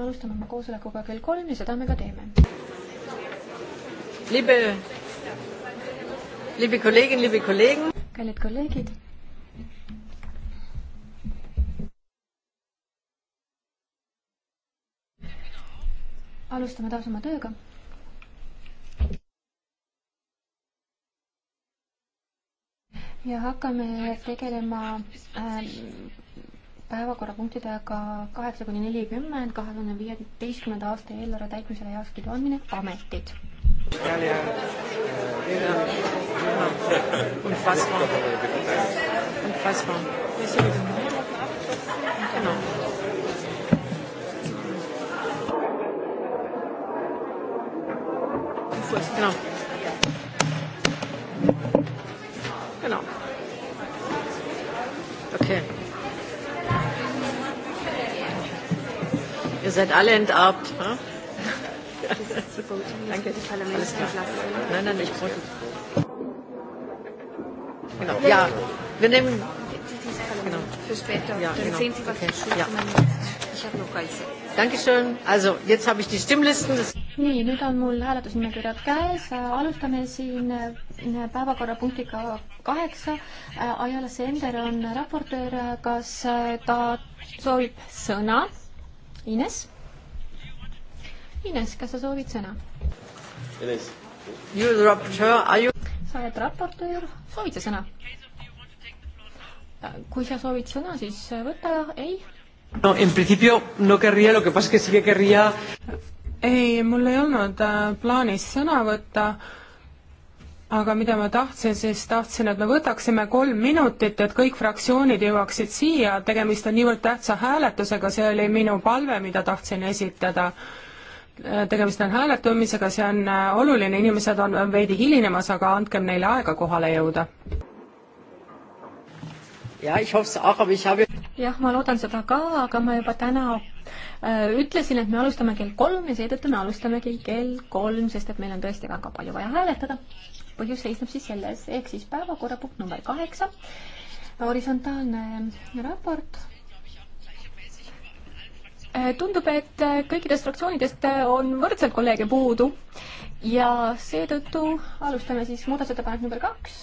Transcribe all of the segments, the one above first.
me alustame oma koosolekuga kell kolm ja seda me ka teeme. Liebe, liebe Kollegin, liebe Kollegen. kallid kolleegid. alustame taas oma tööga ja hakkame tegelema äh, päevakorrapunktidega kaheksa kuni nelikümmend, kahe tuhande viieteistkümnenda aasta eelarve täitmisele heakskiidu andmine, ametid. Genau. Genau. Ihr seid alle enterbt. Hm? Danke. Alles klar. Nein, nein, ich wollte. Genau. Ja, wir nehmen. Genau. Für später. Ja, genau. Dann sehen Sie, was okay. ja. Ich habe noch Geise. Dankeschön. Also, jetzt habe ich die Stimmlisten. Das nii, nüüd on mul hääletusnimekirjad käes, alustame siin äh, päevakorrapunktiga kaheksa. Äh, Ajala Sender on raportöör, kas äh, ta soovib sõna? Ines? Ines, kas sa soovid sõna? Ines. You are the rapporteur, are you? sa oled raportöör, soovid sa sõna? kui sa soovid sõna, siis võta, ei? no en principio no querría, lo que pasa es que sí que querría ei, mul ei olnud äh, plaanis sõna võtta, aga mida ma tahtsin, siis tahtsin, et me võtaksime kolm minutit, et kõik fraktsioonid jõuaksid siia, tegemist on niivõrd tähtsa hääletusega, see oli minu palve, mida tahtsin esitada. tegemist on hääletamisega, see on äh, oluline, inimesed on veidi hilinemas, aga andkem neile aega kohale jõuda. jah, ma loodan seda ka, aga ma juba täna äh, ütlesin, et me alustame kell kolm ja seetõttu me alustamegi kell kolm, sest et meil on tõesti väga palju vaja hääletada põhjus seisneb siis selles, ehk siis päevakorrapunkt number kaheksa, horisontaalne raport äh, tundub, et kõikidest fraktsioonidest on võrdselt kolleege puudu ja seetõttu alustame siis muudatusettepanek number kaks.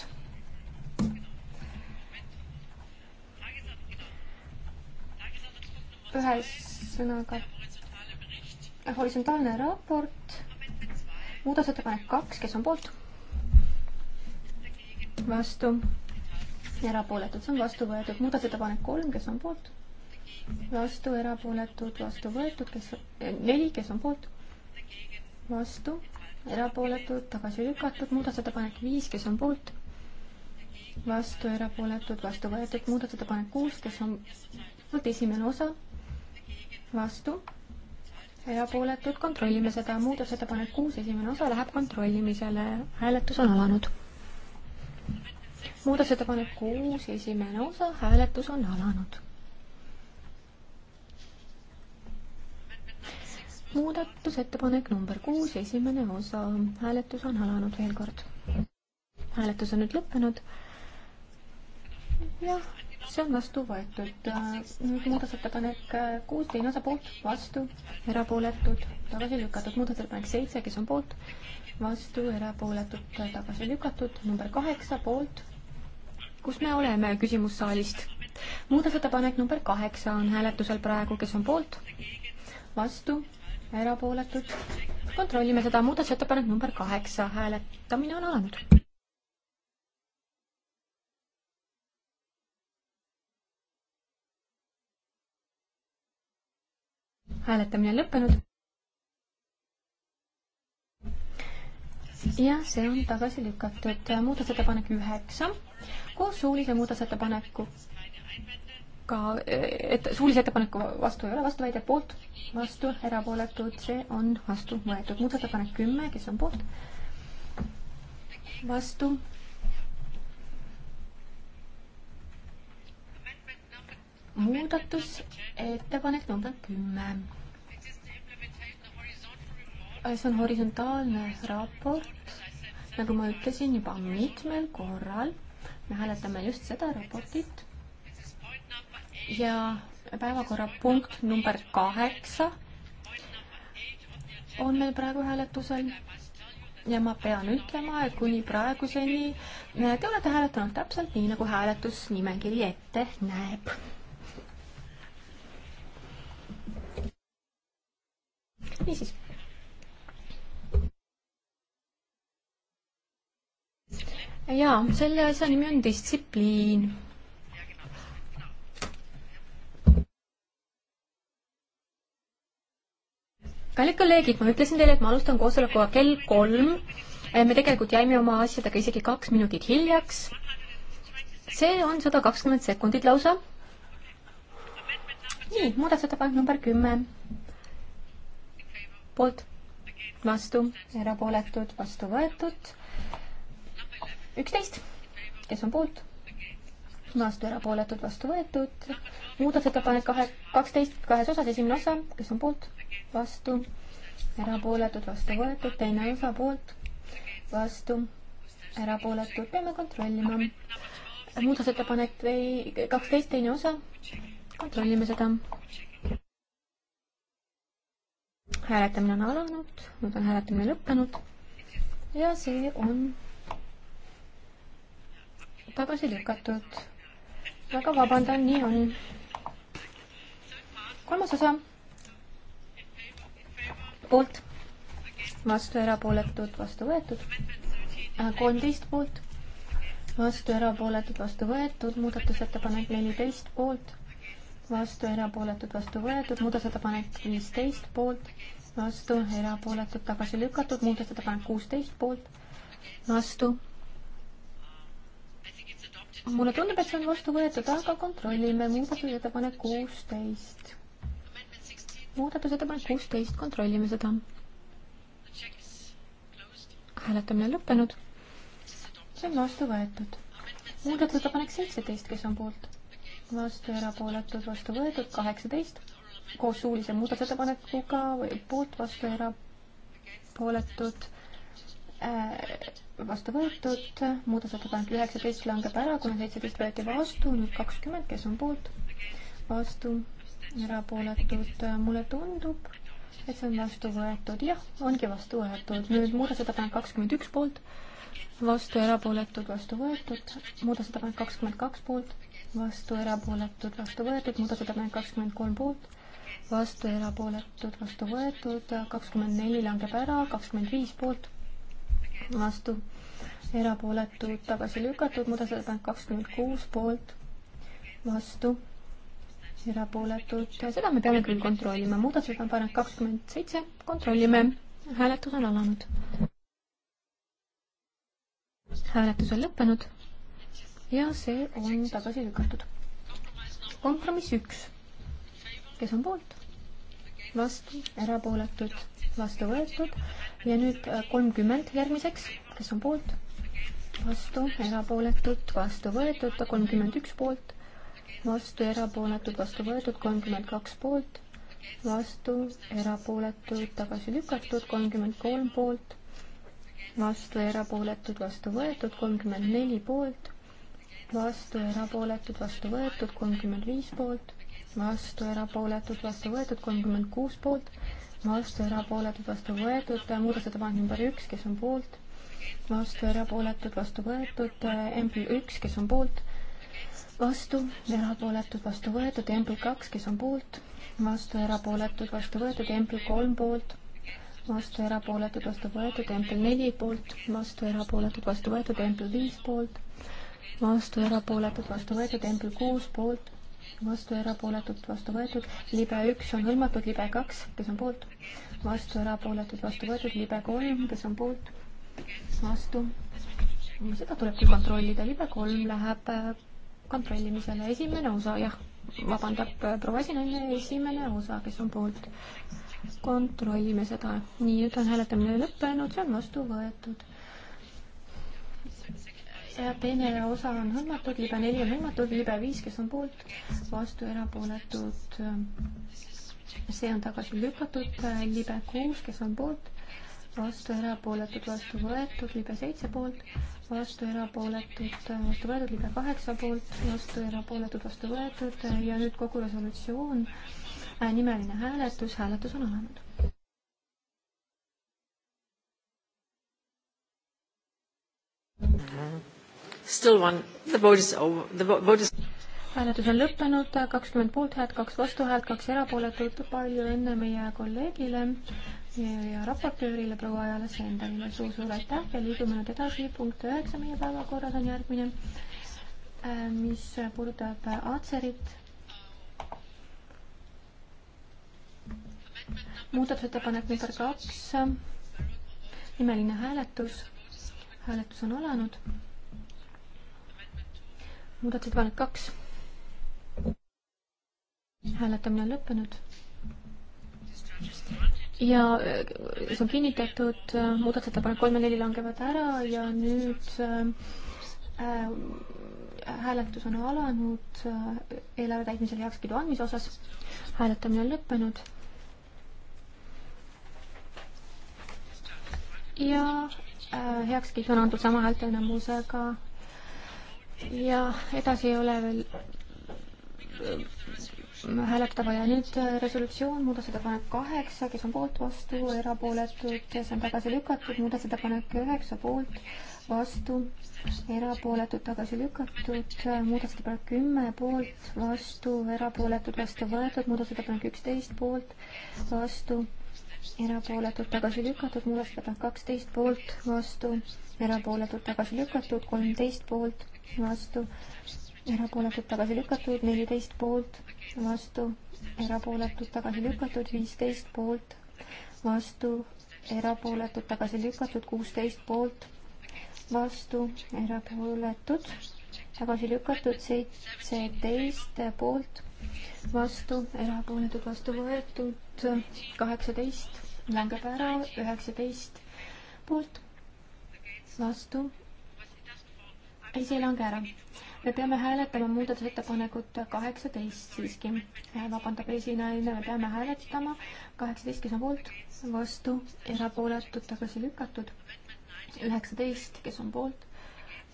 ühesõnaga horisontaalne raport, muudatusettepanek kaks, kes on poolt? vastu, erapooletud, see on vastu võetud, muudatusettepanek kolm, kes on poolt, vastu, erapooletud, vastu võetud, kes, eh, neli, kes on poolt, vastu, erapooletud, tagasi lükatud, muudatusettepanek viis, kes on poolt, vastu, erapooletud, vastu võetud, muudatusettepanek kuus, kes on poolt, esimene osa, vastu, erapooletud, kontrollime seda, muudatusettepanek kuus, esimene osa läheb kontrollimisele, hääletus on alanud muudatusettepanek kuus, esimene osa, hääletus on alanud. muudatusettepanek number kuus, esimene osa, hääletus on alanud veel kord. hääletus on nüüd lõppenud. jah, see on vastu võetud. muudatusettepanek kuus, teine osa poolt, vastu, erapooletud, tagasi lükatud. muudatusettepanek seitse, kes on poolt, vastu, erapooletud, tagasi lükatud. number kaheksa poolt kus me oleme küsimussaalist. muudatusettepanek number kaheksa on hääletusel praegu, kes on poolt, vastu, erapooletud. kontrollime seda, muudatusettepanek number kaheksa, hääletamine on alanud. hääletamine on lõppenud jah, see on tagasi lükatud. muudatusettepanek üheksa koos suulise muudatusettepanekuga, et suulise ettepaneku vastu ei ole vastuväide, poolt, vastu, erapooletud, see on vastu võetud. muudatusettepanek kümme, kes on poolt? vastu. muudatusettepanek number kümme Äh, see on horisontaalne raport, nagu ma ütlesin juba mitmel korral, me hääletame just seda raportit ja päevakorrapunkt number kaheksa on meil praegu hääletusel ja ma pean ütlema, et kuni praeguseni äh, te olete hääletanud täpselt nii, nagu hääletusnimekiri ette näeb. niisiis jaa, selle asja nimi on distsipliin. kallid kolleegid, ma ütlesin teile, et ma alustan koosolekuga kell kolm. Eh, me tegelikult jäime oma asjadega isegi kaks minutit hiljaks. see on sada kakskümmend sekundit lausa. nii, muudatusettepanek number kümme. poolt, vastu, erapooletud, vastu võetud üksteist, kes on poolt? vastu erapooletud, vastu võetud. muudatusettepanek kahe, kaksteist kahes osas, esimene osa, kes on poolt? vastu, erapooletud, vastu võetud, teine osa poolt, vastu, erapooletud, peame kontrollima. muudatusettepanek kaksteist, teine osa, kontrollime seda hääletamine on alanud, nüüd on hääletamine lõppenud ja see on tagasi lükatud. väga vabandan, nii on. kolmas osa. poolt, vastu erapooletud, vastu võetud. Äh, kolmteist poolt, vastu erapooletud, vastu võetud, muudatusettepanek neliteist poolt, vastu erapooletud, vastu võetud, muudatusettepanek viisteist poolt, vastu erapooletud, tagasi lükatud, muudatusettepanek kuusteist poolt, vastu mulle tundub, et see on vastu võetud, aga kontrollime muudatusettepanek kuusteist. muudatusettepanek kuusteist, kontrollime seda. hääletamine lõppenud. see on vastu võetud. muudatusettepanek seitseteist, kes on poolt? vastu, erapooletud, vastu võetud, kaheksateist koos suulise muudatusettepanekuga või poolt, vastu, erapooletud äh, vastu võetud, muudatusettepanek üheksateist langeb ära, kuna seitseteist võeti vastu, nüüd kakskümmend, kes on poolt, vastu, erapooletud, mulle tundub, et see on vastu võetud, jah, ongi vastu võetud, nüüd muudatusettepanek kakskümmend üks poolt, vastu erapooletud, vastu võetud, muudatusettepanek kakskümmend kaks poolt, vastu erapooletud, vastu võetud, muudatusettepanek kakskümmend kolm poolt, vastu erapooletud, vastu võetud, kakskümmend neli langeb ära, kakskümmend viis poolt vastu, erapooletud, tagasi lükatud, muudatusettepanek kakskümmend kuus poolt, vastu, erapooletud, seda me peame küll kontrollima, muudatusettepanek kakskümmend seitse, kontrollime, hääletus on alanud. hääletus on lõppenud ja see on tagasi lükatud. kompromiss üks, kes on poolt? vastu, erapooletud, vastu võetud ja nüüd äh, kolmkümmend järgmiseks, kes on poolt, vastu, erapooletud, vastu võetud, kolmkümmend üks poolt, vastu, erapooletud, vastu võetud, kolmkümmend kaks poolt, vastu, erapooletud, tagasi lükatud, kolmkümmend kolm poolt, vastu, erapooletud, vastu võetud, kolmkümmend neli poolt, vastu, erapooletud, vastu võetud, kolmkümmend viis poolt vastu, erapooletud, vastu võetud, kolmkümmend kuus poolt, vastu, erapooletud, vastu võetud, muudatusettepanek number üks, kes on poolt, vastu, erapooletud, vastu võetud, MP üks, kes on poolt, vastu, erapooletud, vastu võetud, MP kaks, kes on poolt, vastu, erapooletud, vastu võetud, MP kolm poolt vastu erapooletud, vastu võetud, tempel neli poolt, vastu erapooletud, vastu võetud, tempel viis poolt, vastu erapooletud, vastu võetud, tempel kuus poolt, vastu erapooletud, vastu võetud, libe üks on hõlmatud, libe kaks, kes on poolt, vastu erapooletud, vastu võetud, libe kolm, kes on poolt, vastu, seda tuleb küll kontrollida, libe kolm läheb äh, kontrollimisele, esimene osa, jah, vabandab äh, proua esinaine, esimene osa, kes on poolt. kontrollime seda, nii, nüüd on hääletamine lõppenud, see on vastu võetud teine osa on hõlmatud, libe neli on hõlmatud, libe viis, kes on poolt, vastu erapooletud, see on tagasi lükatud, libe kuus, kes on poolt, vastu erapooletud, vastu võetud, libe seitse poolt, vastu erapooletud, vastu võetud, libe kaheksa poolt, vastu erapooletud, vastu võetud ja nüüd kogu resolutsioon, nimeline hääletus, hääletus on olemas. Mm-hmm. Still one. The vote is over. The vote is hääletus on lõppenud, kakskümmend poolthäält, kaks vastuhäält, kaks erapooletut, palju õnne meie kolleegile ja, ja raportöörile proua Ajale Senderile suur-suur aitäh ja liigume nüüd edasi, punkt üheksa meie päevakorras on järgmine, äh, mis puudutab Atserit. muudatusettepanek number kaks, nimeline hääletus, hääletus on alanud muudatusettepanek kaks. hääletamine on lõppenud. ja äh, see on kinnitatud, äh, muudatusettepanek kolm ja neli langevad ära ja nüüd äh, äh hääletus on alanud eelarve täitmisele heakskiidu andmise osas. hääletamine on lõppenud. ja äh, heakskiit on antud sama häälteenamusega ja edasi ei ole veel äh, hääletada vaja. nüüd äh, resolutsioon, muudatusettepanek kaheksa, kes on poolt, vastu, erapooletud, kes on tagasi lükatud, muudatusettepanek üheksa, poolt, vastu, erapooletud, tagasi lükatud, muudatusettepanek kümme, poolt, vastu, erapooletud, vastu võetud, muudatusettepanek üksteist, poolt, vastu, erapooletud, tagasi lükatud, muudatusettepanek kaksteist, poolt, vastu, erapooletud, tagasi lükatud, kolmteist, poolt vastu, erapooletud tagasi lükatud, neliteist poolt, vastu, erapooletud tagasi lükatud, viisteist poolt, vastu, erapooletud tagasi lükatud, kuusteist poolt, vastu, erapooletud tagasi lükatud, seitseteist poolt, vastu, erapooletud vastu võetud, kaheksateist langeb ära, üheksateist poolt, vastu, ei, see ei lange ära. me peame hääletama muudatusettepanekut kaheksateist siiski. Äh, vabandab esinaine, me peame hääletama kaheksateist, kes on poolt, vastu, erapooletud, tagasi lükatud. üheksateist, kes on poolt,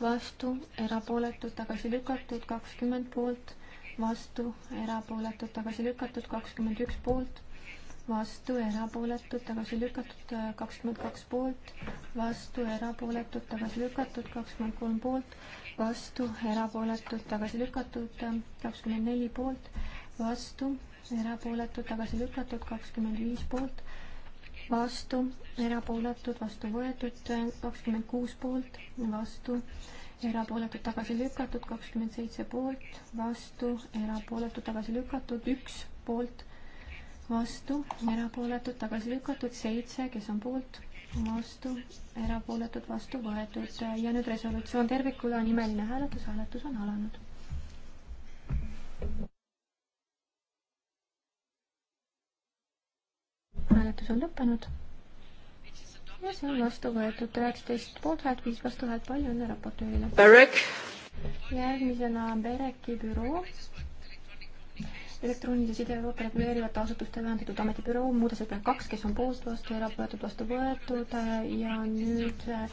vastu, erapooletud, tagasi lükatud, kakskümmend poolt, vastu, erapooletud, tagasi lükatud, kakskümmend üks poolt vastu erapooletud, tagasi lükatud äh, kakskümmend kaks poolt, vastu erapooletud, tagasi lükatud kakskümmend kolm poolt, vastu erapooletud, tagasi lükatud äh, kakskümmend neli poolt, vastu erapooletud, tagasi lükatud kakskümmend viis poolt, vastu erapooletud, vastu võetud äh, kakskümmend kuus poolt, vastu erapooletud tagasi lükatud, kakskümmend seitse poolt, vastu, erapooletud tagasi lükatud, üks poolt, vastu, erapooletud, tagasi lükatud, seitse, kes on poolt, vastu, erapooletud, vastu võetud ja nüüd resolutsioon tervikuna, nimeline hääletus, hääletus on alanud. hääletus on lõppenud ja see on vastu võetud üheksateist poolthäält, viis vastuhäält, palju õnne raportöörile. järgmisena Bereki büroo elektroonilise side Euroopa reguleerivate asutustele antud ametibüroo muudatusettepanek kaks, kes on poolt, vastu, erapooletud, vastu võetud äh, ja nüüd äh,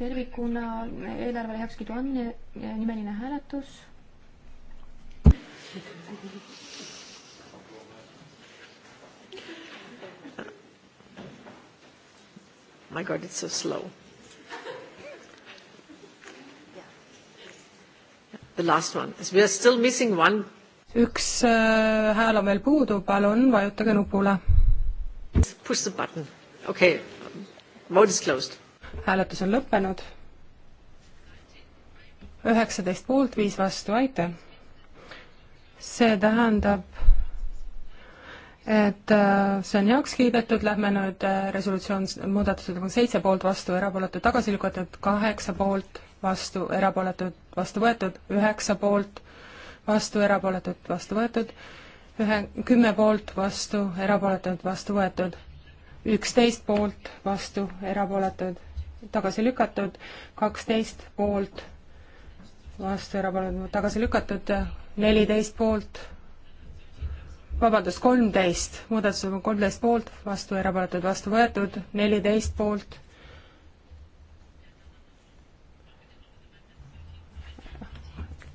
tervikuna eelarvele heakskiidu andmine, äh, nimeline hääletus. My God, it's so slow. The last one. We are still missing one üks äh, hääl on veel puudu, palun vajutage nupule. Push the button, okei okay., vote is closed. hääletus on lõppenud. üheksateist poolt, viis vastu, aitäh. see tähendab, et äh, see on heaks kiidetud, lähme nüüd äh, resolutsioon, muudatused on seitse poolt vastu, erapooletud tagasi lükatud, kaheksa poolt vastu, erapooletud vastu võetud, üheksa poolt vastu, erapooletud, vastu võetud, ühe, kümme poolt, vastu, erapooletud, vastu võetud, üksteist poolt, vastu, erapooletud, tagasi lükatud, kaksteist poolt, vastu, erapooletud, tagasi lükatud, neliteist poolt, vabandust, kolmteist, muudatus on kolmteist poolt, vastu, erapooletud, vastu võetud, neliteist poolt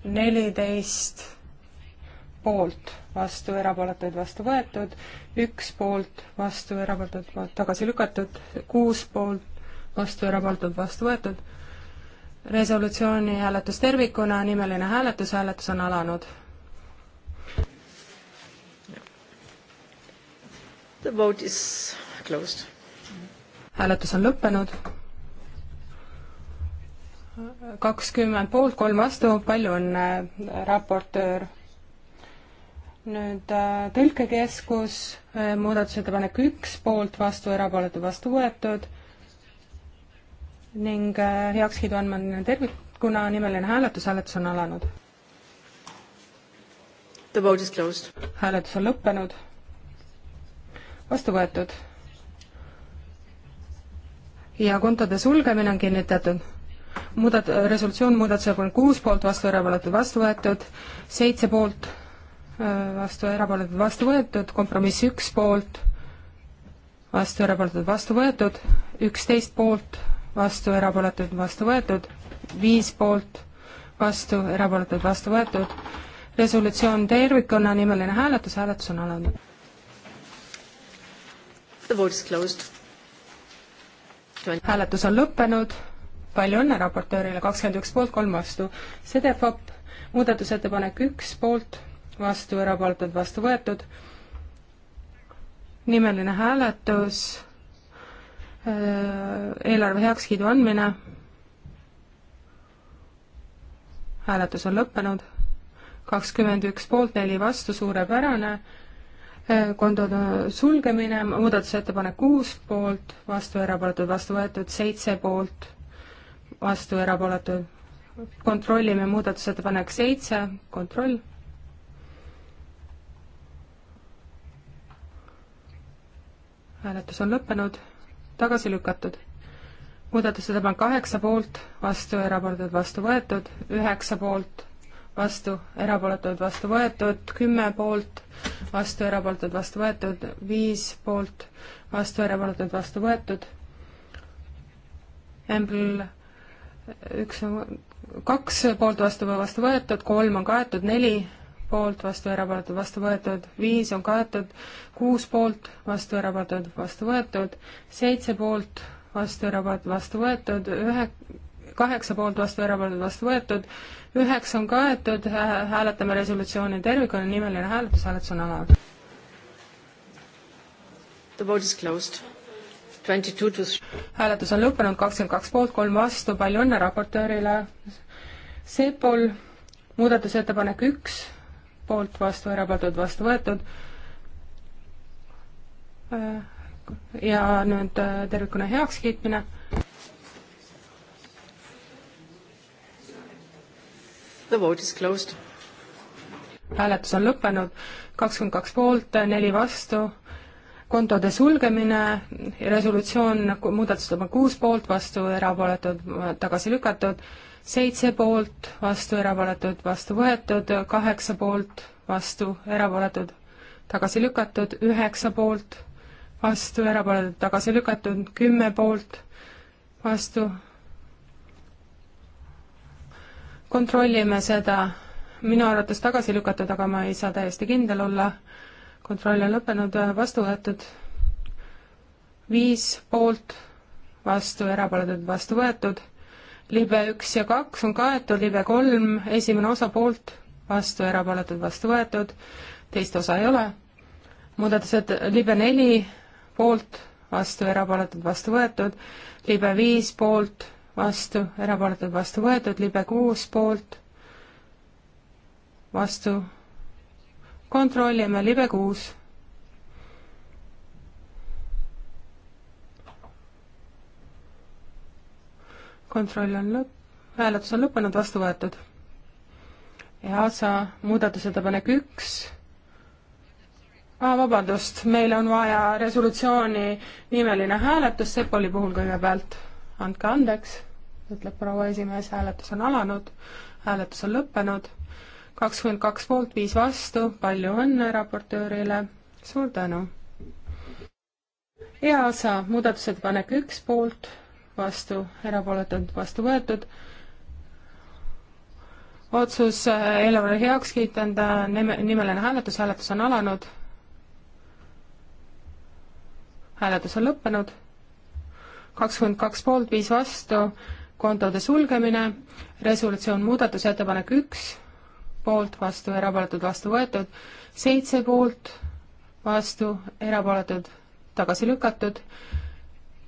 neliteist poolt, vastu, erapooletuid vastu võetud, üks poolt, vastu, erapooletuid tagasi lükatud, kuus poolt, vastu, erapooletuid vastu võetud. resolutsiooni hääletus tervikuna, nimeline hääletus, hääletus on alanud. The vote is closed. hääletus on lõppenud kakskümmend poolt, kolm vastu, palju õnne, äh, raportöör. nüüd äh, tõlkekeskus, äh, muudatusettepanek üks, poolt, vastu, erapooletu, vastu võetud ning heakskiidu andmine tervikuna, nimeline hääletus, hääletus on alanud. The vote is closed. hääletus on lõppenud. vastu võetud. ja kontode sulgemine on kinnitatud muudat-, resolutsioon muudatusettepanek kuus poolt, vastu erapooletud, vastu võetud, seitse poolt, äh, vastu erapooletud, vastu võetud, kompromiss üks poolt, vastu erapooletud, vastu võetud, üksteist poolt, vastu erapooletud, vastu võetud, viis poolt, vastu erapooletud, vastu võetud, resolutsioon tervikuna, nimeline hääletus, hääletus on alanud. hääletus on lõppenud palju õnne raportöörile, kakskümmend üks poolt, kolm vastu. CDFOP, muudatusettepanek üks poolt, vastu, erapooletud, vastu võetud. nimeline hääletus, äh, eelarve heakskiidu andmine, hääletus on lõppenud, kakskümmend üks poolt, neli vastu, suurepärane äh, kontode äh, sulgemine, muudatusettepanek kuus poolt, vastu erapooletud, vastu võetud seitse poolt, vastu erapooletud. kontrollime muudatusettepanek seitse, kontroll. hääletus on lõppenud, tagasi lükatud. muudatusettepanek kaheksa poolt, vastu erapooletud, vastu võetud, üheksa poolt, vastu erapooletud, vastu võetud, kümme poolt, vastu erapooletud, vastu võetud, viis poolt, vastu erapooletud, vastu võetud. Embl üks on, kaks poolt vastu, vastu võetud, kolm on kaetud, neli poolt vastu, erapooletud, vastu võetud, viis on kaetud, kuus poolt vastu, erapooletud, vastu võetud, seitse poolt vastu, erapooletud, vastu võetud, ühe, kaheksa poolt vastu, erapooletud, vastu võetud, üheksa on kaetud, hääletame resolutsiooni tervikuna, nimeline hääletus, hääletus on alanud. The vote is closed hääletus on lõppenud, kakskümmend kaks poolt, kolm vastu, palju õnne raportöörile. Seepol muudatusettepanek üks, poolt, vastu, erapooletud, vastu võetud. Äh, ja nüüd äh, tervikuna heakskiitmine The vote is closed. hääletus on lõppenud, kakskümmend kaks poolt, neli vastu kontode sulgemine, resolutsioon nagu muudatusettepanek kuus poolt, vastu erapooletud, tagasi lükatud, seitse poolt, vastu erapooletud, vastu võetud, kaheksa poolt, vastu erapooletud, tagasi lükatud, üheksa poolt, vastu erapooletud, tagasi lükatud, kümme poolt, vastu. kontrollime seda, minu arvates tagasi lükatud, aga ma ei saa täiesti kindel olla kontroll on lõppenud, vastu võetud viis poolt, vastu, erapooletud, vastu võetud. libe üks ja kaks on kaetud, libe kolm, esimene osa poolt, vastu, erapooletud, vastu võetud, teist osa ei ole. muudatused libe neli poolt, vastu, erapooletud, vastu võetud, libe viis poolt, vastu, erapooletud, vastu võetud, libe kuus poolt, vastu kontrollime, libe kuus. kontroll on lõpp, hääletus on lõppenud, vastu võetud. ja sa muudatusettepanek üks ah,. vabandust, meil on vaja resolutsiooni nimeline hääletus Sepoli puhul kõigepealt. andke andeks, ütleb proua esimees, hääletus on alanud, hääletus on lõppenud kakskümmend kaks poolt, viis vastu, palju õnne raportöörile, suur tänu! EASA muudatusettepanek üks poolt, vastu, erapooletult vastu võetud, otsus äh, eelarve heaks kiita, on äh, ta nime, nimeline hääletus, hääletus on alanud, hääletus on lõppenud, kakskümmend kaks poolt, viis vastu, kontode sulgemine, resolutsioon muudatusettepanek üks poolt, vastu, erapooletud, vastu võetud, seitse poolt, vastu, erapooletud, tagasi lükatud,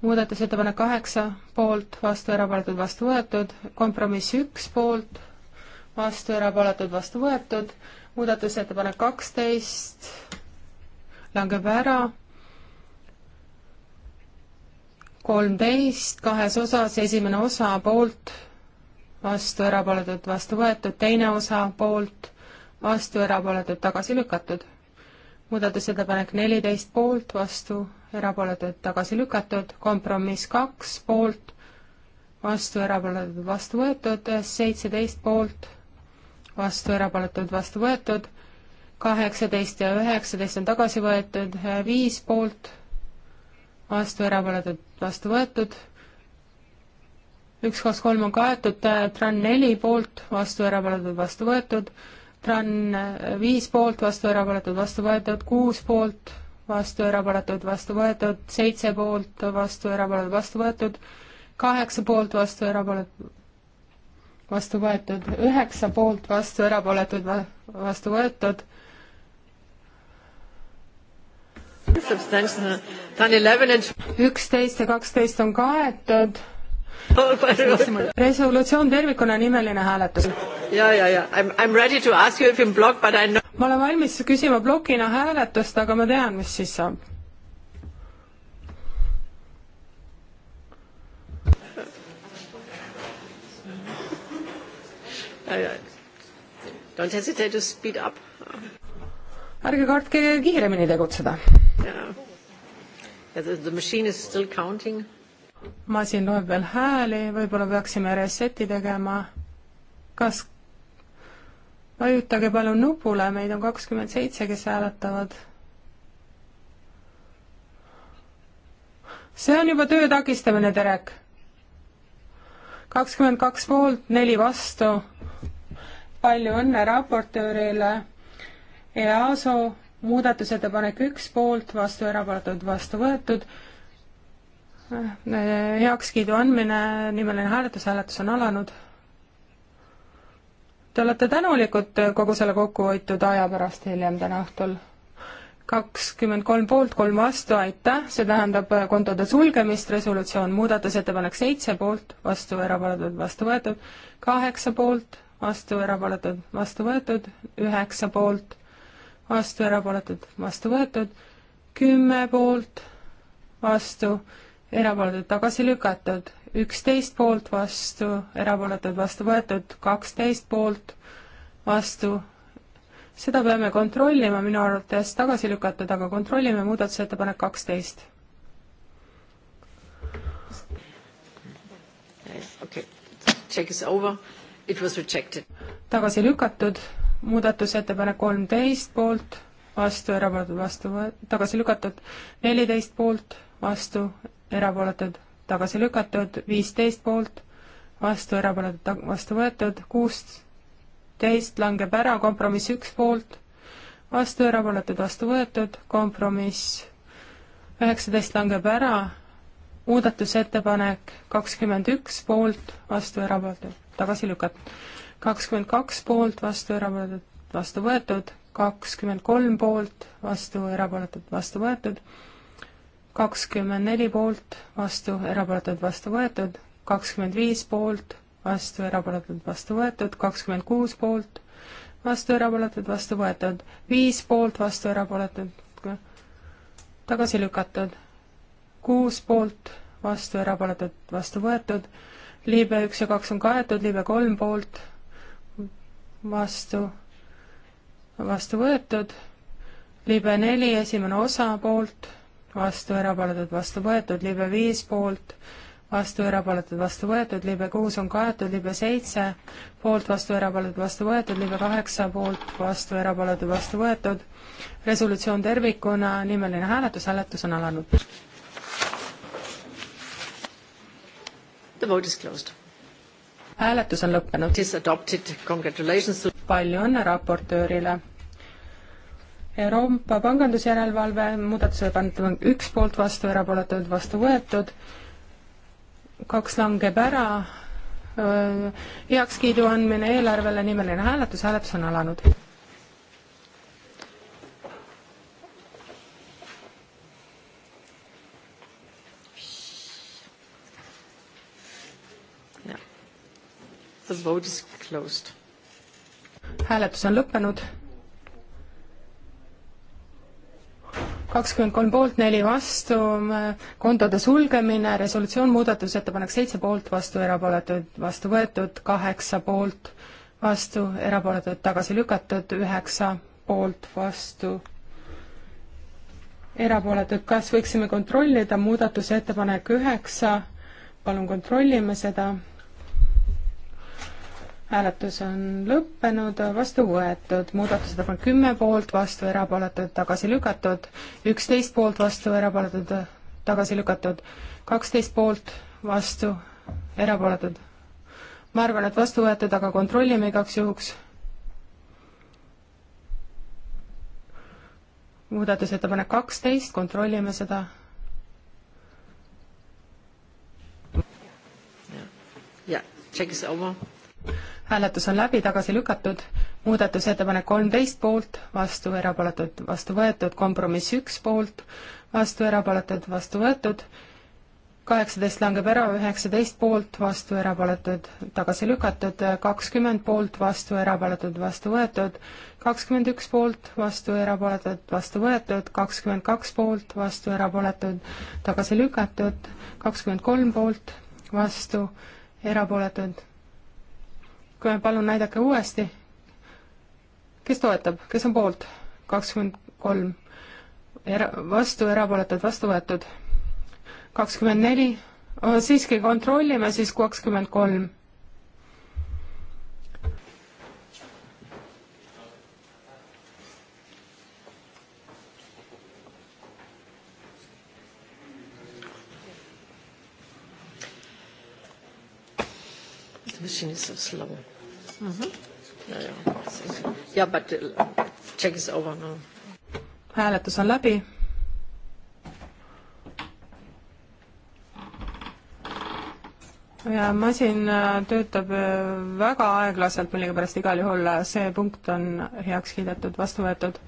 muudatusettepanek kaheksa, poolt, vastu, erapooletud, vastu võetud, kompromiss üks, poolt, vastu, erapooletud, vastu võetud, muudatusettepanek kaksteist langeb ära, kolmteist kahes osas, esimene osa poolt, vastu, erapooletud, vastu võetud, teine osa poolt, vastu, erapooletud, tagasi lükatud. muudatusettepanek neliteist poolt, vastu, erapooletud, tagasi lükatud, kompromiss kaks poolt, vastu, erapooletud, vastu võetud, seitseteist poolt, vastu, erapooletud, vastu võetud, kaheksateist ja üheksateist on tagasi võetud, viis poolt, vastu, erapooletud, vastu võetud üks, kaks, kolm on kaetud, äh, TRAN neli poolt, vastu, erapooletud, vastu võetud, TRAN äh, viis poolt, vastu, erapooletud, vastu võetud, kuus poolt, vastu, erapooletud, vastu võetud, seitse poolt, vastu, erapooletud, vastu võetud, kaheksa poolt, vastu, erapooletud, vastu võetud, üheksa poolt, vastu, erapooletud, vastu võetud. üksteist ja kaksteist on kaetud resolutsioon tervikuna nimeline hääletus. ja, ja, ja I m ready to ask you if in block but I know. ma olen valmis küsima blokina hääletust, aga ma tean, mis siis saab. Don't hesitate to speed up. ärge kartke kiiremini tegutseda. The machine is still counting masin loeb veel hääli, võib-olla peaksime reset'i tegema. kas, vajutage palun nupule, meid on kakskümmend seitse, kes hääletavad. see on juba töö takistamine, Terek. kakskümmend kaks poolt, neli vastu. palju õnne raportöörile. EASO muudatusettepanek üks poolt, vastu erapooletud, vastu võetud heakskiidu andmine, nimeline hääletus, hääletus on alanud. Te olete tänulikud kogu selle kokkuhoitud aja pärast hiljem täna õhtul? kakskümmend kolm poolt, kolm vastu, aitäh, see tähendab kontode sulgemist, resolutsioon muudatusettepanek seitse poolt, vastu, erapooletud, vastu võetud, kaheksa poolt, vastu, erapooletud, vastu võetud, üheksa poolt, vastu, erapooletud, vastu võetud, kümme poolt, vastu, erapooletud tagasi lükatud, üksteist poolt vastu, erapooletud vastu võetud, kaksteist poolt vastu. seda peame kontrollima, minu arvates tagasi lükatud, aga kontrollime muudatusettepanek kaksteist. okei okay., check is over, it was rejected. tagasi lükatud, muudatusettepanek kolmteist poolt, vastu, erapooletud vastu, tagasi lükatud, neliteist poolt, vastu, erapooletud, tagasi lükatud, viisteist poolt, vastu erapooletud, vastu võetud, kuusteist langeb ära, kompromiss üks poolt, vastu erapooletud, vastu võetud, kompromiss üheksateist langeb ära, muudatusettepanek kakskümmend üks poolt, vastu erapooletud, tagasi lükatud. kakskümmend kaks poolt, vastu erapooletud, vastu võetud, kakskümmend kolm poolt, vastu erapooletud, vastu võetud, kakskümmend neli poolt, vastu, erapooletud, vastu võetud, kakskümmend viis poolt, vastu, erapooletud, vastu võetud, kakskümmend kuus poolt, vastu, erapooletud, vastu võetud, viis poolt, vastu, erapooletud, tagasi lükatud, kuus poolt, vastu, erapooletud, vastu võetud, liibe üks ja kaks on kaetud, liibe kolm poolt, vastu, vastu võetud, liibe neli, esimene osa poolt vastu, erapooletud, vastu võetud, libe viis poolt, vastu, erapooletud, vastu võetud, libe kuus on kaetud, libe seitse poolt, vastu, erapooletud, vastu võetud, libe kaheksa poolt, vastu, erapooletud, vastu võetud. resolutsioon tervikuna, nimeline hääletus, hääletus on alanud. The vote is closed hääletus on lõppenud. palju õnne raportöörile! Euroopa pangandusjärelevalve muudatusele pandud üks poolt vastu, erapooletud vastu võetud, kaks langeb ära, heakskiidu andmine eelarvele, nimeline hääletus, hääletus on alanud. The vote is closed. hääletus on lõppenud kakskümmend kolm poolt, neli vastu, kontode sulgemine, resolutsioon, muudatusettepanek seitse poolt, vastu erapooletud, vastu võetud, kaheksa poolt, vastu erapooletud, tagasi lükatud, üheksa poolt, vastu erapooletud, kas võiksime kontrollida muudatusettepanek üheksa, palun kontrollime seda hääletus on lõppenud, vastu võetud, muudatusettepanek kümme poolt, vastu erapooletud, tagasi lükatud, üksteist poolt, vastu erapooletud, tagasi lükatud, kaksteist poolt, vastu erapooletud. ma arvan, et vastu võetud, aga kontrollime igaks juhuks. muudatusettepanek kaksteist, kontrollime seda yeah.. Yeah. Check is over hääletus on läbi, tagasi lükatud, muudatusettepanek kolmteist poolt, vastu erapooletud, vastu võetud, kompromiss üks poolt, vastu erapooletud, vastu võetud, kaheksateist langeb ära, üheksateist poolt, vastu erapooletud, tagasi lükatud, kakskümmend poolt, vastu erapooletud, vastu võetud, kakskümmend üks poolt, vastu erapooletud, vastu võetud, kakskümmend kaks poolt, vastu erapooletud, tagasi lükatud, kakskümmend kolm poolt, vastu erapooletud palun näidake uuesti. kes toetab, kes on poolt? kakskümmend kolm. Era-, vastu, erapooletud, vastu võetud. kakskümmend neli, oh, siiski kontrollime siis kakskümmend kolm. machine is so slow mm. -hmm. Yeah, but uh, check is over now. hääletus on läbi. ja masin äh, töötab äh, väga aeglaselt, millegipärast igal juhul äh, see punkt on heaks kiidetud, vastu võetud.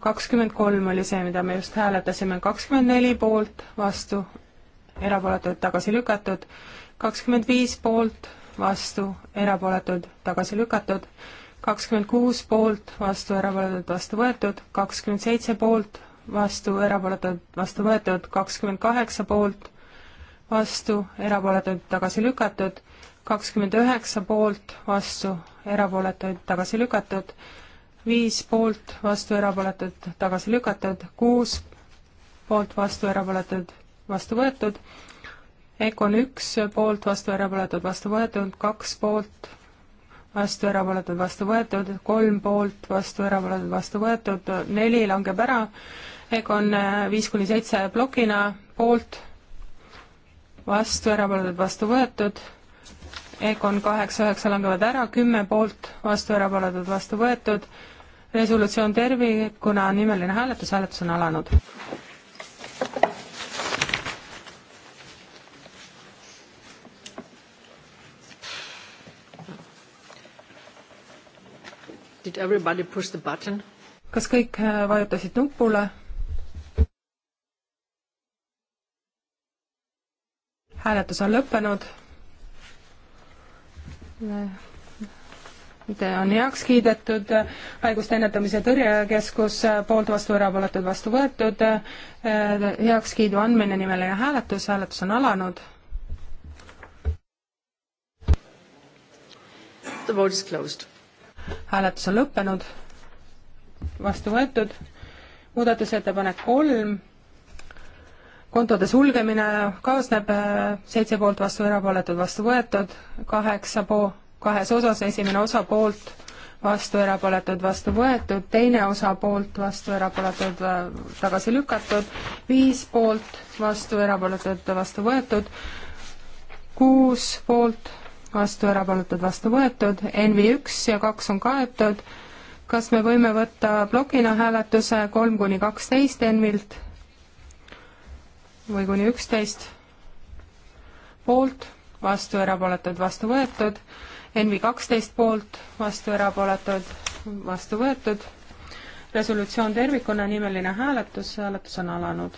kakskümmend kolm oli see, mida me just hääletasime, kakskümmend neli poolt, vastu, erapooletud, tagasi lükatud, kakskümmend viis poolt, vastu, erapooletud, tagasi lükatud, kakskümmend kuus poolt, vastu, erapooletud, vastu võetud, kakskümmend seitse poolt, vastu, erapooletud, vastu võetud, kakskümmend kaheksa poolt, vastu, erapooletud, tagasi lükatud, kakskümmend üheksa poolt, vastu, erapooletuid tagasi lükatud, viis poolt, vastu, erapooletud, tagasi lükatud, kuus poolt, vastu, erapooletud, vastu võetud, Econ üks poolt, vastu erapooletud, vastu võetud, kaks poolt, vastu erapooletud, vastu võetud, kolm poolt, vastu erapooletud, vastu võetud, neli langeb ära, Econ äh, viis kuni seitse plokina, poolt, vastu erapooletud, vastu võetud, Econ kaheksa, üheksa langevad ära, kümme poolt, vastu erapooletud, vastu võetud, resolutsioon tervikuna, nimeline hääletus, hääletus on alanud. Did everybody push the button? kas kõik äh, vajutasid nupule? hääletus on lõppenud. Äh, on heaks kiidetud, haiguste ennetamise tõrjekeskus äh, poolt vastu, erapooletud vastu võetud, heakskiidu andmine nimeline hääletus, hääletus on alanud. The vote is closed hääletus on lõppenud, vastu võetud, muudatusettepanek kolm, kontode sulgemine kaasneb äh, seitse poolt vastu, erapooletud vastu võetud, kaheksa po-, kahes osas, esimene osa poolt vastu, erapooletud vastu võetud, teine osa poolt vastu, erapooletud äh, tagasi lükatud, viis poolt vastu, erapooletud vastu võetud, kuus poolt vastu erapooletud, vastu võetud, NV üks ja kaks on kaetud. kas me võime võtta plokina hääletuse kolm kuni kaksteist NV-lt või kuni üksteist? poolt, vastu erapooletud, vastu võetud. NV kaksteist poolt, vastu erapooletud, vastu võetud. resolutsioon tervikuna, nimeline hääletus, hääletus on alanud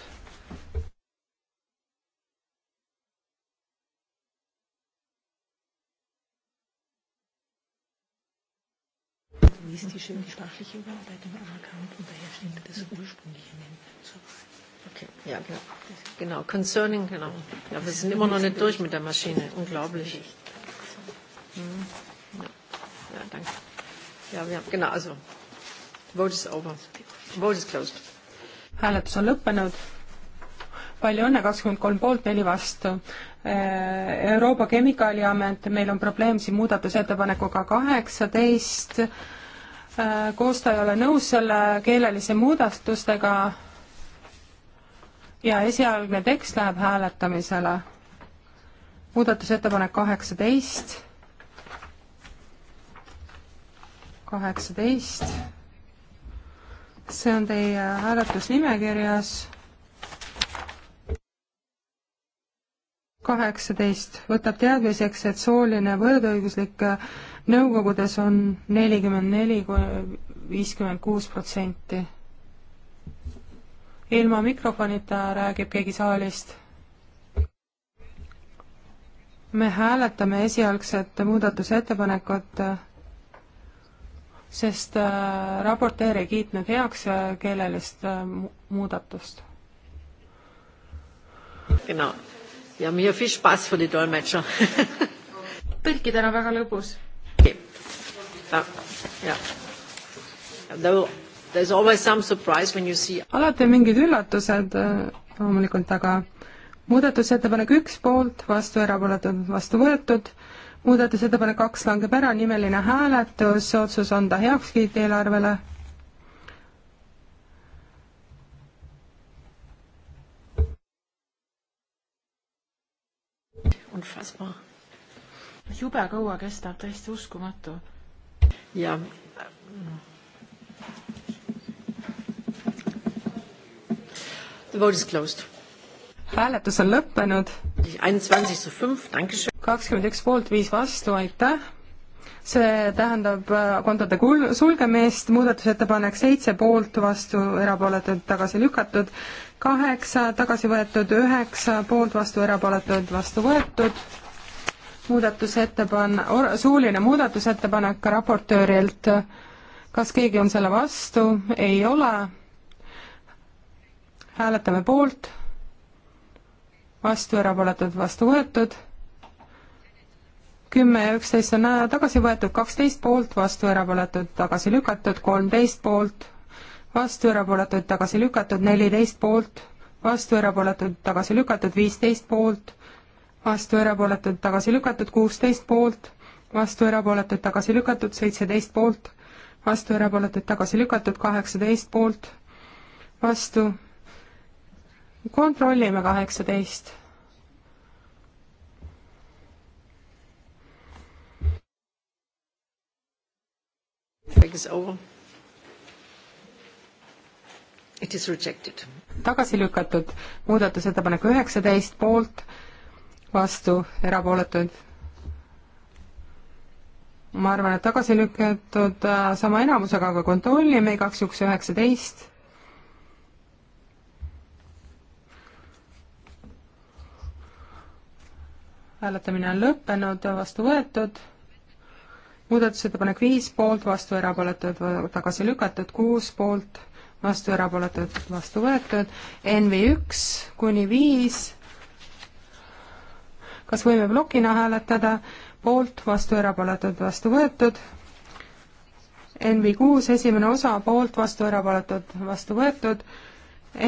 Situation sprachliche Überarbeitung anerkannt und daher steht das ursprüngliche zur Wahl. Okay, ja, genau. Genau, concerning, genau. Ja, wir sind immer noch nicht durch mit der Maschine. Unglaublich. Hm. Ja. ja, danke. Ja, wir, genau, also. Vote is over. Vote is closed. hääletus on lõppenud. palju õnne, kakskümmend kolm poolt, neli vastu. Äh, Euroopa Kemikaaliamet, meil on probleem siin muudatusettepanekuga kaheksateist Äh, koostaja ei ole nõus selle keelelise muudatustega ja esialgne tekst läheb hääletamisele. muudatusettepanek kaheksateist, kaheksateist, see on teie hääletusnimekirjas kaheksateist võtab teadmiseks, et sooline võrdõiguslik nõukogudes on nelikümmend neli, viiskümmend kuus protsenti. ilma mikrofonita räägib keegi saalist. me hääletame esialgset muudatusettepanekut, sest äh, raporteer ei kiitnud heaks äh, keelelist äh, muudatust. Genau. ja mir viel Spaß für die Dolmetscher tõlkidel on väga lõbus jah, jah. There's always some surprise when you see alati on mingid üllatused äh, loomulikult, aga muudatusettepanek üks poolt, vastu erapooletud, vastu võetud, muudatusettepanek kaks langeb ära, nimeline hääletus, otsus anda heakskiit eelarvele. jube kaua kestab, täiesti uskumatu jah. The vote is closed. hääletus on lõppenud. kakskümmend üks poolt, viis vastu, aitäh. see tähendab äh, kontode kul-, sulgemist, muudatusettepanek seitse poolt, vastu, erapooletud, tagasi lükatud, kaheksa tagasi võetud, üheksa poolt, vastu, erapooletud, vastu võetud muudatusettepan-, suuline muudatusettepanek raportöörilt, kas keegi on selle vastu, ei ole, hääletame poolt, vastu, erapooletud, vastu võetud, kümme ja üksteist on äh, tagasi võetud, kaksteist poolt, vastu, erapooletud, tagasi lükatud, kolmteist poolt, vastu, erapooletud, tagasi lükatud, neliteist poolt, vastu, erapooletud, tagasi lükatud, viisteist poolt vastu erapooletud tagasi lükatud kuusteist poolt, vastu erapooletud tagasi lükatud seitseteist poolt, vastu erapooletud tagasi lükatud kaheksateist poolt, vastu kontrollime kaheksateist. tagasi lükatud muudatusettepanek üheksateist poolt vastu, erapooletuid. ma arvan, et tagasi lükatud äh, sama enamusega, aga kontrollime igaks juhuks üheksateist. hääletamine on lõppenud, vastu võetud muudatusettepanek viis poolt, vastu erapooletud, tagasi lükatud, kuus poolt, vastu erapooletud, vastu võetud, NV üks kuni viis kas võime plokina hääletada, poolt, vastu, erapooletud, vastu võetud, NV6 esimene osa, poolt, vastu, erapooletud, vastu võetud,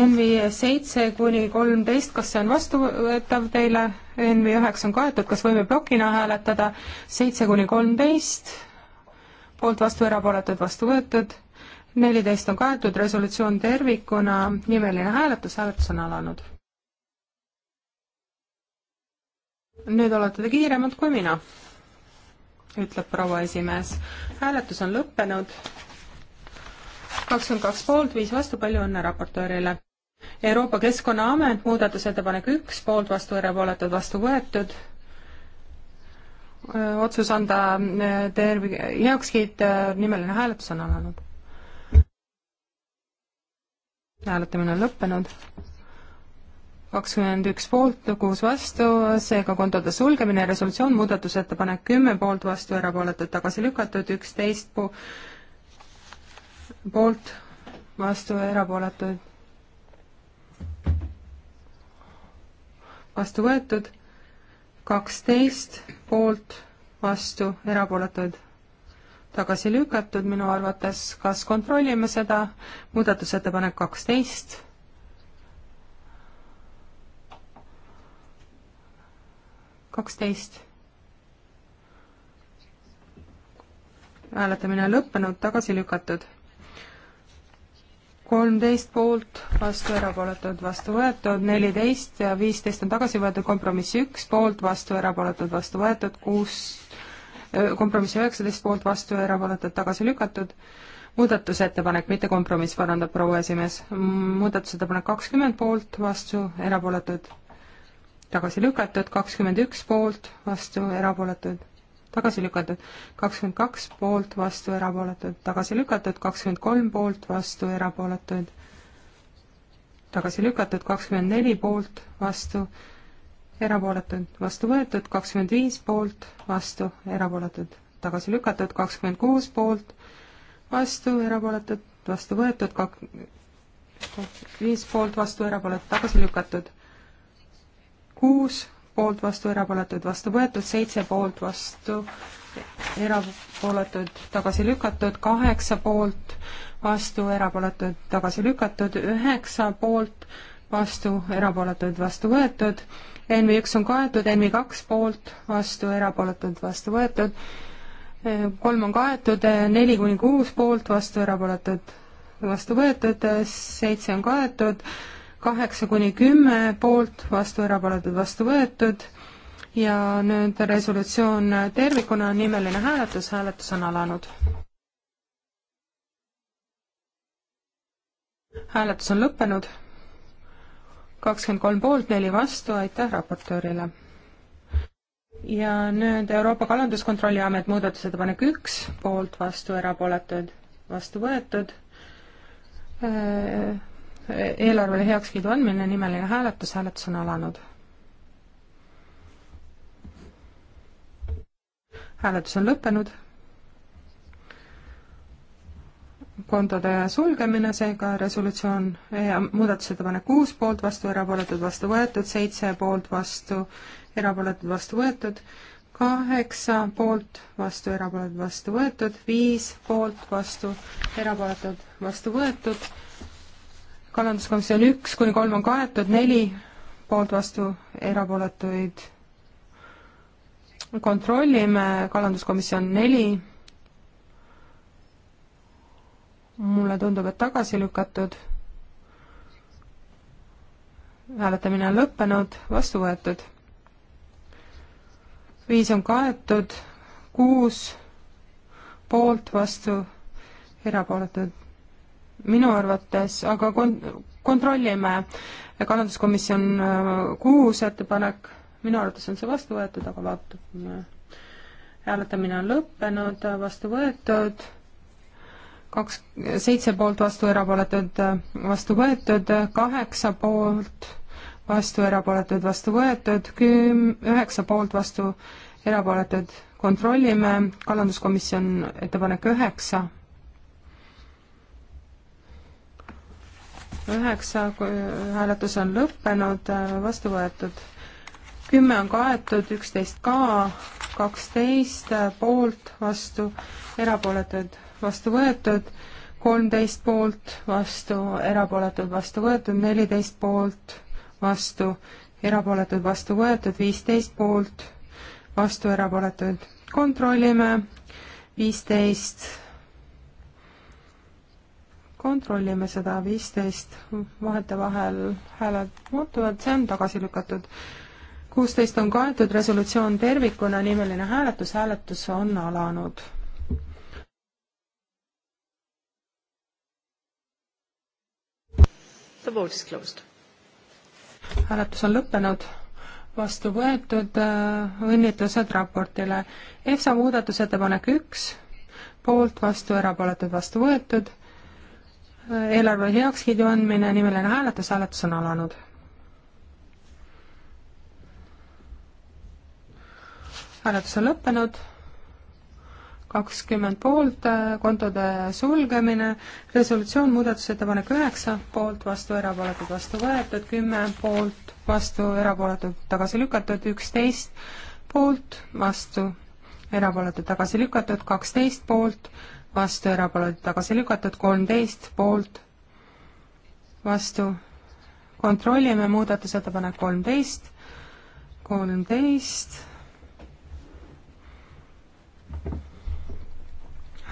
NV seitse kuni kolmteist, kas see on vastuvõetav teile, NV üheksa on kaetud, kas võime plokina hääletada, seitse kuni kolmteist, poolt, vastu, erapooletud, vastu võetud, neliteist on kaetud, resolutsioon tervikuna, nimeline hääletus, hääletus on alanud nüüd olete te kiiremad kui mina, ütleb proua esimees. hääletus on lõppenud. kakskümmend kaks poolt, viis vastu, palju õnne raportöörile. Euroopa Keskkonnaamet, muudatusettepanek üks, poolt vastu, erapooletud vastu võetud otsus anda terv-, heakskiit, nimeline hääletus on alanud. hääletamine on lõppenud kakskümmend üks poolt, kuus vastu, seega kontode sulgemine, resolutsioon, muudatusettepanek kümme poolt, vastu, erapooletud, tagasi lükatud, üksteist po-, poolt, vastu, erapooletud, vastu võetud, kaksteist poolt, vastu, erapooletud, tagasi lükatud minu arvates, kas kontrollime seda, muudatusettepanek kaksteist kaksteist. hääletamine on lõppenud, tagasi lükatud. kolmteist poolt, vastu erapooletud, vastu võetud, neliteist ja viisteist on tagasi võetud, kompromiss üks poolt, vastu erapooletud, vastu võetud, kuus, äh, kompromiss üheksateist poolt, vastu erapooletud, tagasi lükatud muudatusettepanek, mitte kompromiss, parandab proua esimees. muudatusettepanek kakskümmend poolt, vastu, erapooletud, tagasi lükatud, kakskümmend üks poolt, vastu, erapooletud, tagasi lükatud, kakskümmend kaks poolt, vastu, erapooletud, tagasi lükatud, kakskümmend kolm poolt, vastu, erapooletud, tagasi lükatud, kakskümmend neli poolt, vastu, erapooletud, vastu võetud, kakskümmend viis poolt, vastu, erapooletud, tagasi lükatud, kakskümmend kuus poolt, vastu, erapooletud, vastu võetud, kak-, viis poolt, vastu, erapooletud, tagasi lükatud kuus poolt vastu, erapooletuid vastu võetud, seitse poolt vastu, erapooletuid tagasi lükatud, kaheksa poolt vastu, erapooletuid tagasi lükatud, üheksa poolt vastu, erapooletuid vastu võetud, NV üks on kaetud, NV kaks poolt vastu, erapooletuid vastu võetud, kolm on kaetud, neli kuni kuus poolt vastu, erapooletuid vastu võetud, seitse on kaetud, kaheksa kuni kümme poolt, vastu erapooletud, vastu võetud ja nüüd resolutsioon tervikuna, nimeline hääletus, hääletus on alanud. hääletus on lõppenud, kakskümmend kolm poolt, neli vastu, aitäh raportöörile. ja nüüd Euroopa Kalanduskontrolli Amet muudatusettepanek üks, poolt, vastu, erapooletud, vastu võetud äh, eelarvele heakskiidu andmine, nimeline hääletus, hääletus on alanud. hääletus on lõppenud. kontode sulgemine, seega resolutsioon ja eh, muudatusettepanek kuus poolt vastu, erapooletud vastu võetud, seitse poolt vastu, erapooletud vastu võetud kaheksa poolt, vastu, erapooletud, vastu võetud, viis poolt, vastu, erapooletud, vastu võetud, kalanduskomisjon üks kuni kolm on kaetud, neli poolt vastu erapooletuid kontrollime, kalanduskomisjon neli. mulle tundub, et tagasi lükatud. hääletamine on lõppenud, vastu võetud. viis on kaetud, kuus poolt, vastu, erapooletud minu arvates, aga kon-, kontrollime, kalanduskomisjon äh, kuus ettepanek, minu arvates on see vastu võetud, aga vaatame. hääletamine on lõppenud, vastu võetud, kaks, seitse poolt vastu, erapooletud äh, vastu võetud, kaheksa poolt vastu, erapooletud vastu võetud, küm-, üheksa poolt vastu, erapooletud kontrollime, kalanduskomisjon ettepanek üheksa üheksa hääletus on lõppenud, äh, vastu võetud. kümme on kaetud, üksteist ka, kaksteist äh, poolt, vastu, erapooletud, vastu võetud, kolmteist poolt, vastu, erapooletud, vastu võetud, neliteist poolt, vastu, erapooletud, vastu võetud, viisteist poolt, vastu, erapooletud. kontrollime, viisteist kontrollime seda viisteist vahetevahel, hääled muutuvad, see on tagasi lükatud. kuusteist on kaetud, resolutsioon tervikuna, nimeline hääletus, hääletus on alanud. The vote is closed. hääletus on lõppenud vastu võetud, äh, õnnitlused raportile. EFSA muudatusettepanek üks, poolt, vastu, erapooletud, vastu võetud eelarve heakskiidu andmine, nimeline hääletus, hääletus on alanud. hääletus on lõppenud, kakskümmend poolt, kontode sulgemine, resolutsioon, muudatusettepanek üheksa, poolt, vastu, erapooletud, vastu võetud, kümme poolt, vastu, erapooletud, tagasi lükatud, üksteist poolt, vastu, erapooletud, tagasi lükatud, kaksteist poolt, vastu, erapooletud tagasi lükatud, kolmteist poolt, vastu. kontrollime muudatusettepanek kolmteist, kolmteist.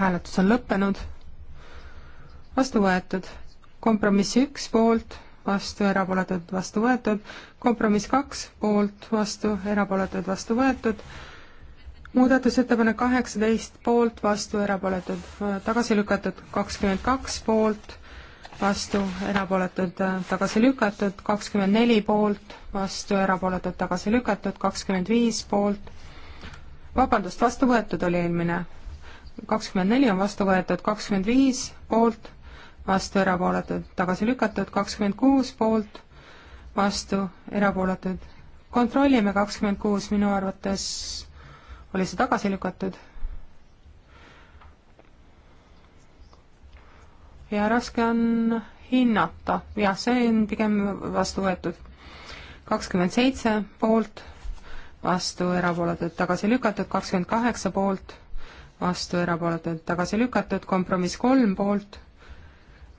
hääletus on lõppenud, vastu võetud, kompromissi üks poolt, vastu, erapooletud, vastu võetud, kompromiss kaks poolt, vastu, erapooletud, vastu võetud muudatusettepanek kaheksateist, poolt, vastu, erapooletud, tagasi lükatud, kakskümmend kaks poolt, vastu, erapooletud, tagasi lükatud, kakskümmend neli poolt, vastu, erapooletud, tagasi lükatud, kakskümmend viis poolt, vabandust, vastu võetud oli eelmine, kakskümmend neli on vastu võetud, kakskümmend viis poolt, vastu, erapooletud, tagasi lükatud, kakskümmend kuus poolt, vastu, erapooletud. kontrollime kakskümmend kuus, minu arvates oli see tagasi lükatud. ja raske on hinnata, jah, see on pigem vastu võetud. kakskümmend seitse poolt, vastu erapooletud tagasi lükatud, kakskümmend kaheksa poolt, vastu erapooletud tagasi lükatud, kompromiss kolm poolt,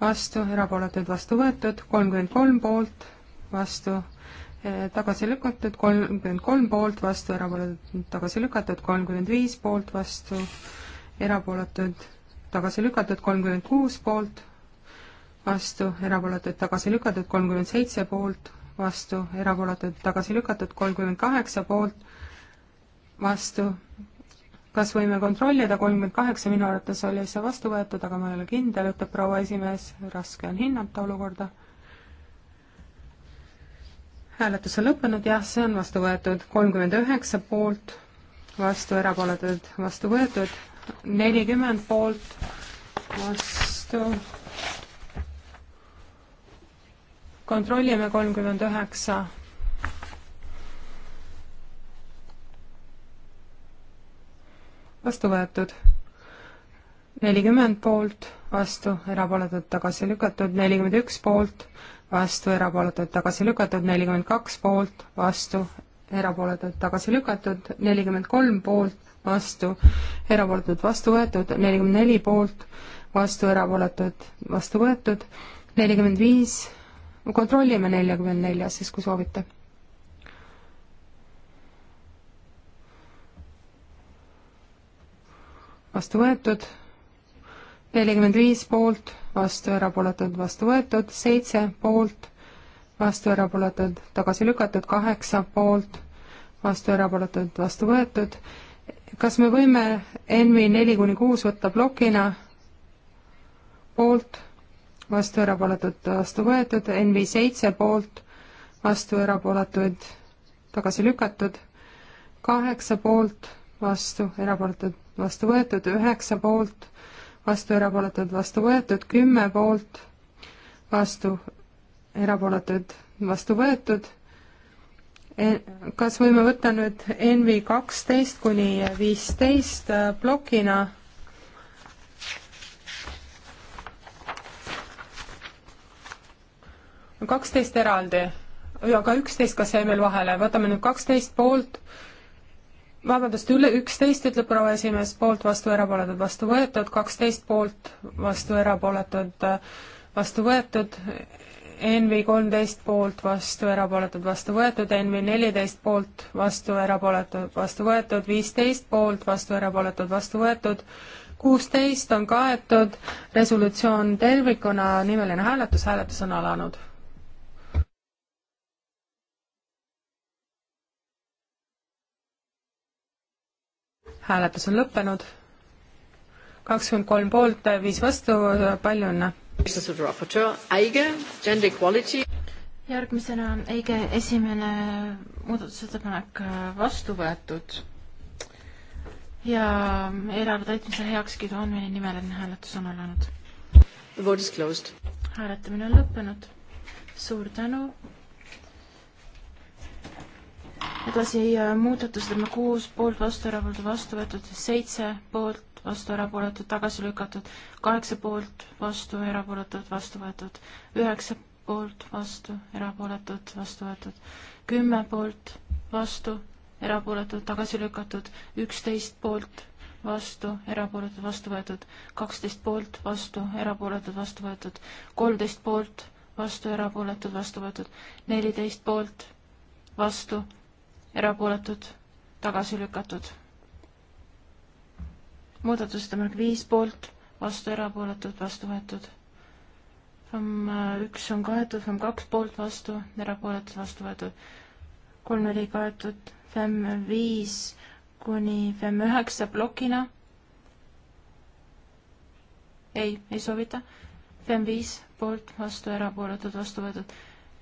vastu erapooletud vastu võetud, kolmkümmend kolm poolt, vastu Äh, tagasi lükatud, kolmkümmend kolm poolt vastu, erapooletud tagasi lükatud, kolmkümmend viis poolt vastu, erapooletud tagasi lükatud, kolmkümmend kuus poolt vastu, erapooletud tagasi lükatud, kolmkümmend seitse poolt vastu, erapooletud tagasi lükatud, kolmkümmend kaheksa poolt vastu. kas võime kontrollida, kolmkümmend kaheksa minu arvates oli see vastu võetud, aga ma ei ole kindel, ütleb proua esimees, raske on hinnata olukorda hääletus on lõppenud, jah, see on vastu võetud, kolmkümmend üheksa poolt, vastu erapooletud, vastu võetud, nelikümmend poolt, vastu. kontrollime kolmkümmend üheksa. vastu võetud, nelikümmend poolt, vastu, erapooletud, tagasi lükatud, nelikümmend üks poolt, vastu, erapooletud, tagasi lükatud, nelikümmend kaks poolt, vastu, erapooletud, tagasi lükatud, nelikümmend kolm poolt, vastu, erapooletud, vastu võetud, nelikümmend neli poolt, vastu, erapooletud, vastu võetud, nelikümmend viis, kontrollime neljakümmend nelja siis, kui soovite vastu võetud, nelikümmend viis poolt, vastu erapooletud, vastu võetud, seitse poolt, vastu erapooletud, tagasi lükatud, kaheksa poolt, vastu erapooletud, vastu võetud. kas me võime NV neli kuni kuus võtta plokina poolt, vastu erapooletud, vastu võetud, NV seitse poolt, vastu erapooletuid, tagasi lükatud, kaheksa poolt, vastu erapooletud, vastu võetud, üheksa poolt, vastu, erapooletud, vastu võetud, kümme poolt, vastu, erapooletud, vastu võetud. E, kas võime võtta nüüd NV kaksteist kuni viisteist plokina? kaksteist eraldi ja ka üksteist, kas jäi meil vahele, võtame nüüd kaksteist poolt vabandust, üle üksteist, ütleb proua esimees, poolt, vastu, erapooletud, vastu võetud, kaksteist poolt, vastu, erapooletud, vastu võetud, NV kolmteist poolt, vastu, erapooletud, vastu võetud, NV neliteist poolt, vastu, erapooletud, vastu võetud, viisteist poolt, vastu, erapooletud, vastu võetud, kuusteist on kaetud, resolutsioon tervikuna, nimeline hääletus, hääletus on alanud hääletus on lõppenud. kakskümmend kolm poolt, viis vastu, palju õnne. järgmisena Eige esimene muudatusettepanek äh, vastu võetud ja eelarve täitmisele heakskiidu andmine nimeline hääletus on alanud. hääletamine on lõppenud. suur tänu edasi äh, muudatusena kuus poolt vastu, erapooletu vastu võetud, seitse poolt vastu, erapooletud tagasi lükatud, kaheksa poolt vastu, erapooletud vastu võetud, üheksa poolt vastu, erapooletud vastu võetud, kümme poolt vastu, erapooletud tagasi lükatud, üksteist poolt vastu, erapooletud vastu võetud, kaksteist poolt vastu, erapooletud vastu võetud, kolmteist poolt vastu, erapooletud vastu võetud, neliteist poolt vastu erapooletud, tagasi lükatud. muudatusettepanek viis poolt, vastu erapooletud, vastu võetud. FAM äh, üks on kaetud, FAM kaks poolt vastu, erapooletud, vastu võetud. kolm oli kaetud, FAM viis kuni FAM üheksa plokina. ei, ei soovita. FAM viis poolt, vastu, erapooletud, vastu võetud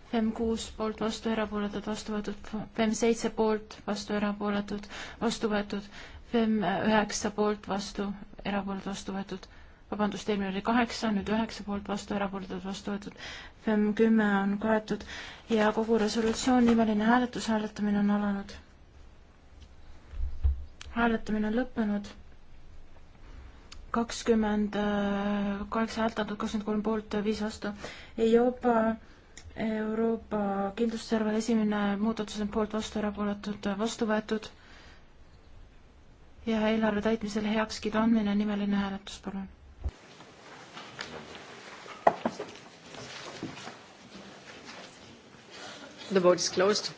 FEM kuus poolt vastu erapooletud, vastu võetud, FEM seitse poolt vastu erapooletud, vastu võetud, FEM äh, üheksa poolt vastu erapooletud, vastu võetud, vabandust, eelmine oli kaheksa, nüüd üheksa poolt vastu erapooletud, vastu võetud, FEM kümme on kaetud ja kogu resolutsioon nimeline hääletus, hääletamine on alanud. hääletamine on lõppenud kakskümmend äh, kaheksa häält antud, kakskümmend kolm poolt, viis vastu. Euroopa Euroopa kindlustusjärve esimene muudatus on poolt vastu erapooletud vastu võetud ja eelarve täitmisele heakskiidu andmine nimeline hääletus, palun. The vote is closed.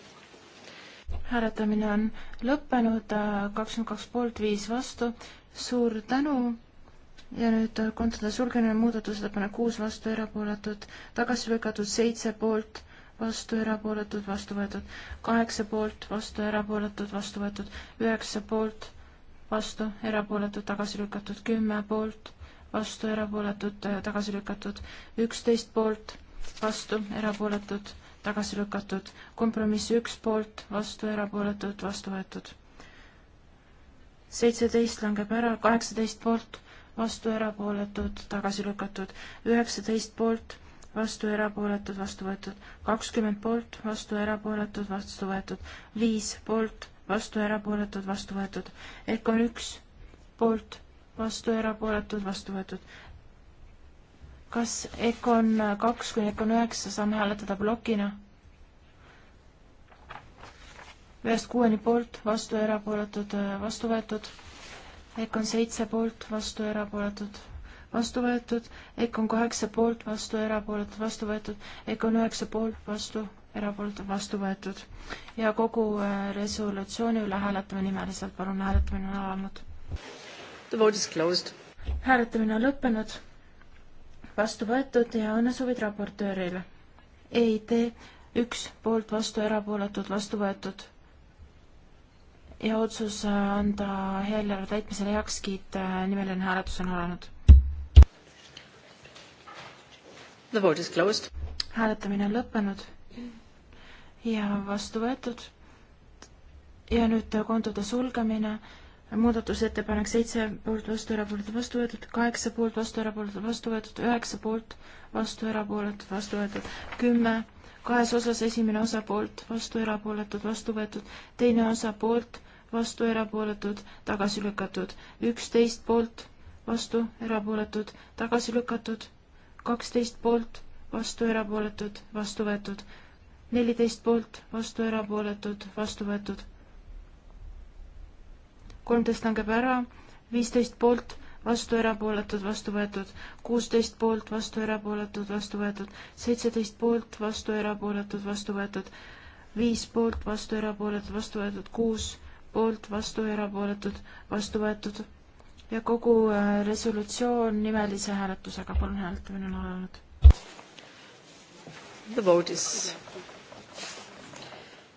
hääletamine on lõppenud, kakskümmend kaks poolt, viis vastu. suur tänu ja nüüd äh, kontode sulgemine, muudatusettepanek kuus, vastu erapooletud, tagasi lükatud seitse poolt, vastu erapooletud, vastu võetud kaheksa poolt, vastu erapooletud, vastu võetud üheksa poolt, vastu erapooletud, tagasi lükatud kümme poolt, vastu erapooletud, äh, tagasi lükatud üksteist poolt, vastu erapooletud, tagasi lükatud kompromiss üks poolt, vastu erapooletud, vastu võetud seitseteist langeb ära, kaheksateist poolt vastu erapooletud, tagasi lükatud, üheksateist poolt, vastu erapooletud, vastu võetud, kakskümmend poolt, vastu erapooletud, vastu võetud, viis poolt, vastu erapooletud, vastu võetud, EKOn üks poolt, vastu erapooletud, vastu võetud. kas EKOn kaks kuni EKOn üheksa saame hääletada plokina? ühest kuueni poolt, vastu erapooletud, vastu võetud EKOn seitse poolt, vastu, erapooletud, vastu võetud, EKOn kaheksa poolt, vastu, erapooletud, vastu võetud, EKOn üheksa poolt, vastu, erapooletud, vastu võetud. ja kogu äh, resolutsiooni üle hääletame nimeliselt, palun, hääletamine on alanud. The vote is closed. hääletamine on lõppenud, vastu võetud ja õnnesoovid raportöörile. EIT üks poolt, vastu, erapooletud, vastu võetud ja otsus äh, anda eelarve täitmisele heakskiit äh, nimeline hääletus on alanud. The vote is closed. hääletamine on lõppenud ja vastu võetud. ja nüüd kontode sulgemine, muudatusettepanek seitse poolt vastu, erapooletud vastu võetud, kaheksa poolt vastu, erapooletud vastu võetud, üheksa poolt vastu, erapooletud vastu võetud, kümme kahes osas esimene osa poolt, vastu erapooletud, vastu võetud, teine osa poolt vastu erapooletud, tagasi lükatud, üksteist poolt, vastu erapooletud, tagasi lükatud, kaksteist poolt, vastu erapooletud, vastu võetud, neliteist poolt, vastu erapooletud, vastu võetud, kolmteist langeb ära, viisteist poolt, vastu erapooletud, vastu võetud, kuusteist poolt, vastu erapooletud, vastu võetud, seitseteist poolt, vastu erapooletud, vastu võetud, viis poolt, vastu erapooletud, vastu võetud, kuus poolt, vastu, erapooletud, vastu võetud ja kogu äh, resolutsioon nimelise hääletusega, palun hääletamine on alanud. The vote is,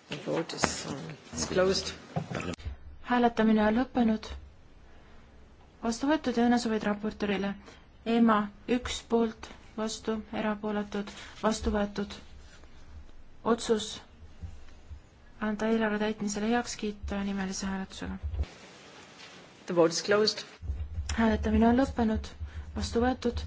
the vote is, um, is closed. hääletamine on lõppenud, vastu võetud ja õnnesoovid raportöörile. EMA üks poolt, vastu, erapooletud, vastu võetud. otsus anda eelarve täitmisele heakskiit nimelise hääletusega. The vote is closed. hääletamine on lõppenud, vastu võetud.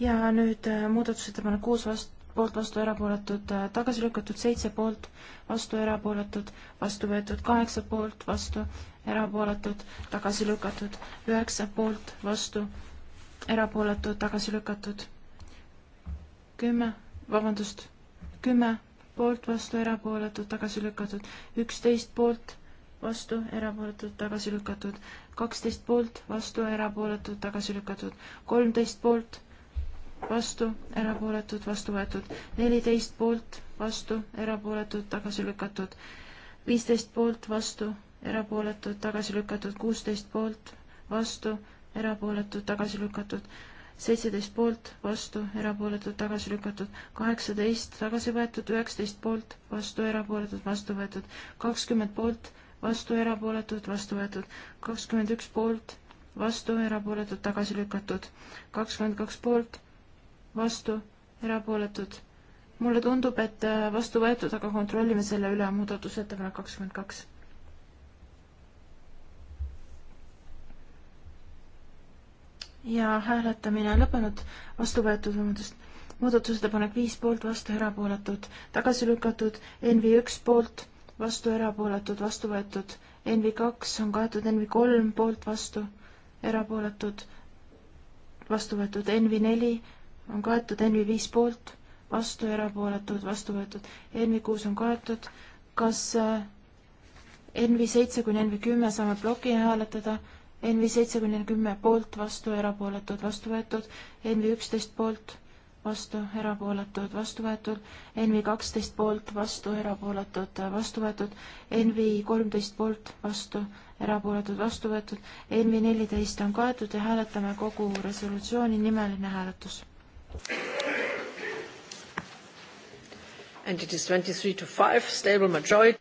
ja nüüd äh, muudatusettepanek kuus vast-, poolt vastu erapooletud, äh, tagasi lükatud seitse poolt, vastu erapooletud, vastu võetud kaheksa poolt, vastu erapooletud, tagasi lükatud üheksa poolt, vastu erapooletud, tagasi lükatud kümme, vabandust kümme poolt, vastu, erapooletud, tagasi lükatud, üksteist poolt, vastu, erapooletud, tagasi lükatud, kaksteist poolt, vastu, erapooletud, tagasi lükatud, kolmteist poolt, vastu, erapooletud, vastu võetud, neliteist poolt, vastu, erapooletud, tagasi lükatud, viisteist poolt, vastu, erapooletud, tagasi lükatud, kuusteist poolt, vastu, erapooletud, tagasi lükatud, seitseteist poolt, vastu, erapooletud, tagasi lükatud, kaheksateist tagasi võetud, üheksateist poolt, vastu, erapooletud, vastu võetud, kakskümmend poolt, vastu, erapooletud, vastu võetud, kakskümmend üks poolt, vastu, erapooletud, tagasi lükatud, kakskümmend kaks poolt, vastu, erapooletud. mulle tundub, et äh, vastu võetud, aga kontrollime selle üle, muudatusettepanek kakskümmend kaks ja hääletamine lõppenud, vastu võetud vabandust, muudatusettepanek viis poolt, vastu erapooletud, tagasi lükatud, NV üks poolt, vastu erapooletud, vastu võetud, NV kaks on kaetud, NV kolm poolt, vastu erapooletud, vastu võetud, NV neli on kaetud, NV viis poolt, vastu erapooletud, vastu võetud, NV kuus on kaetud, kas äh, NV seitse kuni NV kümme saame ploki hääletada, NV seitsekümmend kümme poolt, vastu, erapooletud, vastu võetud, NV üksteist poolt, vastu, erapooletud, vastu võetud, NV kaksteist poolt, vastu, erapooletud, vastu võetud, NV kolmteist poolt, vastu, erapooletud, vastu võetud, NV neliteist on kaetud ja hääletame kogu resolutsiooni nimeline hääletus. And it is 23 to 5, stable majority.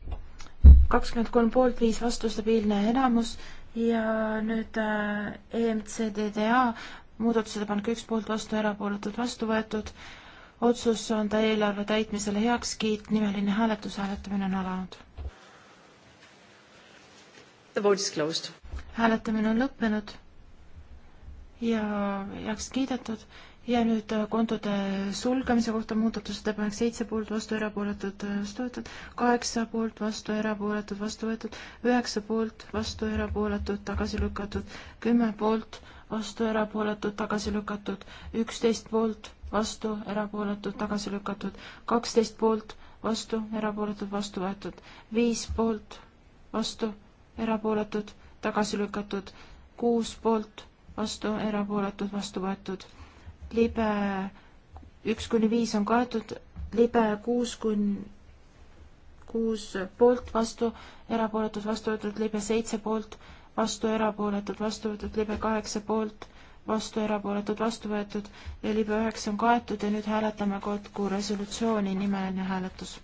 kakskümmend kolm poolt, viis vastu, stabiilne enamus ja nüüd äh, EMCDDA muudatusettepanek üks poolt vastu, erapooletud vastu võetud. otsus on ta eelarve täitmisele heakskiit, nimeline hääletus, hääletamine on alanud. The vote is closed. hääletamine on lõppenud ja heaks kiidetud ja nüüd äh, kontode sulgemise kohta muudatusettepanek seitse poolt vastu, erapooletud, äh, vastu võetud, kaheksa poolt vastu, erapooletud, vastu võetud, üheksa poolt vastu, erapooletud, tagasi lükatud, kümme poolt vastu, erapooletud, tagasi lükatud, üksteist poolt vastu, erapooletud, tagasi lükatud, kaksteist poolt vastu, erapooletud, vastu võetud, viis poolt vastu, erapooletud, tagasi lükatud, kuus poolt vastu, erapooletud, vastu võetud libe üks kuni viis on kaetud, libe kuus kuni kuus poolt vastu, erapooletud vastu võetud, libe seitse poolt vastu, erapooletud vastu võetud, libe kaheksa poolt vastu, erapooletud vastu võetud ja libe üheksa on kaetud ja nüüd hääletame kokku resolutsiooni nimeline hääletus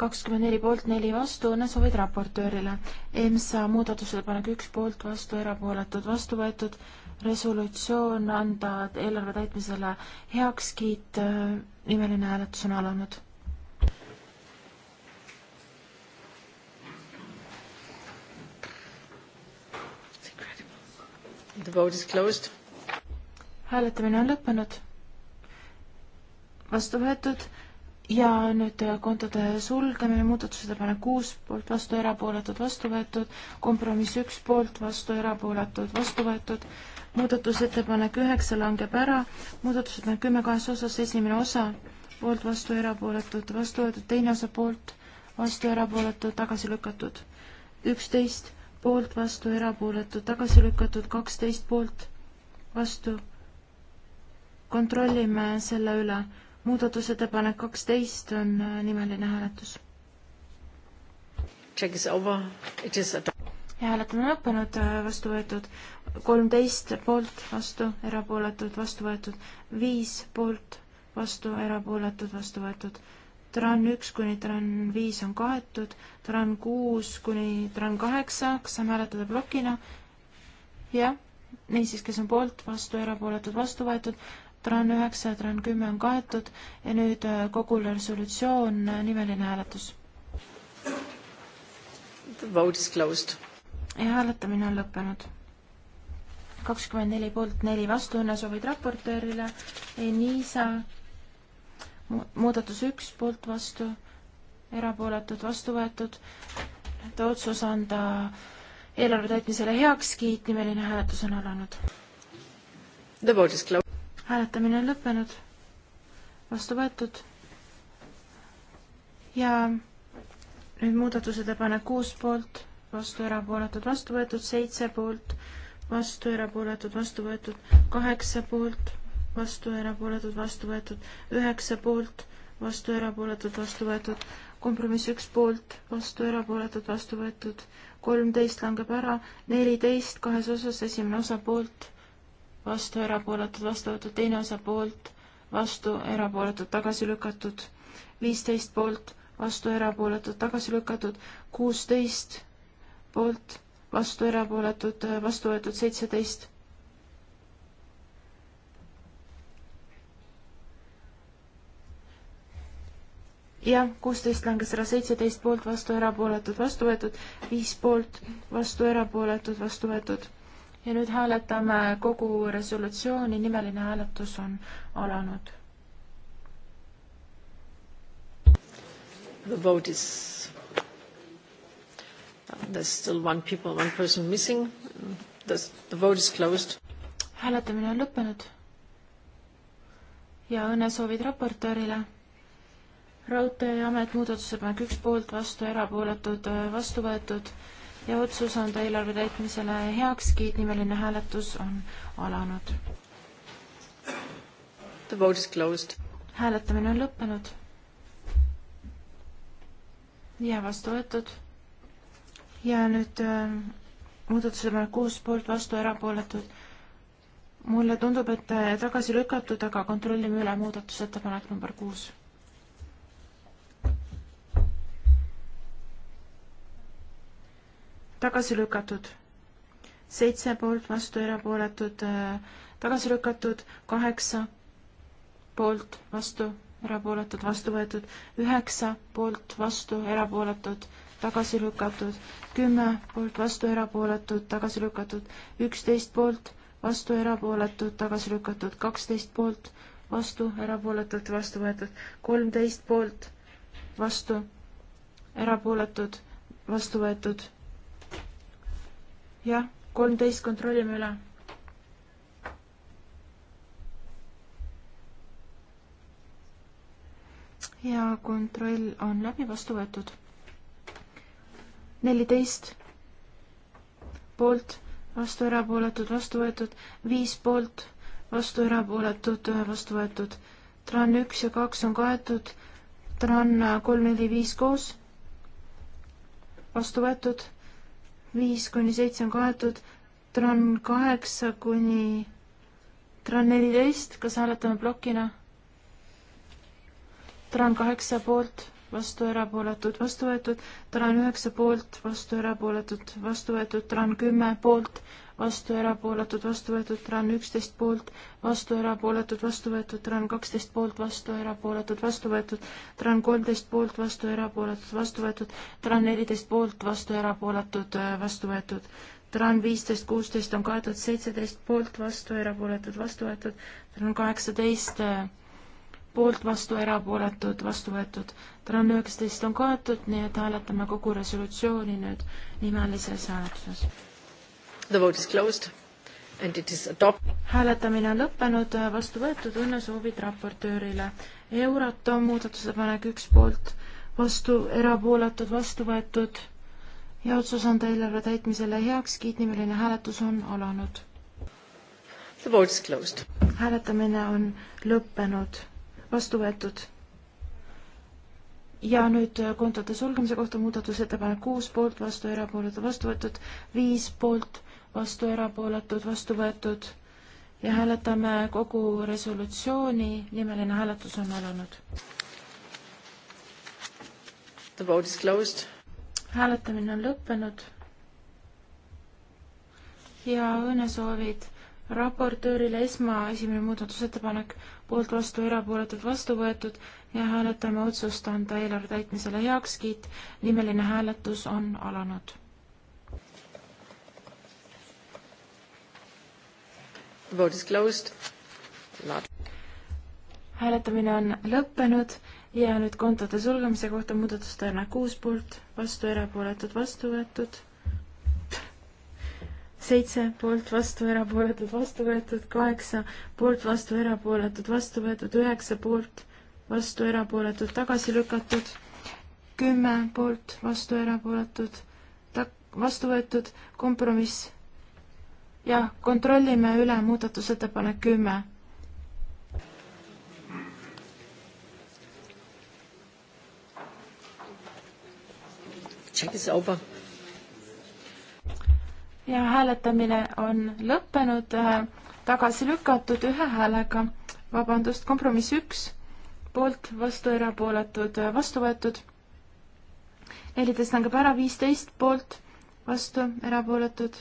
kakskümmend neli poolt, neli vastu, õnnesoovid raportöörile. EMSA muudatusettepanek üks poolt, vastu, erapooletud, vastu võetud, resolutsioon anda eelarve täitmisele heakskiit, nimeline hääletus on alanud. The vote is closed. hääletamine on lõppenud. vastu võetud ja nüüd äh, kontode sulgemine, muudatusettepanek kuus poolt vastu, erapooletud, vastu võetud, kompromiss üks poolt vastu, erapooletud, vastu võetud, muudatusettepanek üheksa langeb ära, muudatusettepanek kümme kahes osas, esimene osa poolt vastu, erapooletud, vastu võetud, teine osa poolt vastu, erapooletud, tagasi lükatud, üksteist poolt vastu, erapooletud, tagasi lükatud, kaksteist poolt vastu, kontrollime selle üle muudatusettepanek kaksteist on äh, nimeline hääletus. ja hääletamine on lõppenud, äh, vastu võetud kolmteist poolt, vastu, erapooletud, vastu võetud, viis poolt, vastu, erapooletud, vastu võetud tran üks kuni tran viis on kaetud, tran kuus kuni tran kaheksa, kas saame hääletada plokina? jah, niisiis, kes on poolt, vastu, erapooletud, vastu võetud, tran üheksa ja tran kümme on kaetud ja nüüd äh, kogu resolutsioon, äh, nimeline hääletus. The vote is closed. ja hääletamine on lõppenud. kakskümmend neli poolt, neli vastu, õnnesoovid raportöörile, Niisa muudatus üks poolt vastu, erapooletud vastu võetud, et otsus anda eelarve täitmisele heakskiit, nimeline hääletus on alanud. The vote is closed hääletamine on lõppenud, vastu võetud ja nüüd muudatusettepanek kuus poolt, vastu erapooletud, vastu võetud, seitse poolt, vastu erapooletud, vastu võetud, kaheksa poolt, vastu erapooletud, vastu võetud, üheksa poolt, vastu erapooletud, vastu võetud, kompromiss üks poolt, vastu erapooletud, vastu võetud, kolmteist langeb ära, neliteist kahes osas, esimene osa poolt, vastu, erapooletud, vastu võetud, teine osa poolt, vastu, erapooletud, tagasi lükatud, viisteist poolt, vastu, erapooletud, tagasi lükatud, kuusteist poolt, vastu, erapooletud, vastu võetud, seitseteist. jah, kuusteist langes ära, seitseteist poolt, vastu, erapooletud, vastu võetud, viis poolt, vastu, erapooletud, vastu võetud ja nüüd hääletame kogu resolutsiooni, nimeline hääletus on alanud. The vote is, uh, there is still one people, one person missing, the vote is closed. hääletamine on lõppenud ja õnnesoovid raportöörile. raudteeamet muudatusepanek üks poolt, vastu erapooletud, vastu võetud ja otsus anda eelarve täitmisele heakskiit, nimeline hääletus on alanud. The vote is closed. hääletamine on lõppenud. ja vastu võetud. ja nüüd äh, muudatusepanek kuus poolt, vastu erapooletud. mulle tundub, et äh, tagasi lükatud, aga kontrollime üle muudatusettepanek number kuus tagasi lükatud. seitse poolt, vastu, erapooletud, äh, tagasi lükatud, kaheksa poolt, vastu, erapooletud, vastu võetud, üheksa poolt, vastu, erapooletud, tagasi lükatud, kümme poolt, vastu, erapooletud, tagasi lükatud, üksteist poolt, vastu, erapooletud, tagasi lükatud, kaksteist poolt, vastu, erapooletud, vastu võetud, kolmteist poolt, vastu, erapooletud, vastu võetud jah, kolmteist kontrollime üle. ja kontroll on läbi vastu võetud. neliteist poolt, vastu erapooletud, vastu võetud, viis poolt, vastu erapooletud, vastu võetud. TRAN üks ja kaks on kaetud, TRAN kolm, neli, viis koos, vastu võetud viis kuni seitse on kaetud, tran kaheksa kuni tran neliteist, kas hääletame plokina? tran kaheksa poolt, vastu erapooletud, vastu võetud, tran üheksa poolt, vastu erapooletud, vastu võetud, tran kümme poolt, vastu erapooletud, vastu võetud tran üksteist poolt, vastu erapooletud, vastu võetud tran kaksteist poolt, vastu erapooletud, vastu võetud tran kolmteist poolt, vastu erapooletud, vastu võetud tran neliteist poolt, vastu erapooletud, vastu võetud tran viisteist, kuusteist on kaetud, seitseteist poolt, vastu erapooletud, vastu võetud tran kaheksateist eh, poolt, vastu erapooletud, vastu võetud tran üheksateist on kaetud, nii et hääletame kogu resolutsiooni nüüd nimelises hääletuses The vote is closed and it is adopted. hääletamine on lõppenud, vastu võetud, õnnesoovid raportöörile. Euratom muudatusepanek üks poolt, vastu erapooletud, vastu võetud ja otsus anda eelarve täitmisele heakskiitnimeline hääletus on alanud. The vote is closed. hääletamine on lõppenud, vastu võetud ja nüüd kontode sulgemise kohta muudatusettepanek kuus poolt, vastu erapooletu, vastu võetud viis poolt vastu erapooletud, vastu võetud ja hääletame kogu resolutsiooni, nimeline hääletus on alanud. The vote is closed. hääletamine on lõppenud. ja õnnesoovid raportöörile esma esimene muudatusettepanek poolt vastu, erapooletult vastu võetud ja hääletame otsust anda eelarve täitmisele heakskiit. nimeline hääletus on alanud The vote is closed. Not. hääletamine on lõppenud ja nüüd kontode sulgemise kohta muudatustena kuus poolt, vastu erapooletud, vastu võetud. seitse poolt, vastu erapooletud, vastu võetud, kaheksa poolt, vastu erapooletud, vastu võetud, üheksa poolt, vastu erapooletud, tagasi lükatud, kümme poolt, vastu erapooletud, tak-, vastu võetud, kompromiss jah, kontrollime üle muudatusettepanek kümme. ja hääletamine on lõppenud, äh, tagasi lükatud ühe häälega, vabandust, kompromiss üks, poolt, vastu, erapooletud, äh, vastu võetud. neliteist langeb ära, viisteist poolt, vastu, erapooletud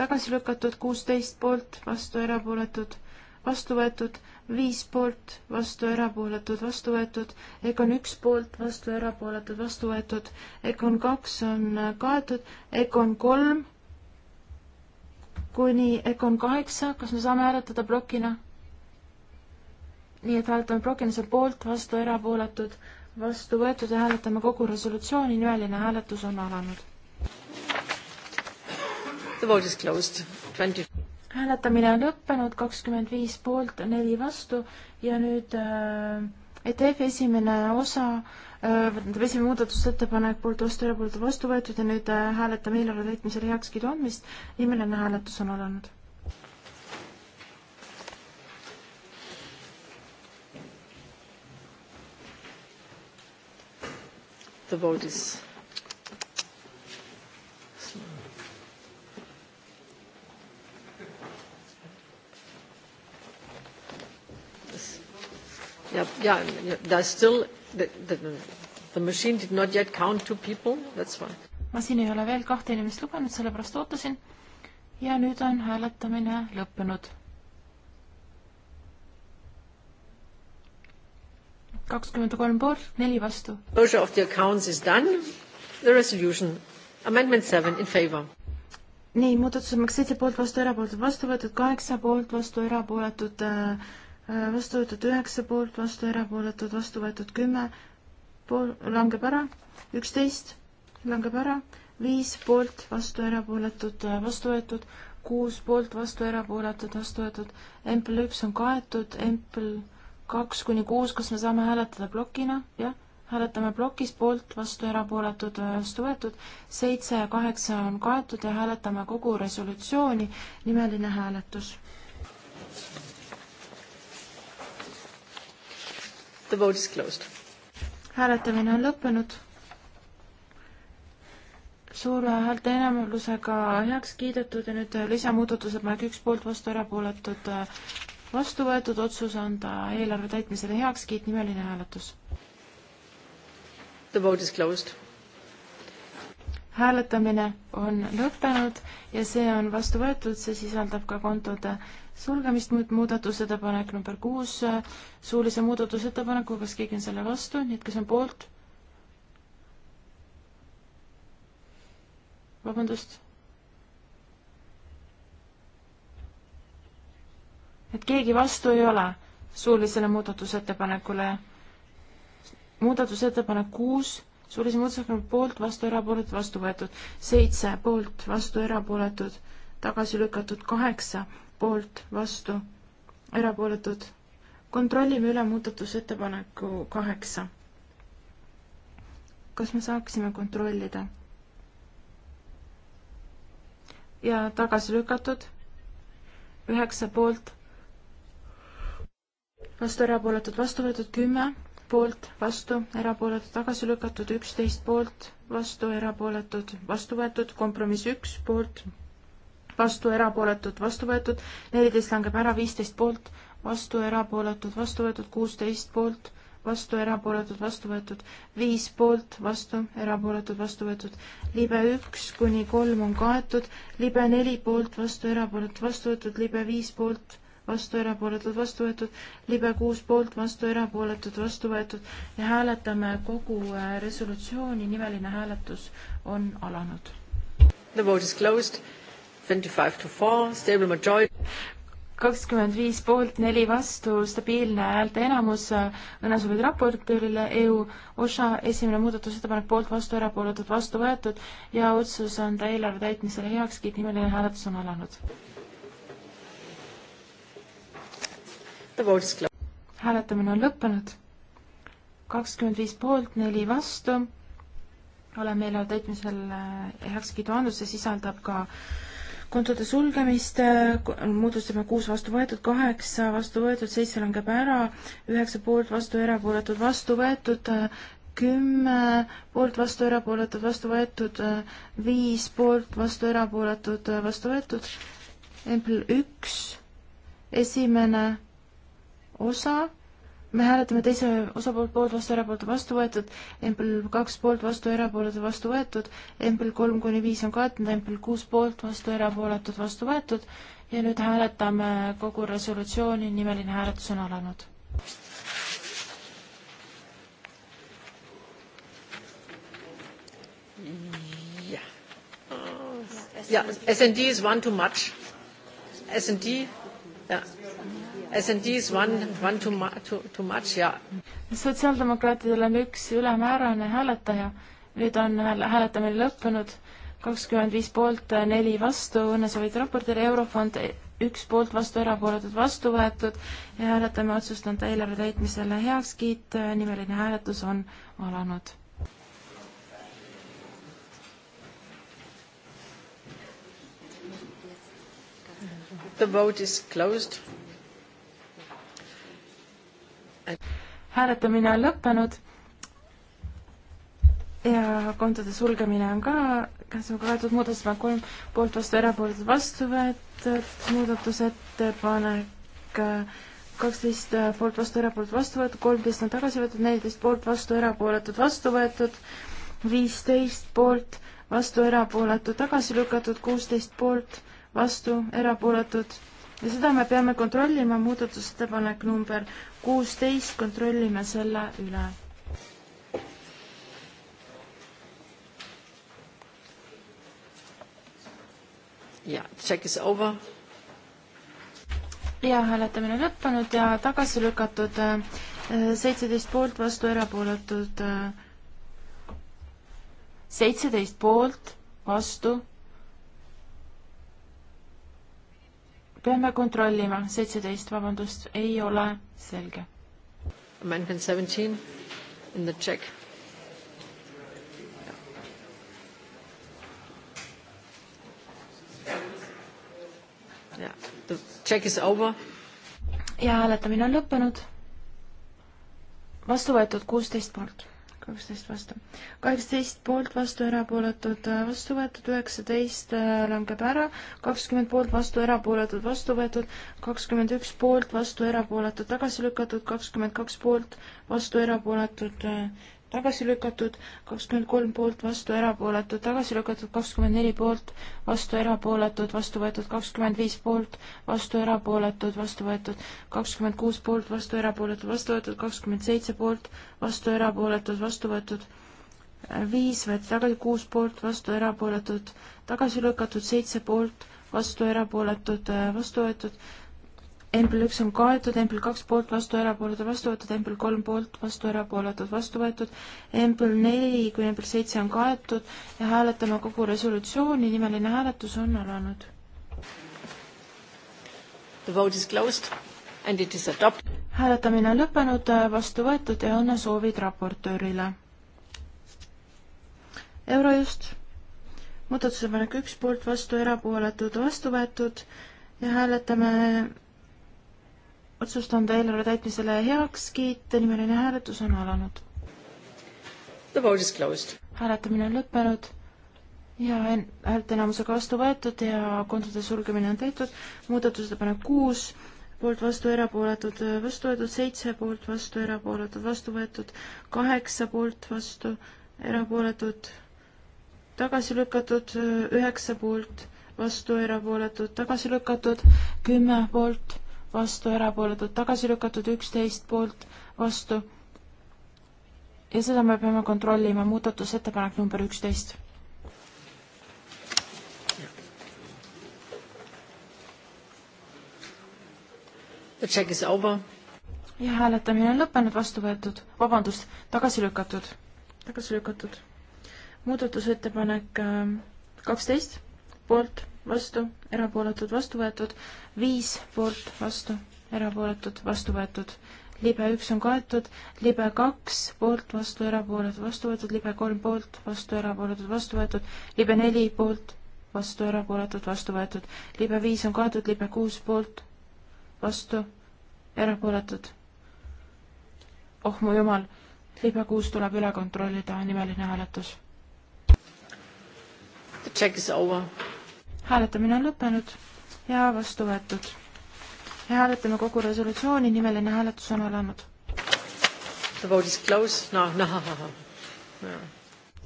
tagasi lükatud, kuusteist poolt, vastu erapooletud, vastu võetud, viis poolt, vastu erapooletud, vastu võetud, Econ üks poolt, vastu erapooletud, vastu võetud, Econ kaks on kaetud, Econ kolm kuni Econ kaheksa, kas me saame hääletada plokina? nii et hääletame plokina seal poolt, vastu erapooletud, vastu võetud ja hääletame kogu resolutsiooni, nimeline hääletus on alanud. The vote is closed. 20. hääletamine on lõppenud, kakskümmend viis poolt, neli vastu ja nüüd äh, ETF-i esimene osa äh,, esimene muudatusettepanek poolt vastu, erapooletu vastu võetud ja nüüd äh, hääletame eelarve täitmisele heakskiidu andmist. nimeline hääletus on alanud The vote is Yeah, yeah, yeah there's still the, the, the machine did not yet count two people, that's why. masin ei ole veel kahte inimest lugenud, sellepärast ootasin. ja nüüd on hääletamine lõppenud. kakskümmend kolm poolt, neli vastu. Closure of the accounts is done. The resolution. Amendment seven in favor nii, muudatusemaks seitse poolt vastu, erapooletud vastu võetud, kaheksa poolt vastu, erapooletud äh, Äh, vastu võetud üheksa poolt, vastu erapooletud, vastu võetud kümme, pool langeb ära, üksteist langeb ära, viis poolt, vastu erapooletud, äh, vastu võetud, kuus poolt, vastu erapooletud, vastu võetud, empel üks on kaetud, empel kaks kuni kuus, kas me saame hääletada plokina, jah? hääletame plokis poolt, vastu erapooletud, äh, vastu võetud, seitse ja kaheksa on kaetud ja hääletame kogu resolutsiooni, nimeline hääletus. The vote is closed. hääletamine on lõppenud. suure häälteenamusega heaks kiidetud ja nüüd lisamuudatusepanek üks poolt vastu erapooletud vastu võetud otsus anda eelarve täitmisele heakskiit, nimeline hääletus. The vote is closed. hääletamine on lõppenud ja see on vastu võetud, see sisaldab ka kontode sulgemist, muudatusettepanek number kuus äh, suulise muudatusettepanekuga, kas keegi on selle vastu, nii et kes on poolt? vabandust. et keegi vastu ei ole suulisele muudatusettepanekule. muudatusettepanek kuus, suulise muudatusettepaneku poolt, vastu, erapooletud, vastu võetud. seitse poolt, vastu, erapooletud, tagasi lükatud, kaheksa poolt, vastu, erapooletud. kontrollime üle muudatusettepaneku kaheksa. kas me saaksime kontrollida? ja tagasi lükatud, üheksa poolt, vastu, erapooletud, vastu võetud kümme poolt, vastu, erapooletud, tagasi lükatud, üksteist poolt, vastu, erapooletud, vastu võetud, kompromiss üks poolt, vastu, erapooletud, vastu võetud, neliteist langeb ära, viisteist poolt, vastu, erapooletud, vastu võetud, kuusteist poolt, vastu, erapooletud, vastu võetud, viis poolt, vastu, erapooletud, vastu võetud, libe üks kuni kolm on kaetud, libe neli poolt, vastu, erapooletud, vastu võetud, libe viis poolt, vastu, erapooletud, vastu võetud, libe kuus poolt, vastu, erapooletud, vastu võetud ja hääletame kogu äh, resolutsiooni, nimeline hääletus on alanud. The vote is closed 25 to 4, stable majority. kakskümmend viis poolt, neli vastu, stabiilne häälte enamus, õnnesoovid raportöörile, EU osa, esimene muudatusettepanek poolt, vastu, erapooletud, vastu võetud ja otsus anda eelarve täitmisele heakskiit, nimeline hääletus on alanud. hääletamine on lõppenud. kakskümmend viis poolt, neli vastu oleme eelarve täitmisel äh, heakskiidu andnud, see sisaldab ka äh, kontode sulgemist, äh, moodustame kuus vastu võetud, kaheksa vastu võetud, seitse langeb ära, üheksa poolt vastu, erapooletud vastu võetud, kümme poolt vastu, erapooletud vastu võetud, viis poolt vastu, erapooletud vastu võetud, üks, esimene osa me hääletame teise osapoolt poolt vastu, erapooletu vastu võetud, empel kaks poolt vastu, erapooletu vastu võetud, empel kolm kuni viis on kaetud, empel kuus poolt vastu, erapooletud vastu võetud ja nüüd hääletame kogu resolutsiooni, nimeline hääletus on alanud. jah yeah. yeah,, SND is one too much. SND, jah yeah S&D is one, one too, too, too much, jaa. sotsiaaldemokraatidel on üks ülemäärane hääletaja, nüüd on hääletamine lõppenud, kakskümmend viis poolt, neli vastu, õnnesoovid raportile, Eurofond üks poolt vastu, erapooletud vastu võetud ja hääletame otsust anda eelarve täitmisele heakskiit, nimeline hääletus on alanud. The vote is closed hääletamine on lõppenud ja kontode sulgemine on ka käesolevaga kaetud, muudatusettepanek kolm poolt vastu, erapooletud vastu võetud muudatusettepanek äh, kaksteist äh, poolt vastu, erapooletud vastu võetud, kolmteist on tagasi võetud, neliteist poolt vastu, erapooletud vastu võetud, viisteist poolt vastu, erapooletud tagasi lükatud, kuusteist poolt vastu, erapooletud ja seda me peame kontrollima, muudatusettepanek number kuusteist, kontrollime selle üle. ja, check is over. ja hääletamine lõppenud ja tagasi lükatud äh, seitseteist poolt, vastu erapooletud äh, seitseteist poolt, vastu peame kontrollima, seitseteist, vabandust, ei ole selge. Amendment seventeen in the check. Yeah, the check is over. ja hääletamine on lõppenud. vastu võetud kuusteist poolt kaksteist vastu. kaheksateist poolt vastu, erapooletud, vastu võetud, üheksateist äh, langeb ära, kakskümmend poolt vastu, erapooletud, vastu võetud, kakskümmend üks poolt vastu, erapooletud, tagasi lükatud, kakskümmend kaks poolt vastu, erapooletud, äh, tagasi lükatud, kakskümmend kolm poolt, vastu erapooletud, tagasi lükatud kakskümmend neli poolt, vastu erapooletud, vastu võetud kakskümmend viis poolt, vastu erapooletud, vastu võetud kakskümmend kuus poolt, vastu erapooletud, vastu võetud kakskümmend seitse poolt, vastu erapooletud, vastu võetud viis võeti tagasi kuus poolt, vastu erapooletud, tagasi lükatud seitse poolt, vastu erapooletud, vastu võetud Tempel üks on kaetud, Tempel kaks poolt vastu, erapooletud vastu võetud, Tempel kolm poolt vastu, erapooletud vastu võetud, Tempel neli kuni Tempel seitse on kaetud ja hääletame kogu resolutsiooni, nimeline hääletus on alanud. The vote is closed and it is adopted. hääletamine on lõppenud, vastu võetud ja õnnesoovid raportöörile. Eurojust, muudatusepanek üks poolt vastu, erapooletud vastu võetud ja hääletame otsustan ta eelarve täitmisele heaks kiita, nimeline hääletus on alanud. The vote is closed. hääletamine on lõppenud ja häälteenamusega vastu võetud ja kontode sulgemine on tehtud. muudatusettepanek kuus, poolt vastu erapooletud, vastu võetud seitse, poolt vastu erapooletud, vastu võetud kaheksa, poolt vastu erapooletud, tagasi lükatud üheksa poolt, vastu erapooletud, tagasi lükatud kümme poolt vastu, erapooletud tagasi lükatud, üksteist poolt vastu. ja seda me peame kontrollima, muudatusettepanek number üksteist. ja hääletamine on lõppenud, vastu võetud, vabandust, tagasi lükatud, tagasi lükatud. muudatusettepanek äh, kaksteist poolt vastu, erapooletud, vastu võetud, viis poolt, vastu, erapooletud, vastu võetud. libe üks on kaetud, libe kaks poolt, vastu, erapooletud, vastu võetud, libe kolm poolt, vastu, erapooletud, vastu võetud, libe neli poolt, vastu, erapooletud, vastu võetud, libe viis on kaetud, libe kuus poolt, vastu, erapooletud. oh mu jumal, libe kuus tuleb üle kontrollida, nimeline hääletus. The check is over hääletamine on lõppenud ja vastu võetud. ja hääletame kogu resolutsiooni, nimeline hääletus on alanud. The vote is closed, noh, noh, noh.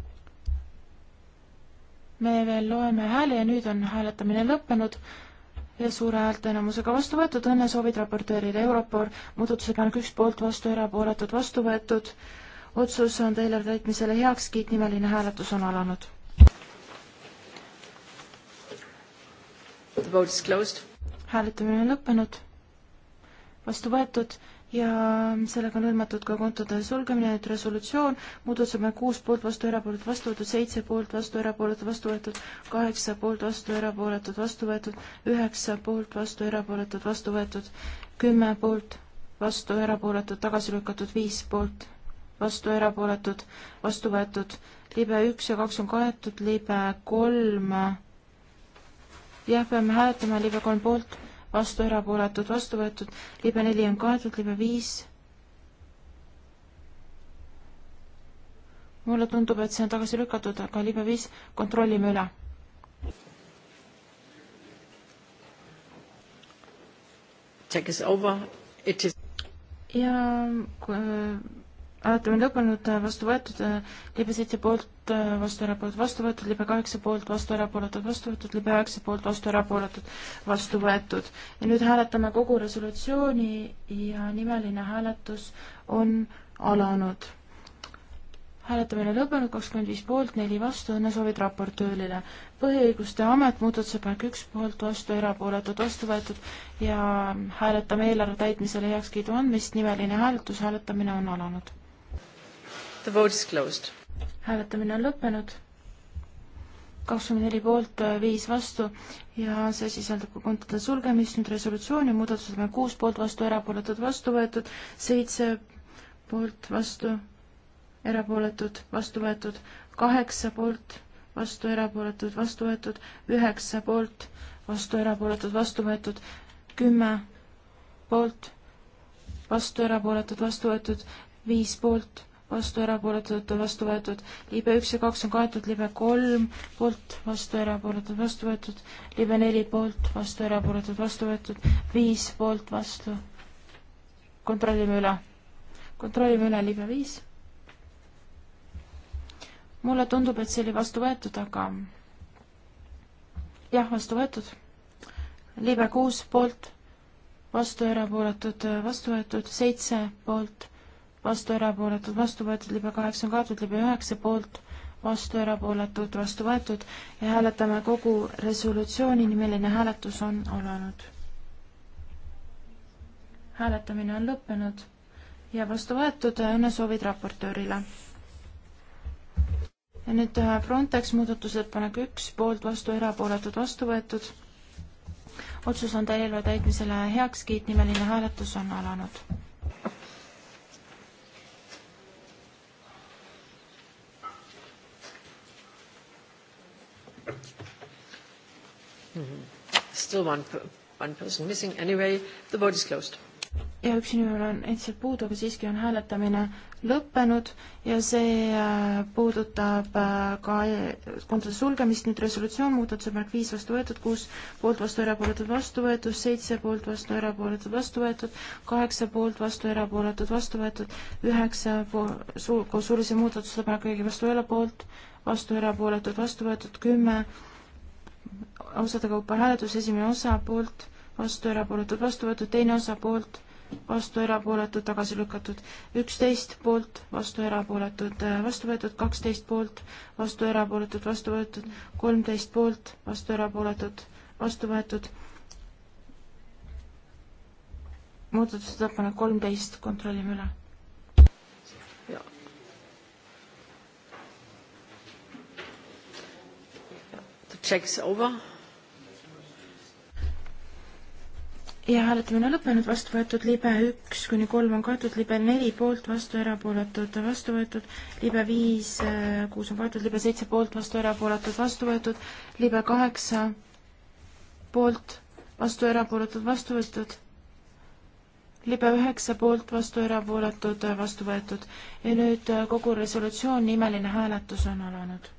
me veel loeme hääli ja nüüd on hääletamine lõppenud ja suure häälteenamusega vastu võetud, õnnesoovid raportöörile Europol, muudatusepanek üks poolt vastu, erapooletud vastu võetud, otsus on teile täitmisele heakskiit, nimeline hääletus on alanud The vote is closed. hääletamine on lõppenud, vastu võetud ja sellega on hõlmatud ka kontode sulgemine, et resolutsioon, muudatusettepanek kuus poolt vastu, erapooletud vastu võetud, seitse poolt vastu, erapooletud vastu võetud, kaheksa poolt vastu, erapooletud vastu võetud, üheksa poolt vastu, erapooletud vastu võetud, kümme poolt vastu, erapooletud tagasi lükatud, viis poolt vastu, erapooletud vastu võetud, libe üks ja kaks on kaetud, libe kolm jah, peame hääletama libe kolm poolt, vastu erapooletud, vastu võetud, libe neli on kaetud, libe viis. mulle tundub, et see on tagasi lükatud, aga libe viis, kontrollime üle. Check is over, it is. ja kui hääletamine lõppenud, äh, vastu võetud, äh, libe seitse poolt, äh, vastu erapooletud, vastu võetud, libe kaheksa poolt, vastu erapooletud, vastu võetud, libe üheksa poolt, vastu erapooletud, vastu võetud. ja nüüd hääletame kogu resolutsiooni ja nimeline hääletus on alanud. hääletamine lõppenud, kakskümmend viis poolt, neli vastu, õnnesoovid raportöörile. põhiõiguste amet, muudatusepanek üks poolt, vastu erapooletud, vastu võetud ja hääletame eelarve täitmisele heakskiidu andmist, nimeline hääletus, hääletamine on alanud The vote is closed. hääletamine on lõppenud. kakskümmend neli poolt, viis vastu ja see sisaldab ka kontode sulgemist, nüüd resolutsiooni muudatused on kuus poolt vastu, erapooletud vastu võetud, seitse poolt vastu, erapooletud vastu võetud, kaheksa poolt vastu, erapooletud vastu võetud, üheksa poolt vastu, erapooletud vastu võetud, kümme poolt vastu, erapooletud vastu võetud, viis poolt vastu, erapooletud, vastu võetud. libe üks ja kaks on kaetud, libe kolm poolt, vastu, erapooletud, vastu võetud. libe neli poolt, vastu, erapooletud, vastu võetud. viis poolt, vastu. kontrollime üle. kontrollime üle libe viis. mulle tundub, et see oli vastu võetud, aga jah, vastu võetud. libe kuus poolt, vastu, erapooletud, vastu võetud, seitse poolt vastu erapooletud, vastu võetud, libe kaheksa on kaetud, libe üheksa poolt, vastu erapooletud, vastu võetud ja hääletame kogu resolutsiooni, nimeline hääletus on alanud. hääletamine on lõppenud ja vastu võetud, õnnesoovid raportöörile ja nüüd äh, Frontex muudatusettepanek üks, poolt vastu, erapooletud vastu võetud. otsus on eelarve täitmisele heakskiit, nimeline hääletus on alanud. Mm-hmm. Still one, one person missing anyway, the vote is closed. ja üks inimene on endiselt puudu, aga siiski on hääletamine lõppenud ja see äh, puudutab äh, ka äh, kontode sulgemist, nüüd resolutsioon, muudatusemärk viis vastu võetud, kuus poolt vastu, erapooletud vastu võetud, seitse poolt vastu, erapooletud vastu võetud, kaheksa poolt vastu, erapooletud vastu võetud, üheksa koos suulise muudatusettepaneku kõigi vastu, üle poolt, vastu, erapooletud vastu võetud, kümme 10 osade kaupa hääletus, esimene osa poolt, vastu erapooletud, vastu võetud, teine osa poolt, vastu erapooletud, tagasi lükatud, üksteist poolt, vastu erapooletud, vastu võetud, kaksteist poolt, vastu erapooletud, vastu võetud, kolmteist poolt, vastu erapooletud, vastu võetud. muudatusettepanek kolmteist, kontrollime üle checks over. ja hääletamine on lõppenud, vastu võetud libe üks kuni kolm on kaetud, libe neli poolt, vastu erapooletud, vastu võetud, libe viis, äh, kuus on kaetud, libe seitse poolt, vastu erapooletud, vastu võetud, libe kaheksa poolt, vastu erapooletud, vastu võetud, libe üheksa poolt, vastu erapooletud, vastu võetud ja nüüd äh, kogu resolutsioon, nimeline hääletus on alanud.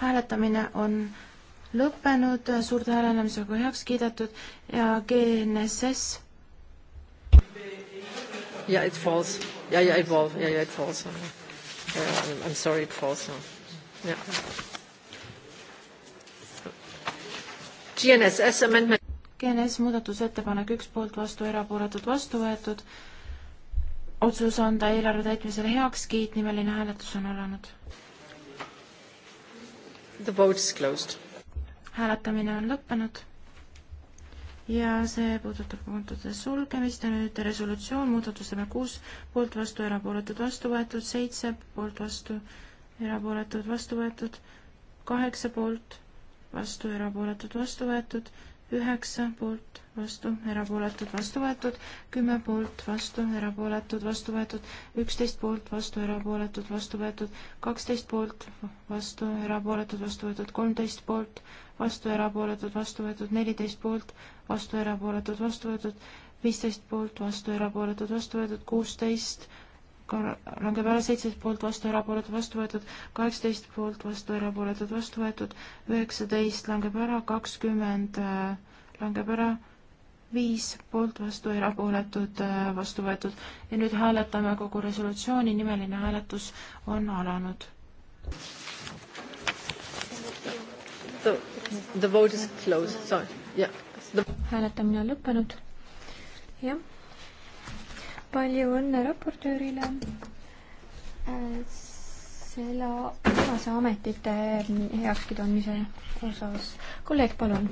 hääletamine on lõppenud, suurte häälenemisega heaks kiidetud ja GNSS. Yeah, it falls. Yeah, yeah, it falls. Yeah, yeah, it falls. Uh, I'm sorry, it falls. Uh, yeah. GNSS amendment. GNS muudatusettepanek üks poolt vastu, erapooletud vastu võetud. otsus anda eelarve täitmisele heakskiit, nimeline hääletus on alanud The vote is closed. hääletamine on lõppenud ja see puudutab kontode sulgemist ja nüüd resolutsioon, muudatus number kuus, poolt vastu, erapooletud vastu võetud, seitse poolt vastu, erapooletud vastu võetud, kaheksa poolt vastu, erapooletud vastu võetud, üheksa poolt, vastu, erapooletud, vastu võetud, kümme poolt, vastu, erapooletud, vastu võetud, üksteist poolt, vastu, erapooletud, vastu võetud, kaksteist poolt, vastu, erapooletud, vastu võetud, kolmteist poolt, vastu, erapooletud, vastu võetud, neliteist poolt, vastu, erapooletud, vastu võetud, viisteist poolt, vastu, erapooletud, vastu võetud, kuusteist langeb ära seitseteist poolt vastu, erapooletud vastu võetud, kaheksateist poolt vastu, erapooletud vastu võetud, üheksateist langeb ära, kakskümmend äh, langeb ära, viis poolt vastu, erapooletud äh, vastu võetud. ja nüüd hääletame kogu resolutsiooni, nimeline hääletus on alanud. The, the vote is closed, sorry, yeah. hääletamine on lõppenud. jah palju õnne raportöörile selle viimase ametite heakskiidu andmise osas. kolleeg, palun.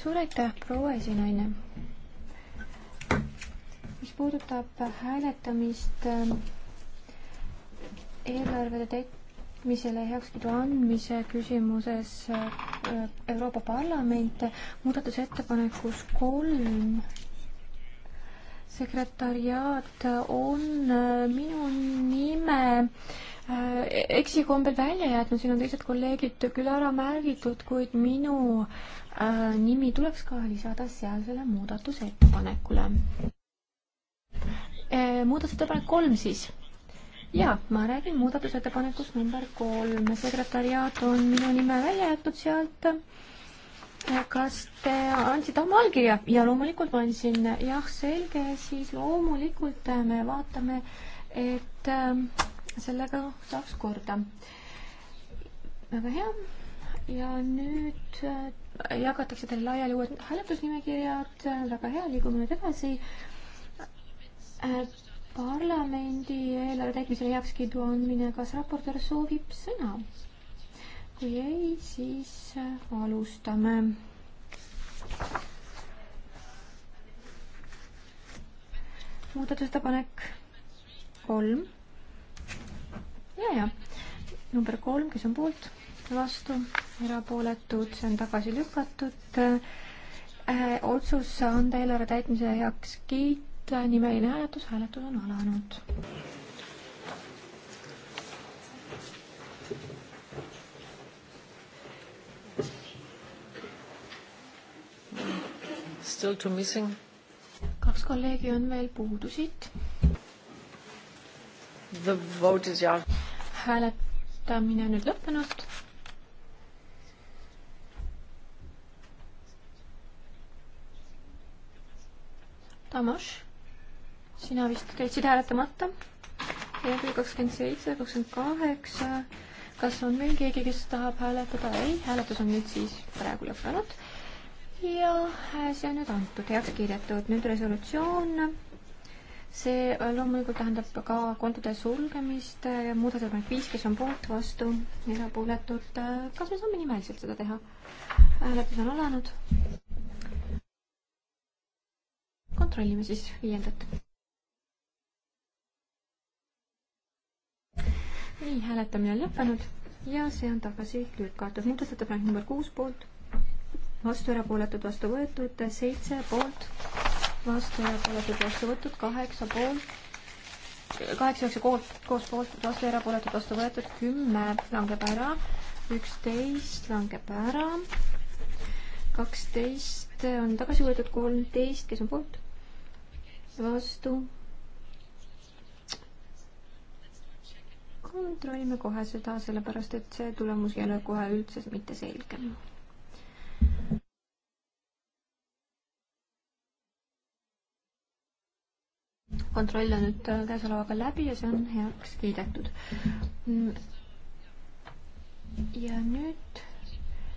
suur aitäh, proua esinaine. mis puudutab hääletamist ähm, eelarvede tek-, mis selle heakskiidu andmise küsimuses äh, Euroopa Parlament muudatusettepanekus kolm sekretariaat on äh, minu nime äh, eksikombel välja jätnud, siin on teised kolleegid küll ära märgitud, kuid minu nimi tuleks ka lisada sealsele muudatusettepanekule. muudatusettepanek kolm siis jaa, ma räägin muudatusettepanekust number kolm. sekretäriaat on minu nime välja jätnud sealt. kas te andsite oma allkirja? ja loomulikult ma andsin. jah, selge, siis loomulikult me vaatame, et ähm, sellega saaks korda. väga hea. ja nüüd äh, jagatakse teile laiali uued hääletusnimekirjad. väga hea, liigume nüüd edasi äh, parlamendi eelarve täitmisele heakskiidu andmine, kas raportöör soovib sõna? kui ei, siis äh, alustame. muudatusettepanek kolm. ja, ja number kolm, kes on poolt, vastu, erapooletud, see on tagasi lükatud. Äh, otsus anda eelarve täitmise heakskiit raport, nimeline hääletus, hääletus on alanud. Still two missing. kaks kolleegi on veel puudu siit. The vote is jah. hääletamine on nüüd lõppenud Tamas sina vist jätsid hääletamata. lehekülg kakskümmend seitse, kakskümmend kaheksa. kas on veel keegi, kes tahab hääletada? ei, hääletus on nüüd siis praegu lõppenud. ja see on nüüd antud, heaks kiidetud. nüüd resolutsioon. see loomulikult tähendab ka kontode sulgemist. muudatusettepanek viis, kes on poolt, vastu, erapooletud. kas me saame nimeliselt seda teha? hääletus on alanud kontrollime siis viiendat. nii, hääletamine on lõppenud ja see on tagasi lükatud. muudatusettepanek number kuus poolt, vastu erapooletud, vastu võetud, seitse poolt, vastu erapooletud, vastu võetud, kaheksa poolt, kaheksa, üheksa poolt, koos poolt, vastu erapooletud, vastu võetud, kümme langeb ära, üksteist langeb ära, kaksteist on tagasi võetud, kolmteist, kes on poolt, vastu kontrollime kohe seda, sellepärast et see tulemus ei ole kohe üldse mitte selge. kontroll on nüüd äh, käesolevaga läbi ja see on heaks kiidetud. Mm. ja nüüd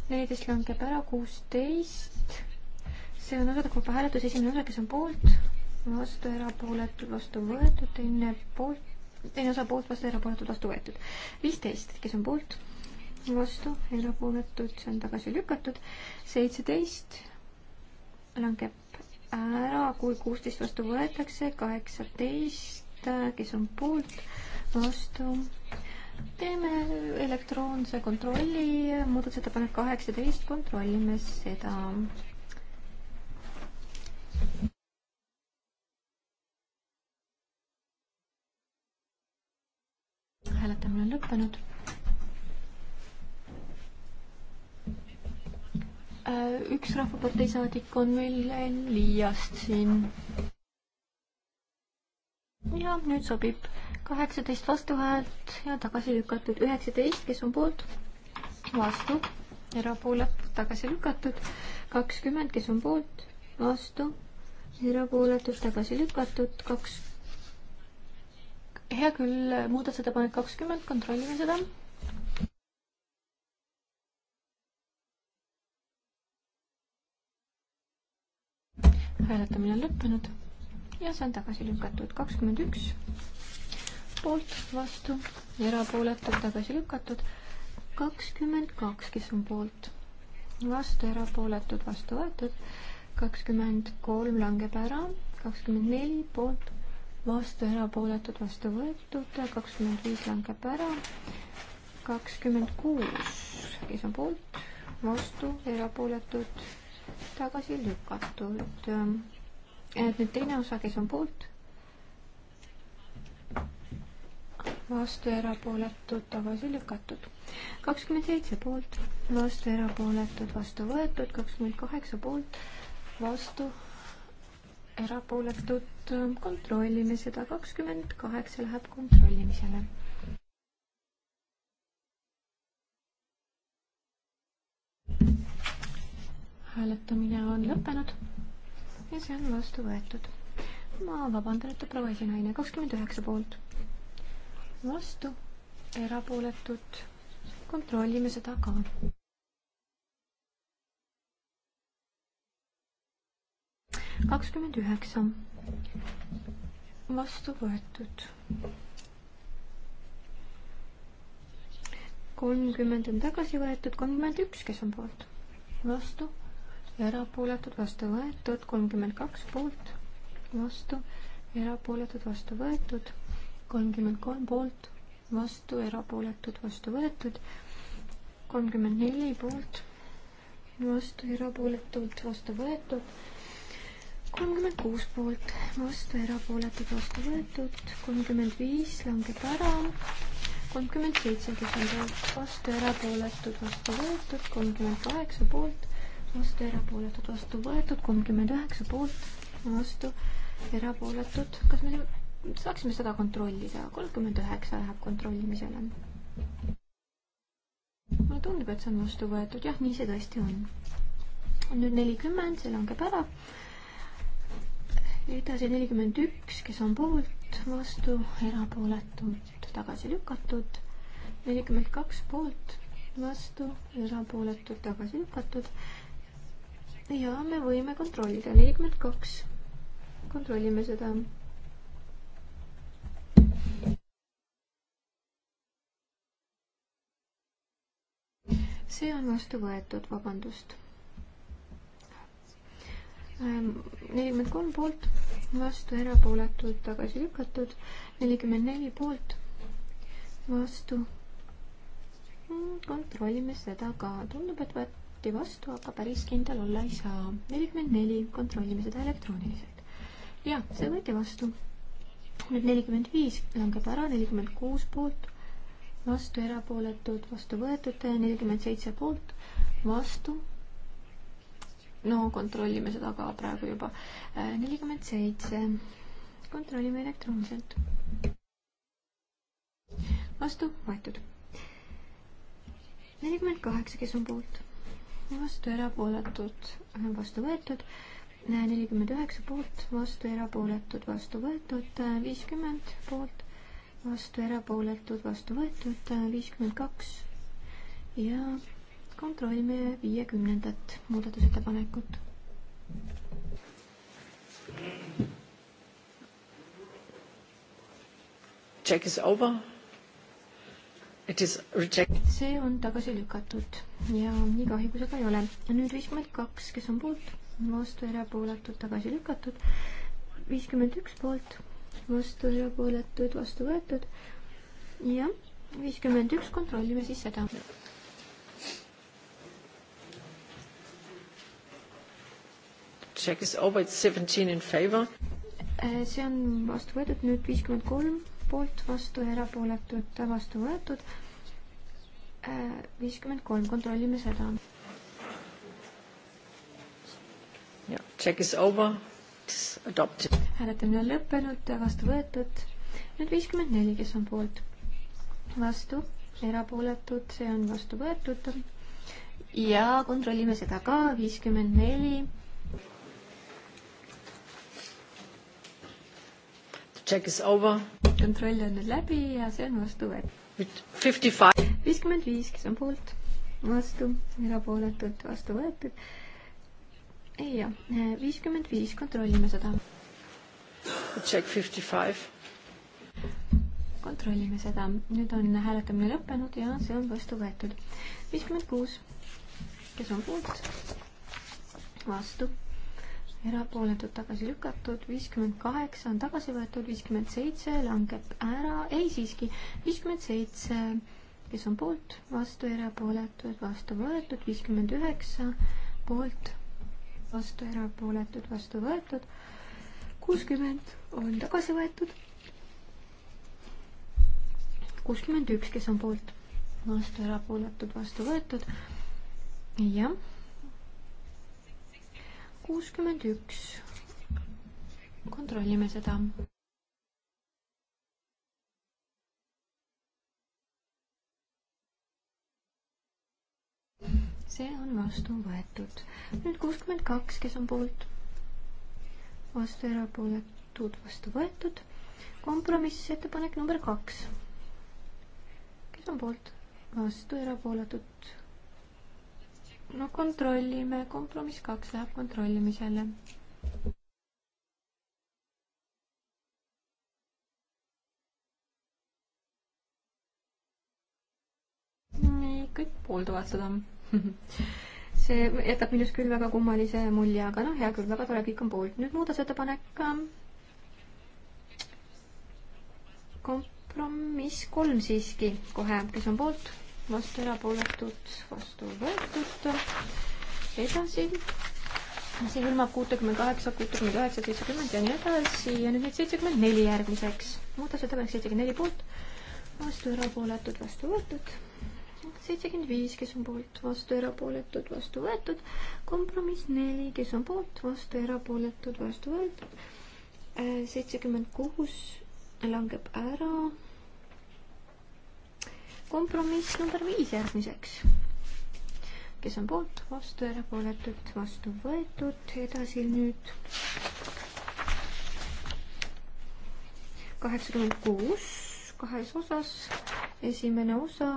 neliteist langeb ära, kuusteist. see on osade kaupa hääletus, esimene osa, kes on poolt, vastu erapooletud, vastu võetud, teine poolt, teine osa poolt, vastu, erapooletud, vastu võetud. viisteist, kes on poolt, vastu, erapooletud, see on tagasi lükatud. seitseteist langeb ära, kui kuusteist vastu võetakse, kaheksateist, kes on poolt, vastu. teeme elektroonse kontrolli, muudatusettepanek kaheksateist, kontrollime seda. lõppenud. Äh, üks Rahvapartei saadik on meil Liiast siin. ja nüüd sobib kaheksateist vastuhäält ja tagasi lükatud üheksateist, kes on poolt, vastu, erapooletud, tagasi lükatud, kakskümmend, kes on poolt, vastu, erapooletud, tagasi lükatud, kaks hea küll, muudatusettepanek kakskümmend, kontrollime seda. hääletamine on lõppenud ja see on tagasi lükatud, kakskümmend üks poolt, vastu, erapooletud, tagasi lükatud, kakskümmend kaks, kes on poolt, vastu, erapooletud, vastu võetud, kakskümmend kolm langeb ära, kakskümmend neli poolt vastu erapooletud, vastu võetud, kakskümmend viis langeb ära, kakskümmend kuus, kes on poolt, vastu, erapooletud, tagasi lükatud. et nüüd teine osa, kes on poolt, vastu, erapooletud, tagasi lükatud. kakskümmend seitse poolt, vastu, erapooletud, vastu võetud, kakskümmend kaheksa poolt, vastu erapooletud, ähm, kontrollime seda, kakskümmend kaheksa läheb kontrollimisele. hääletamine on lõppenud ja see on vastu võetud. ma vabandan, et proua esinaine, kakskümmend üheksa poolt, vastu, erapooletud, kontrollime seda ka. kakskümmend üheksa. vastu võetud. kolmkümmend on tagasi võetud, kolmkümmend üks, kes on poolt, vastu, erapooletud, vastu võetud, kolmkümmend kaks poolt, vastu, erapooletud, vastu võetud, kolmkümmend kolm poolt, vastu, erapooletud, vastu võetud, kolmkümmend neli poolt, vastu, erapooletult, vastu võetud kolmkümmend kuus poolt, vastu erapooletud, vastu võetud, kolmkümmend viis langeb ära, kolmkümmend seitse, kes on poolt, vastu erapooletud, vastu võetud, kolmkümmend kaheksa poolt, vastu erapooletud, vastu võetud, kolmkümmend üheksa poolt, vastu erapooletud, kas me saaksime seda kontrollida, kolmkümmend üheksa läheb kontrollimisele. mulle tundub, et see on vastu võetud, jah, nii see tõesti on. nüüd nelikümmend, see langeb ära edasi nelikümmend üks, kes on poolt, vastu, erapooletud, tagasi lükatud. nelikümmend kaks poolt, vastu, erapooletud, tagasi lükatud. ja me võime kontrollida, nelikümmend kaks. kontrollime seda. see on vastu võetud, vabandust Ähm, nelikümmend kolm poolt, vastu erapooletud, tagasi lükatud, nelikümmend neli poolt, vastu. Hmm, kontrollime seda ka, tundub, et võeti vastu, aga päris kindel olla ei saa. nelikümmend neli, kontrollime seda elektrooniliselt. jah, see võeti vastu. nüüd nelikümmend viis langeb ära, nelikümmend kuus poolt, vastu erapooletud, vastu võetud, nelikümmend seitse poolt, vastu no kontrollime seda ka praegu juba. Äh, nelikümmend seitse. kontrollime elektrooniliselt. vastu võetud. nelikümmend kaheksa, kes on poolt? vastu erapooletud, vastu võetud äh, nelikümmend üheksa poolt, vastu erapooletud, vastu võetud äh, viiskümmend poolt, vastu erapooletud, vastu võetud viiskümmend kaks ja kontrollime viiekümnendat muudatusettepanekut. Check is over. It is rejected. see on tagasi lükatud ja nii kahju, kui seda ei ole. nüüd viiskümmend kaks, kes on poolt, vastu, erapooletud, tagasi lükatud. viiskümmend üks poolt, vastu, erapooletud, vastu võetud. jah, viiskümmend üks, kontrollime siis seda yeah.. check is over, it's seventeen in favor. Äh, see on vastu võetud nüüd viiskümmend kolm poolt, vastu erapooletud, vastu võetud. Äh, viiskümmend kolm, kontrollime seda. ja check is over, it's adopted. hääletamine on lõppenud, vastu võetud. nüüd viiskümmend neli, kes on poolt, vastu, erapooletud, see on vastu võetud ja kontrollime seda ka, viiskümmend neli, check is over. kontroll on nüüd läbi ja see on vastu võetud. viiskümmend viis, kes on poolt, vastu, erapooletult vastu võetud. ei jah, viiskümmend viis, kontrollime seda. Check fifty five. kontrollime seda, nüüd on hääletamine lõppenud ja see on vastu võetud. viiskümmend kuus, kes on poolt, vastu erapooletud tagasi lükatud, viiskümmend kaheksa on tagasi võetud, viiskümmend seitse langeb ära, ei siiski, viiskümmend seitse, kes on poolt, vastu, erapooletud, vastu võetud, viiskümmend üheksa, poolt, vastu, erapooletud, vastu võetud, kuuskümmend on tagasi võetud, kuuskümmend üks, kes on poolt, vastu, erapooletud, vastu võetud, jah kuuskümmend üks. kontrollime seda. see on vastu võetud. nüüd kuuskümmend kaks, kes on poolt? vastu erapooletud, vastu võetud. kompromissettepanek number kaks. kes on poolt? vastu erapooletud, no kontrollime, kompromiss kaks läheb kontrollimisele. kõik poolduvad seda see jätab minust küll väga kummalise mulje, aga noh, hea küll, väga tore, kõik on poolt. nüüd muudatusettepanek. Ähm, kompromiss kolm siiski kohe, kes on poolt vastu erapooletud, vastu võetud. edasi, see hõlmab kuutekümmend kaheksa, kuutekümmend üheksa, seitsekümmend ja nii edasi ja nüüd need seitsekümmend neli järgmiseks. muudatusettepanek seitsekümmend neli poolt, vastu erapooletud, vastu võetud. seitsekümmend viis, kes on poolt, vastu erapooletud, vastu võetud. kompromiss neli, kes on poolt, vastu erapooletud, vastu võetud. Äh, seitsekümmend kuus langeb ära kompromiss number viis järgmiseks. kes on poolt, vastu, erapooletud, vastu võetud, edasi nüüd kaheksakümmend kuus kahes osas, esimene osa,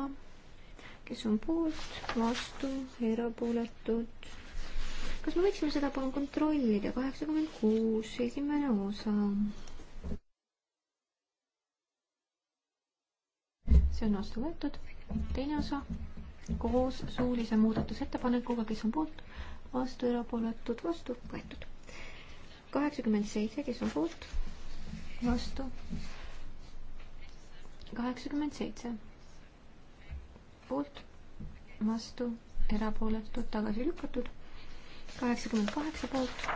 kes on poolt, vastu, erapooletud. kas me võiksime seda palun kontrollida, kaheksakümmend kuus, esimene osa see on vastu võetud. teine osa koos suulise muudatusettepanekuga, kes on poolt, vastu, erapooletud, vastu võetud. kaheksakümmend seitse, kes on poolt, vastu. kaheksakümmend seitse. poolt, vastu, erapooletud, tagasi lükatud. kaheksakümmend kaheksa poolt,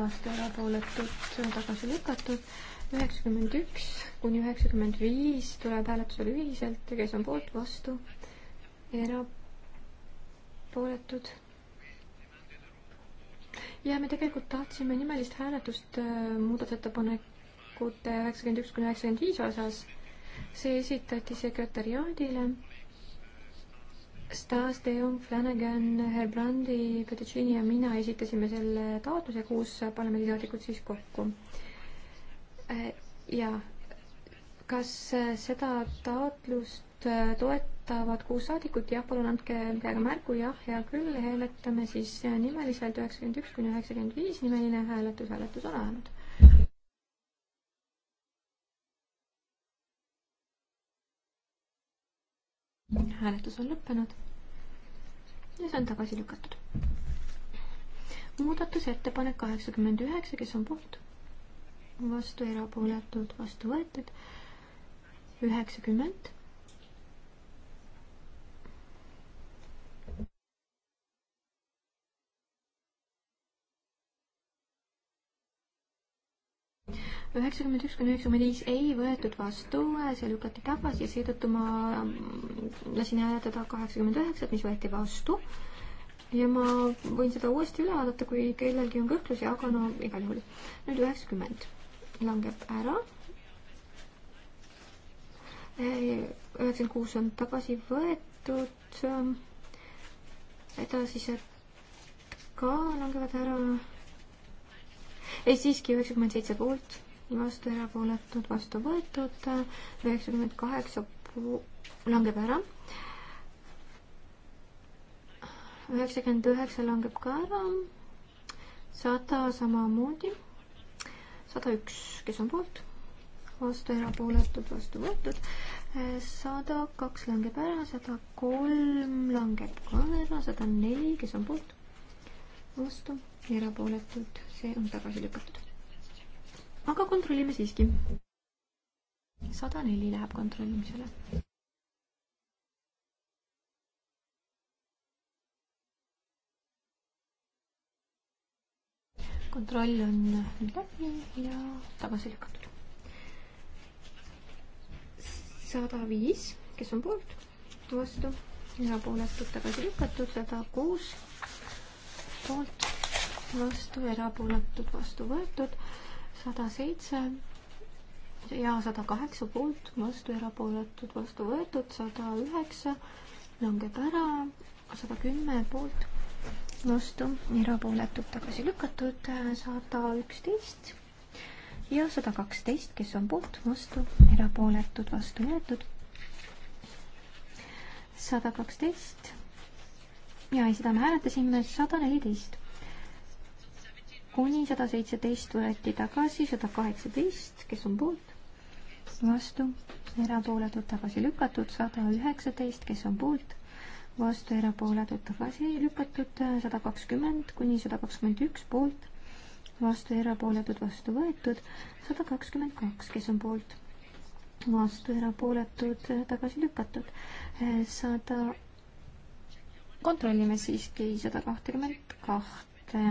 vastu, erapooletud, tagasi lükatud üheksakümmend üks kuni üheksakümmend viis tuleb hääletusele ühiselt, kes on poolt, vastu, erapooletud. ja me tegelikult tahtsime nimelist hääletust äh, muudatusettepanekute üheksakümmend üks kuni üheksakümmend viis osas. see esitati sekretäriaadile. Stas de Jong, Flanagan, Herbrandi, Petitšiini ja mina esitasime selle taotluse, kuus parlamendisaadikut siis kokku Äh, ja kas äh, seda taotlust äh, toetavad kuus saadikut, jah, palun andke käega märku, jah, hea küll, hääletame siis nimeliselt üheksakümmend üks kuni üheksakümmend viis, nimeline hääletus, hääletus on alanud. hääletus on lõppenud ja see on tagasi lükatud. muudatusettepanek kaheksakümmend üheksa, kes on poolt? vastu, erapooletud, vastu võetud. üheksakümmend. üheksakümmend üks kuni üheksakümmend viis ei võetud vastu, see lükati tagasi ja seetõttu ma mm, lasin hääletada kaheksakümmend üheksat, mis võeti vastu ja ma võin seda uuesti üle vaadata, kui kellelgi on kõhklusi, aga no igal juhul. nüüd üheksakümmend langeb ära. üheksakümmend kuus on tagasi võetud. edasised ka langevad ära. ei, siiski üheksakümmend seitse poolt, vastu erapooletud, vastu võetud, üheksakümmend kaheksa langeb ära. üheksakümmend üheksa langeb ka ära, sada samamoodi sada üks, kes on poolt, vastu erapooletud, vastu võetud, eh, sada kaks langeb ära, sada kolm langeb ka ära, sada neli, kes on poolt, vastu erapooletud, see on tagasi lükatud. aga kontrollime siiski. sada neli läheb kontrollimisele kontroll on nüüd läbi ja tagasi lükatud. sada viis, kes on poolt, vastu, erapooletud, tagasi lükatud, sada kuus poolt, vastu, erapooletud, vastu võetud, sada seitse ja sada kaheksa poolt, vastu, erapooletud, vastu võetud, sada üheksa langeb ära, sada kümme poolt vastu, erapooletud tagasi lükatud, sada üksteist ja sada kaksteist, kes on poolt, vastu, erapooletud, vastu võetud. sada kaksteist ja ei, seda me hääletasime, sada neliteist. kuni sada seitseteist võeti tagasi, sada kaheksateist, kes on poolt, vastu, erapooletud, tagasi lükatud, sada üheksateist, kes on poolt vastu erapooletud tagasi lükatud äh, sada kakskümmend kuni sada kakskümmend üks poolt, vastu erapooletud vastu võetud sada kakskümmend kaks, kes on poolt, vastu erapooletud äh, tagasi lükatud äh, sada 100 kontrollime siiski sada kahtekümmet kahte.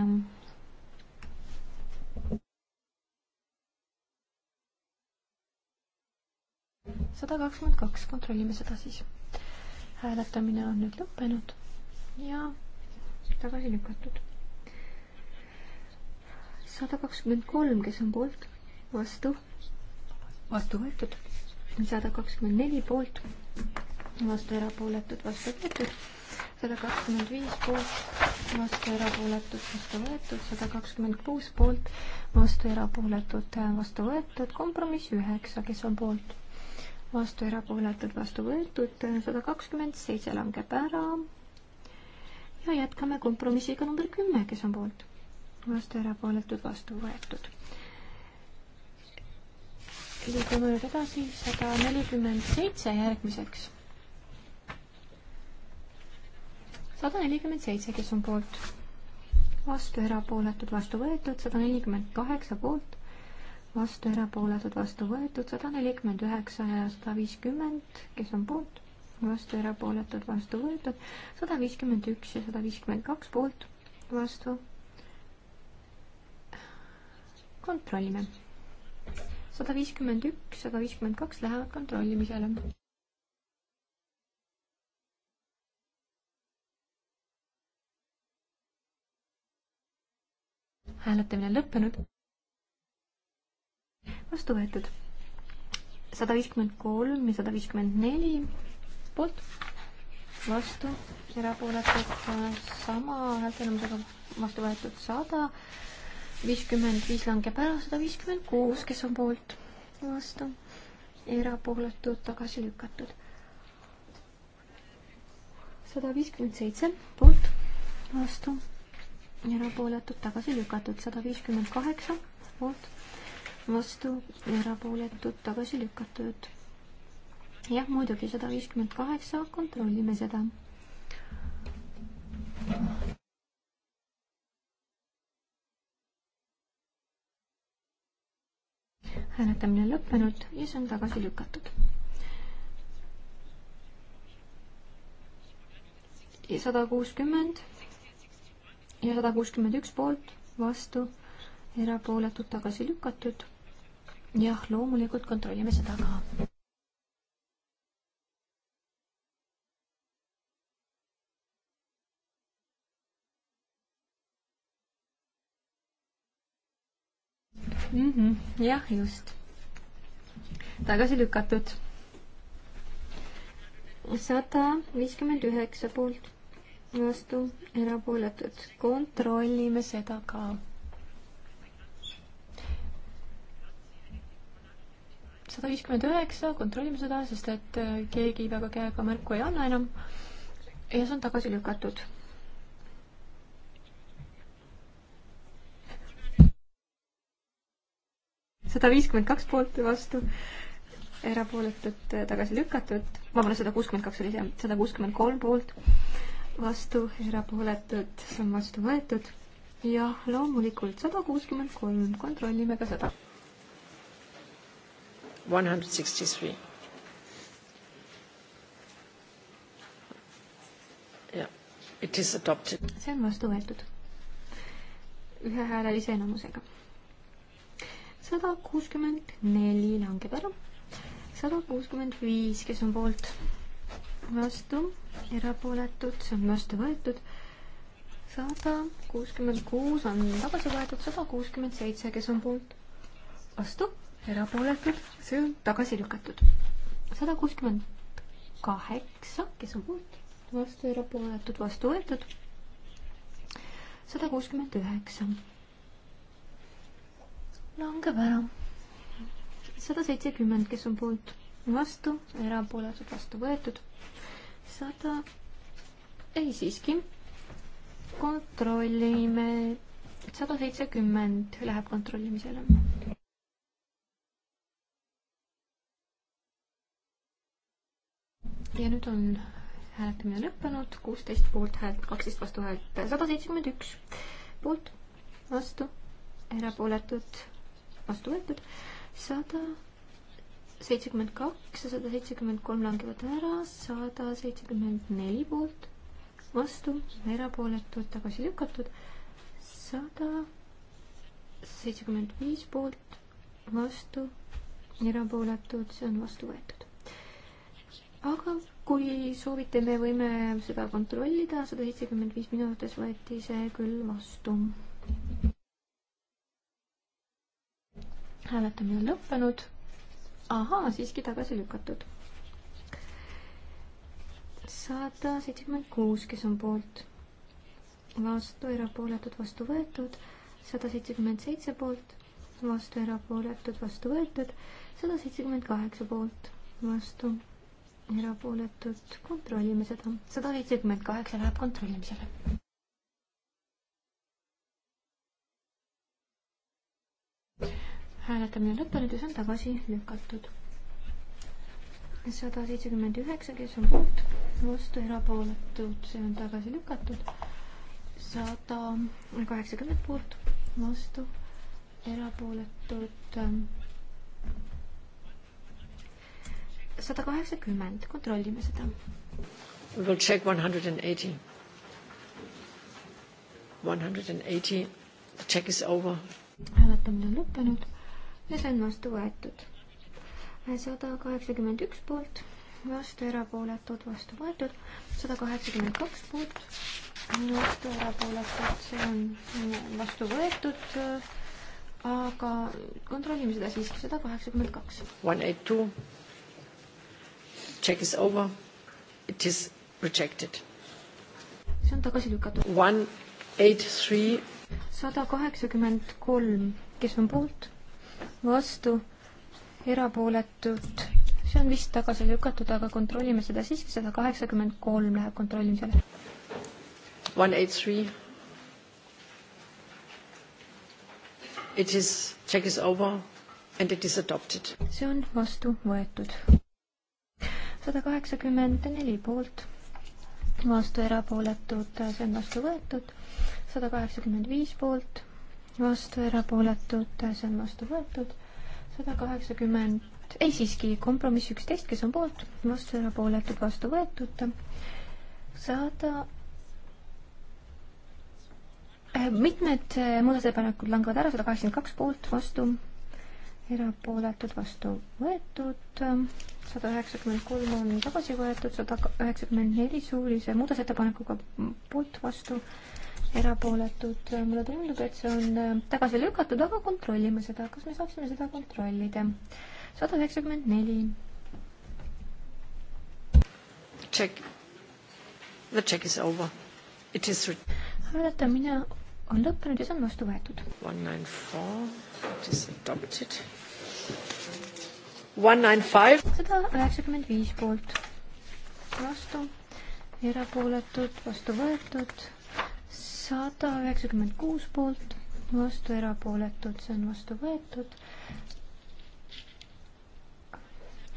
sada kakskümmend kaks, kontrollime seda siis hääletamine on nüüd lõppenud ja tagasi lükatud. sada kakskümmend kolm, kes on poolt, vastu, vastu võetud. sada kakskümmend neli poolt, vastu erapooletud, vastu võetud. sada kakskümmend viis poolt, vastu erapooletud, vastu võetud. sada kakskümmend kuus poolt, vastu erapooletud, vastu võetud. kompromiss üheksa, kes on poolt vastu erapooletud, vastu võetud, sada kakskümmend seitse langeb ära. ja jätkame kompromissiga number kümme, kes on poolt, vastu erapooletud, vastu võetud. liigume nüüd edasi, sada nelikümmend seitse järgmiseks. sada nelikümmend seitse, kes on poolt, vastu erapooletud, vastu võetud, sada nelikümmend kaheksa poolt vastu, erapooletud, vastu võetud sada nelikümmend üheksa ja sada viiskümmend, kes on poolt, vastu, erapooletud, vastu võetud sada viiskümmend üks ja sada viiskümmend kaks poolt, vastu. kontrollime. sada viiskümmend üks, sada viiskümmend kaks lähevad kontrollimisele. hääletamine lõppenud vastu võetud. sada viiskümmend kolm ja sada viiskümmend neli poolt, vastu, erapooletud sama häälteenamusega vastu võetud sada, viiskümmend viis langeb ära, sada viiskümmend kuus, kes on poolt, vastu, erapooletud, tagasi lükatud. sada viiskümmend seitse poolt, vastu, erapooletud, tagasi lükatud, sada viiskümmend kaheksa poolt vastu, erapooletud, tagasi lükatud. jah, muidugi sada viiskümmend kaheksa, kontrollime seda. hääletamine lõppenud ja see on tagasi lükatud. sada kuuskümmend ja sada kuuskümmend üks poolt, vastu, erapooletud, tagasi lükatud jah, loomulikult kontrollime seda ka. mm. -hmm. jah, just. tagasi lükatud. sada viiskümmend üheksa poolt, vastu, erapooletud. kontrollime seda ka sada viiskümmend üheksa, kontrollime seda, sest et äh, keegi väga käega märku ei anna enam. ja see on tagasi lükatud. sada viiskümmend kaks poolt vastu, erapooletud äh, tagasi lükatud, vabandust, sada kuuskümmend kaks oli see, sada kuuskümmend kolm poolt vastu, erapooletud, see on vastu võetud ja loomulikult sada kuuskümmend kolm, kontrollime ka seda 163. Yeah, it is adopted. see on vastu võetud ühehäälelise enamusega. sada kuuskümmend neli langeb ära. sada kuuskümmend viis, kes on poolt, vastu, erapooletud, see on vastu võetud. sada kuuskümmend kuus on tagasi võetud, sada kuuskümmend seitse, kes on poolt, vastu erapooletud, see on tagasi lükatud. sada kuuskümmend kaheksa, kes on poolt, vastu, erapooletud, vastu võetud. sada kuuskümmend üheksa. langeb ära. sada seitsekümmend, kes on poolt, vastu, erapooletud, vastu võetud. sada, ei siiski, kontrollime, sada seitsekümmend läheb kontrollimisele. ja nüüd on hääletamine lõppenud, kuusteist poolthäält, kaksteist vastuhäält, sada seitsekümmend üks poolt, vastu, erapooletud, vastu võetud, sada seitsekümmend kaks ja sada seitsekümmend kolm langevad ära, sada seitsekümmend neli poolt, vastu, erapooletud, tagasi lükatud, sada seitsekümmend viis poolt, vastu, erapooletud, see on vastu võetud aga kui soovite, me võime seda kontrollida, sada seitsekümmend viis minutis võeti see küll vastu. hääletamine on lõppenud. ahaa, siiski tagasi lükatud. sada seitsekümmend kuus, kes on poolt, vastu, erapooletud, vastu võetud, sada seitsekümmend seitse poolt, vastu, erapooletud, vastu võetud, sada seitsekümmend kaheksa poolt, vastu erapooletud, kontrollime seda, sada seitsekümmend kaheksa läheb kontrollimisele. hääletamine lõppenud ja see on tagasi lükatud. sada seitsekümmend üheksa, kes on poolt, vastu, erapooletud, see on tagasi lükatud. sada kaheksakümmend poolt, vastu, erapooletud sada kaheksakümmend, kontrollime seda. We will check one hundred and eighty. One hundred and eighty, the check is over. hääletamine on lõppenud ja see on vastu võetud. sada kaheksakümmend üks poolt, vastu erapooletud, vastu võetud, sada kaheksakümmend kaks poolt, vastu erapooletud, see on vastu võetud, aga kontrollime seda siiski, sada kaheksakümmend kaks. One eight two Check is over. It is rejected. see on tagasi lükatud. One eight three. sada kaheksakümmend kolm, kes on poolt, vastu, erapooletud, see on vist tagasi lükatud, aga kontrollime seda siiski, sada kaheksakümmend kolm läheb kontrollimisele. One eight three. It is, check is over and it is adopted. see on vastu võetud sada kaheksakümmend neli poolt, vastu erapooletud, see on vastu võetud, sada kaheksakümmend viis poolt, vastu erapooletud, see on vastu võetud, sada kaheksakümmend, ei siiski, kompromiss üksteist, kes on poolt, vastu erapooletud, vastu võetud, sada eh, mitmed eh, muudatusettepanekud langevad ära, sada kaheksakümmend kaks poolt, vastu erapooletud vastu võetud, sada üheksakümmend kolm on tagasi võetud, sada üheksakümmend neli suulise muudatusettepanekuga poolt vastu erapooletud. mulle tundub, et see on äh, tagasi lükatud, aga kontrollime seda, kas me saaksime seda kontrollida. sada üheksakümmend neli. Check. The check is over. It is. hääletamine on lõppenud ja see on vastu võetud. One nine four, it is adopted sada üheksakümmend viis poolt, vastu, erapooletud, vastu võetud, sada üheksakümmend kuus poolt, vastu, erapooletud, see on vastu võetud,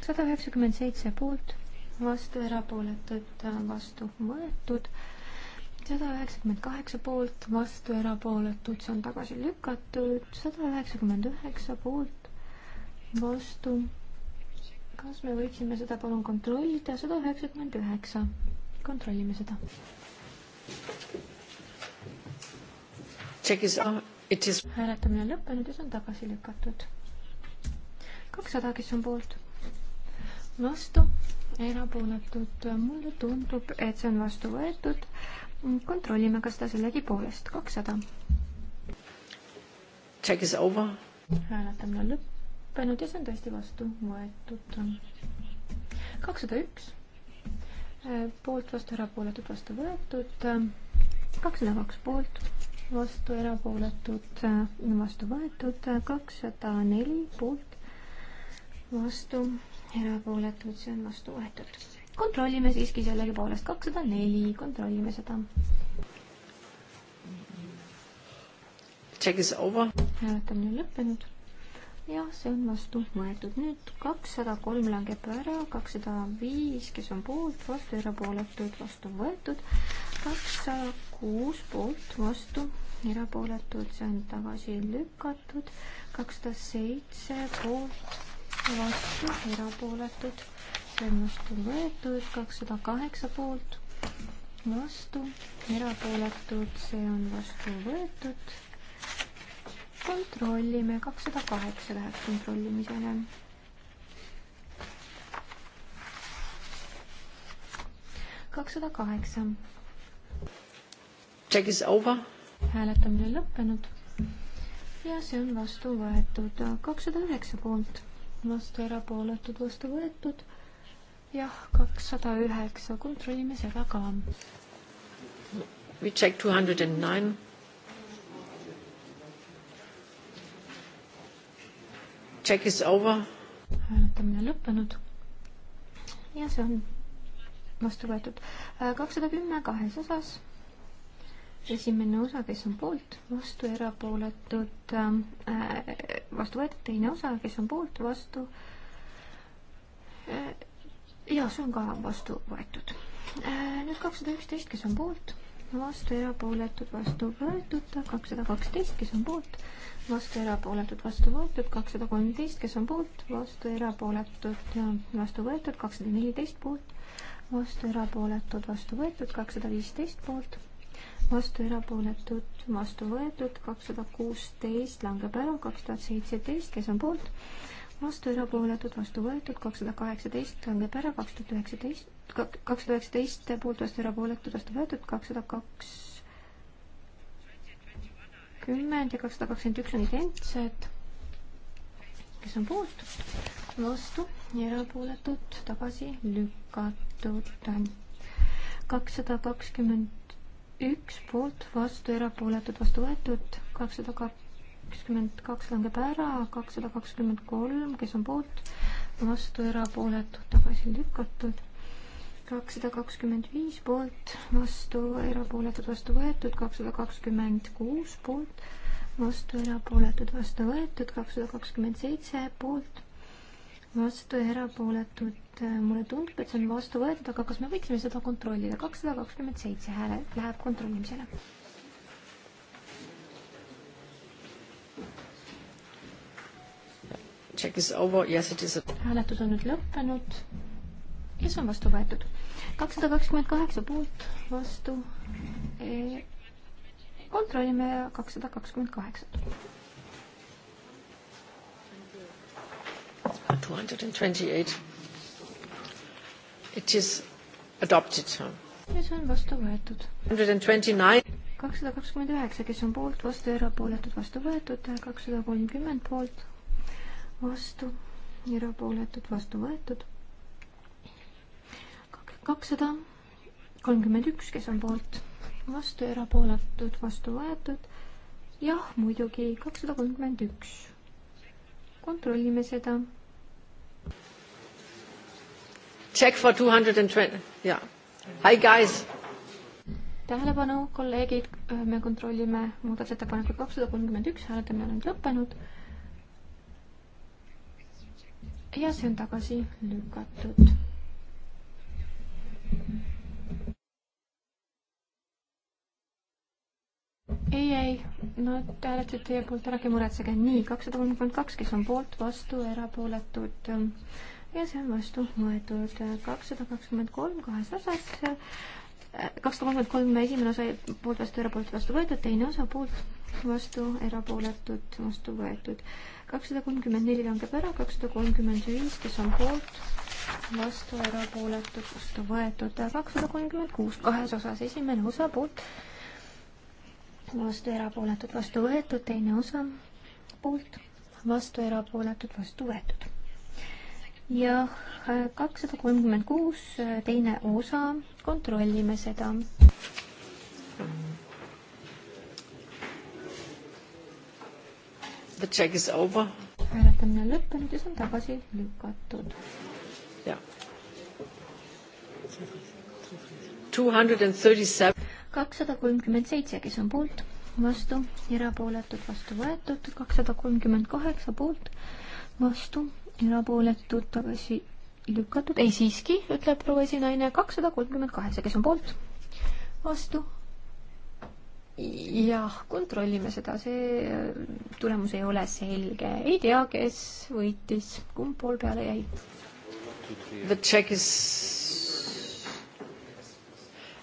sada üheksakümmend seitse poolt, vastu, erapooletud, vastu võetud, sada üheksakümmend kaheksa poolt, vastu, erapooletud, see on tagasi lükatud, sada üheksakümmend üheksa poolt, vastu. kas me võiksime seda palun kontrollida, sada üheksakümmend üheksa, kontrollime seda. hääletamine on lõppenud ja see on tagasi lükatud. kakssada, kes on poolt? vastu, erapooletud, mulle tundub, et see on vastu võetud. kontrollime, kas ta sellegipoolest, kakssada. hääletamine on lõppenud lõppenud ja see on tõesti vastu võetud. kakssada üks, äh, poolt, vastu, erapooletud, vastu võetud. kakssada kaks poolt, vastu, erapooletud, äh, vastu võetud. kakssada neli poolt, vastu, erapooletud, see on vastu võetud. kontrollime siiski sellegipoolest, kakssada neli, kontrollime seda. Check is over. hääletamine on lõppenud jah, see on vastu võetud. nüüd kakssada kolm langeb ära, kakssada viis, kes on poolt, vastu, erapooletud, vastu võetud. kakssada kuus poolt, vastu, erapooletud, see on tagasi lükatud. kakssada seitse poolt, vastu, erapooletud, see on vastu võetud. kakssada kaheksa poolt, vastu, erapooletud, see on vastu võetud kontrollime, kakssada kaheksa läheb kontrollimisele. kakssada kaheksa. Check is over. hääletamine on lõppenud ja see on vastu võetud kakssada üheksa poolt, vastu erapooletud, vastu võetud. jah, kakssada üheksa, kontrollime seda ka. We check two hundred and nine. Check is over. hääletamine on lõppenud. ja see on vastu võetud. Äh, kakssada kümme kahes osas. esimene osa, kes on poolt, vastu, erapooletud äh,, vastu võetud, teine osa, kes on poolt, vastu äh,. ja see on ka vastu võetud äh,. nüüd kakssada üksteist, kes on poolt vastu erapooletud, vastu võetud, kakssada kaksteist, kes on poolt, vastu erapooletud, vastu võetud, kakssada kolmteist, kes on poolt, vastu erapooletud, vastu võetud, kakssada neliteist poolt, vastu erapooletud, vastu võetud, kakssada viisteist poolt, vastu erapooletud, vastu võetud, kakssada kuusteist langeb ära, kaks tuhat seitseteist, kes on poolt, vastu erapooletud, vastu võetud, kakssada kaheksateist langeb ära, kaks tuhat üheksateist, kakssada üheksateist poolt vastu erapooletud, vastu võetud kakssada kakskümmend ja kakssada kakskümmend üks on identsed. kes on poolt, vastu, erapooletud, tagasi lükatud. kakssada kakskümmend üks poolt, vastu, erapooletud, vastu võetud, kakssada kakskümmend kaks langeb ära, kakssada kakskümmend kolm, kes on poolt, vastu, erapooletud, tagasi lükatud kakssada kakskümmend viis poolt, vastu, erapooletud, vastu võetud, kakssada kakskümmend kuus poolt, vastu, erapooletud, vastu võetud, kakssada kakskümmend seitse poolt, vastu, erapooletud. mulle tundub, et see on vastu võetud, aga kas me võiksime seda kontrollida? kakssada kakskümmend seitse hääle läheb kontrollimisele. Check is over, yes it is a.... hääletus on nüüd lõppenud ja see on vastu võetud. kakssada kakskümmend kaheksa poolt, vastu e. kontrollime kakssada kakskümmend kaheksat. Two hundred and twenty-eight. It is adopted. ja see on vastu võetud. Hundred and twenty-nine kakssada kakskümmend üheksa, kes on poolt, vastu, erapooletud, vastu võetud, kakssada kolmkümmend poolt, vastu, erapooletud, vastu võetud, kakssada kolmkümmend üks, kes on poolt, vastu, erapooletud, vastu võetud. jah, muidugi kakssada kolmkümmend üks. kontrollime seda. Check for two hundred and twenty, jaa. Hi guys! tähelepanu, kolleegid, me kontrollime muudatusettepanekut kakssada kolmkümmend üks, hääletamine on nüüd lõppenud. ja see on tagasi lükatud ei, ei, nad hääletasid teie poolt ära, ärge muretsege. nii, kakssada kolmkümmend kaks, kes on poolt, vastu, erapooletud ja see on vastu võetud. kakssada kakskümmend kolm kahes osas, kakssada kolmkümmend kolm esimene osa poolt, vastu, erapooletud, vastu võetud, teine osa poolt, vastu, erapooletud, vastu võetud kakssada kolmkümmend neli langeb ära, kakssada kolmkümmend viis, kes on poolt, vastu, erapooletud, vastu võetud, kakssada kolmkümmend kuus, kahes osas, esimene osa poolt, vastu, erapooletud, vastu võetud, teine osa poolt, vastu, erapooletud, vastu võetud jah, äh, kakssada kolmkümmend kuus, teine osa, kontrollime seda. The check is over. hääletamine on lõppenud ja see on tagasi lükatud. jah. kakssada kolmkümmend seitse, kes on poolt, vastu, erapooletud, vastu võetud, kakssada kolmkümmend kaheksa poolt, vastu, erapooletud, tagasi lükatud, ei siiski, ütleb proua esinaine, kakssada kolmkümmend kaheksa, kes on poolt, vastu jah, kontrollime seda, see äh, tulemus ei ole selge, ei tea, kes võitis, kumb pool peale jäi. The check is,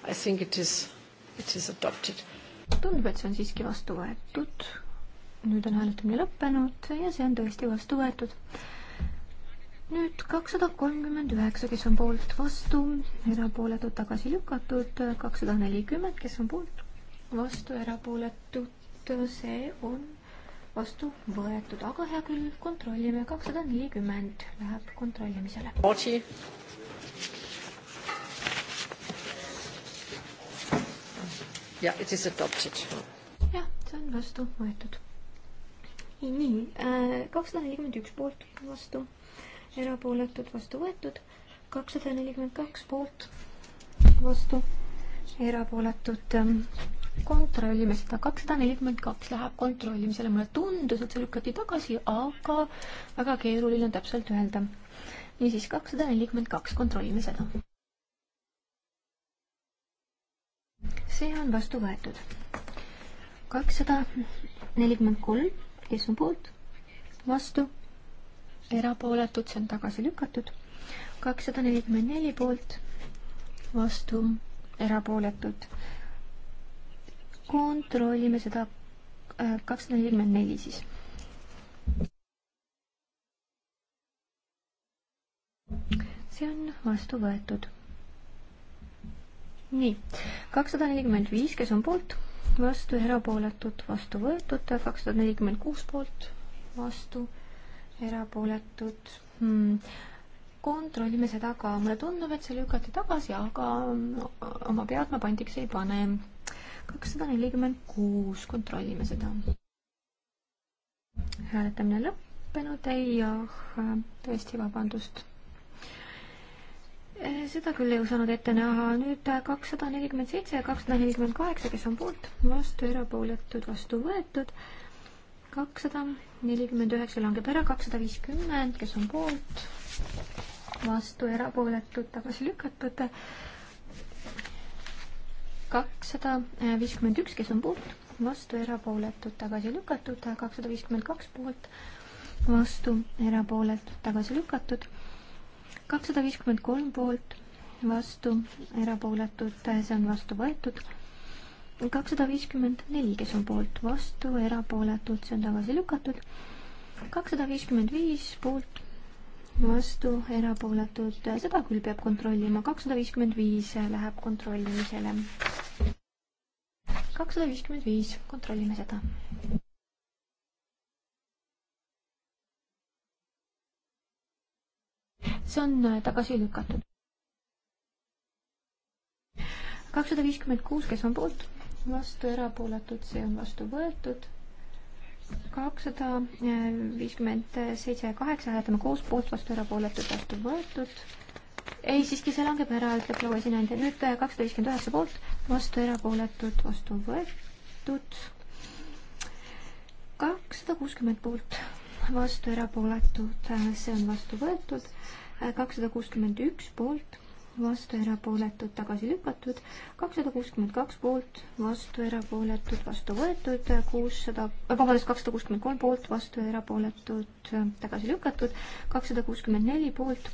I think it is, it is adopted. tundub, et see on siiski vastu võetud. nüüd on hääletamine lõppenud ja see on tõesti vastu võetud. nüüd kakssada kolmkümmend üheksa, kes on poolt vastu, erapooletud tagasi lükatud, kakssada nelikümmend, kes on poolt vastu erapooletud, see on vastu võetud, aga hea küll, kontrollime, kakssada nelikümmend läheb kontrollimisele. jah, it is adopted. jah, see on vastu võetud. nii, äh, kakssada nelikümmend üks poolt vastu, erapooletud vastu võetud, kakssada nelikümmend kaks poolt vastu, erapooletud ähm, kontrollime seda, kakssada nelikümmend kaks läheb kontrollimisele, mulle tundus, et see lükati tagasi, aga väga keeruline on täpselt öelda. niisiis, kakssada nelikümmend kaks, kontrollime seda. see on vastu võetud. kakssada nelikümmend kolm, kes on poolt, vastu, erapooletud, see on tagasi lükatud. kakssada nelikümmend neli poolt, vastu, erapooletud kontrollime seda äh, kakssada nelikümmend neli siis. see on vastu võetud. nii, kakssada nelikümmend viis, kes on poolt, vastu, erapooletud, vastu võetud, kakssada nelikümmend kuus poolt, vastu, erapooletud hmm kontrollime seda ka, mulle tundub, et see lükati tagasi, aga mm, oma pead ma pandiks ei pane kakssada nelikümmend kuus, kontrollime seda. hääletamine lõppenud, ei jah, tõesti, vabandust. Eh, seda küll ei osanud ette näha, nüüd eh, kakssada nelikümmend seitse ja kakssada nelikümmend kaheksa, kes on poolt, vastu, erapooletud, vastu võetud, kakssada nelikümmend üheksa langeb ära, kakssada viiskümmend, kes on poolt, vastu, erapooletud, tagasi lükatud, kakssada viiskümmend üks, kes on poolt, vastu, erapooletud, tagasi lükatud, kakssada viiskümmend kaks poolt, vastu, erapooletud, tagasi lükatud, kakssada viiskümmend kolm poolt, vastu, erapooletud, see on vastu võetud, kakssada viiskümmend neli, kes on poolt, vastu, erapooletud, see on tagasi lükatud, kakssada viiskümmend viis poolt vastu, erapooletud, seda küll peab kontrollima, kakssada viiskümmend viis läheb kontrollimisele. kakssada viiskümmend viis, kontrollime seda. see on äh, tagasi lükatud. kakssada viiskümmend kuus, kes on poolt, vastu erapooletud, see on vastu võetud kakssada äh, viiskümmend seitse ja kaheksa hääletame koos, poolt, vastu, erapooletud, vastu võetud. ei, siiski see langeb ära, ütleb proua esinaine. nüüd äh, kakssada viiskümmend üheksa poolt, vastu, erapooletud, vastu võetud. kakssada kuuskümmend poolt, vastu, erapooletud, äh, see on vastu võetud. kakssada kuuskümmend üks poolt, vastu erapooletud, tagasi lükatud, kakssada kuuskümmend kaks poolt, vastu erapooletud, vastu võetud, kuussada, vabandust, kakssada kuuskümmend kolm poolt, vastu erapooletud, tagasi lükatud, kakssada kuuskümmend neli poolt,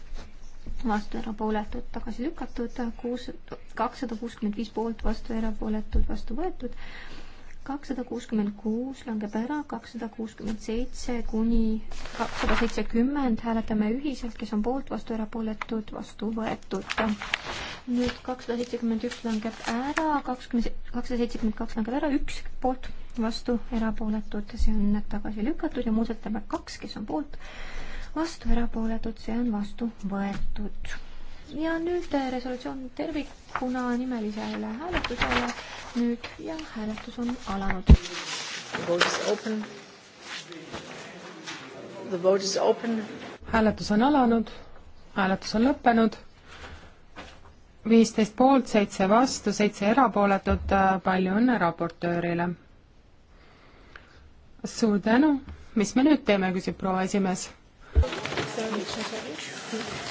vastu erapooletud, tagasi lükatud, kuus, kakssada kuuskümmend viis poolt, vastu erapooletud, vastu võetud, kakssada kuuskümmend kuus langeb ära, kakssada kuuskümmend seitse kuni kakssada seitsekümmend hääletame ühiselt, kes on poolt, vastu, erapooletud, vastu võetud. nüüd kakssada seitsekümmend üks langeb ära, kakskümmend, kakssada seitsekümmend kaks langeb ära, üks poolt, vastu, erapooletud, see on tagasi lükatud ja muudatusettepanek kaks, kes on poolt, vastu, erapooletud, see on vastu võetud ja nüüd äh, resolutsioon tervikuna nimelisele hääletusele nüüd ja hääletus on alanud. hääletus on alanud, hääletus on lõppenud, viisteist poolt, seitse vastu, seitse erapooletut, äh, palju õnne raportöörile! suur tänu, mis me nüüd teeme, küsib proua esimees.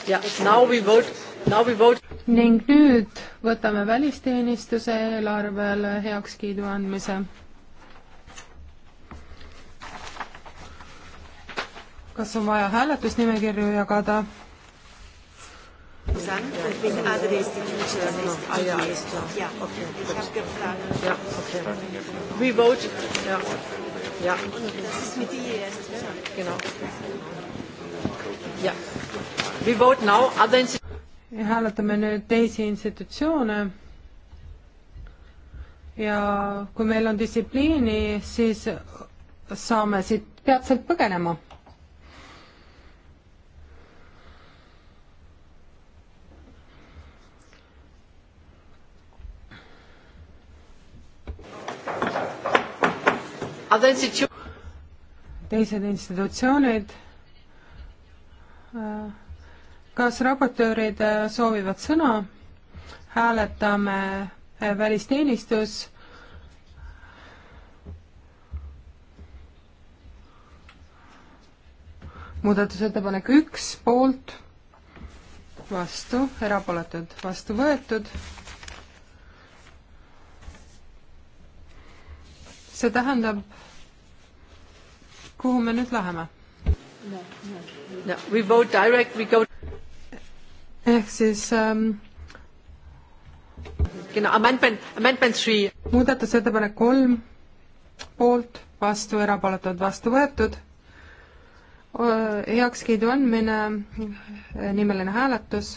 Yeah, now we vote ning nüüd võtame välisteenistuse eelarvele heakskiidu andmise. kas on vaja hääletusnimekirju jagada? zusammen und mit anderen Institutionen. Genau. Ah ja, alles klar. Ja, okay. Ich habe gefragt. Ja, okay. We vote. Ja. ja. Und das ist mit IES. Genau. Ja. We vote now other institutions hääletame nüüd teisi institutsioone ja kui meil on distsipliini, siis saame siit peatselt põgenema. teised institutsioonid äh, kas raportöörid äh, soovivad sõna? hääletame äh, välisteenistus. muudatusettepanek üks, poolt, vastu, erapooletud, vastu võetud. see tähendab, kuhu me nüüd läheme? no we vote direct, we go ehk siis ähm, muudatusettepanek kolm, poolt, vastu, erapooletud, vastu võetud. heakskiidu andmine, äh, nimeline hääletus.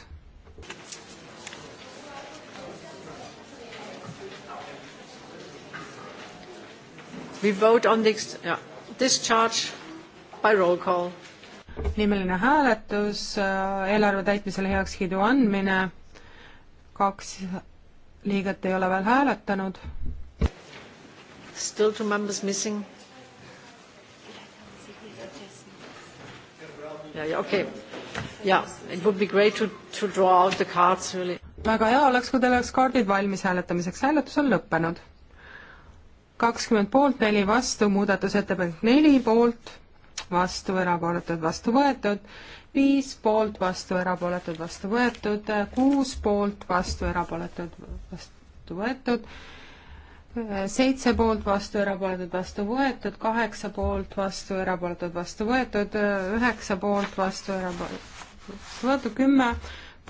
We vote on this, yeah, discharge by roll call nimeline hääletus, äh, eelarve täitmisele heakskiidu andmine, kaks liiget ei ole veel hääletanud. Still two members missing. ja, ja okei okay., ja it would be great to, to draw out the cards really. väga hea oleks, kui teil oleks kaardid valmis hääletamiseks, hääletus on lõppenud. kakskümmend poolt, neli vastu, muudatusettepanek neli poolt vastu, erapooletud, vastu võetud, viis poolt, vastu, erapooletud, vastu võetud, kuus poolt, vastu, erapooletud, vastu võetud, seitse poolt, vastu, erapooletud, vastu võetud, kaheksa poolt, vastu, erapooletud, vastu võetud, üheksa poolt, vastu, erapooletud, vastu võetud, kümme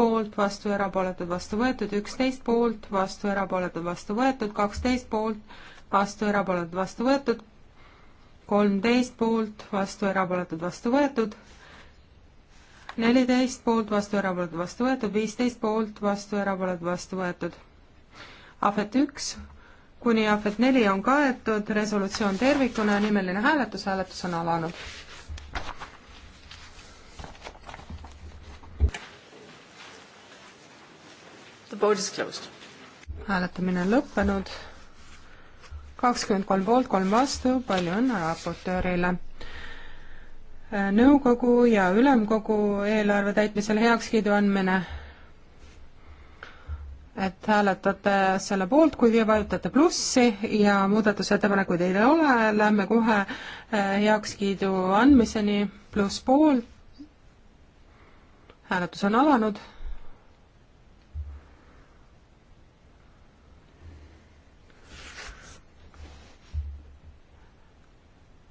poolt, vastu, erapooletud, vastu võetud, üksteist poolt, vastu, erapooletud, vastu võetud, kaksteist poolt, vastu, erapooletud, vastu võetud, kolmteist poolt, vastu, erapooletud, vastu võetud, neliteist poolt, vastu, erapooletud, vastu võetud, viisteist poolt, vastu, erapooletud, vastu võetud. ahvet üks kuni ahvet neli on kaetud, resolutsioon tervikuna ja nimeline hääletus, hääletus on alanud. The vote is closed. hääletamine on lõppenud kakskümmend kolm poolt, kolm vastu, palju õnne raportöörile. Äh, nõukogu ja ülemkogu eelarve täitmisel heakskiidu andmine. et hääletate selle poolt, kui te vajutate plussi ja muudatusettepanekuid ei ole, lähme kohe äh, heakskiidu andmiseni, pluss poolt. hääletus on alanud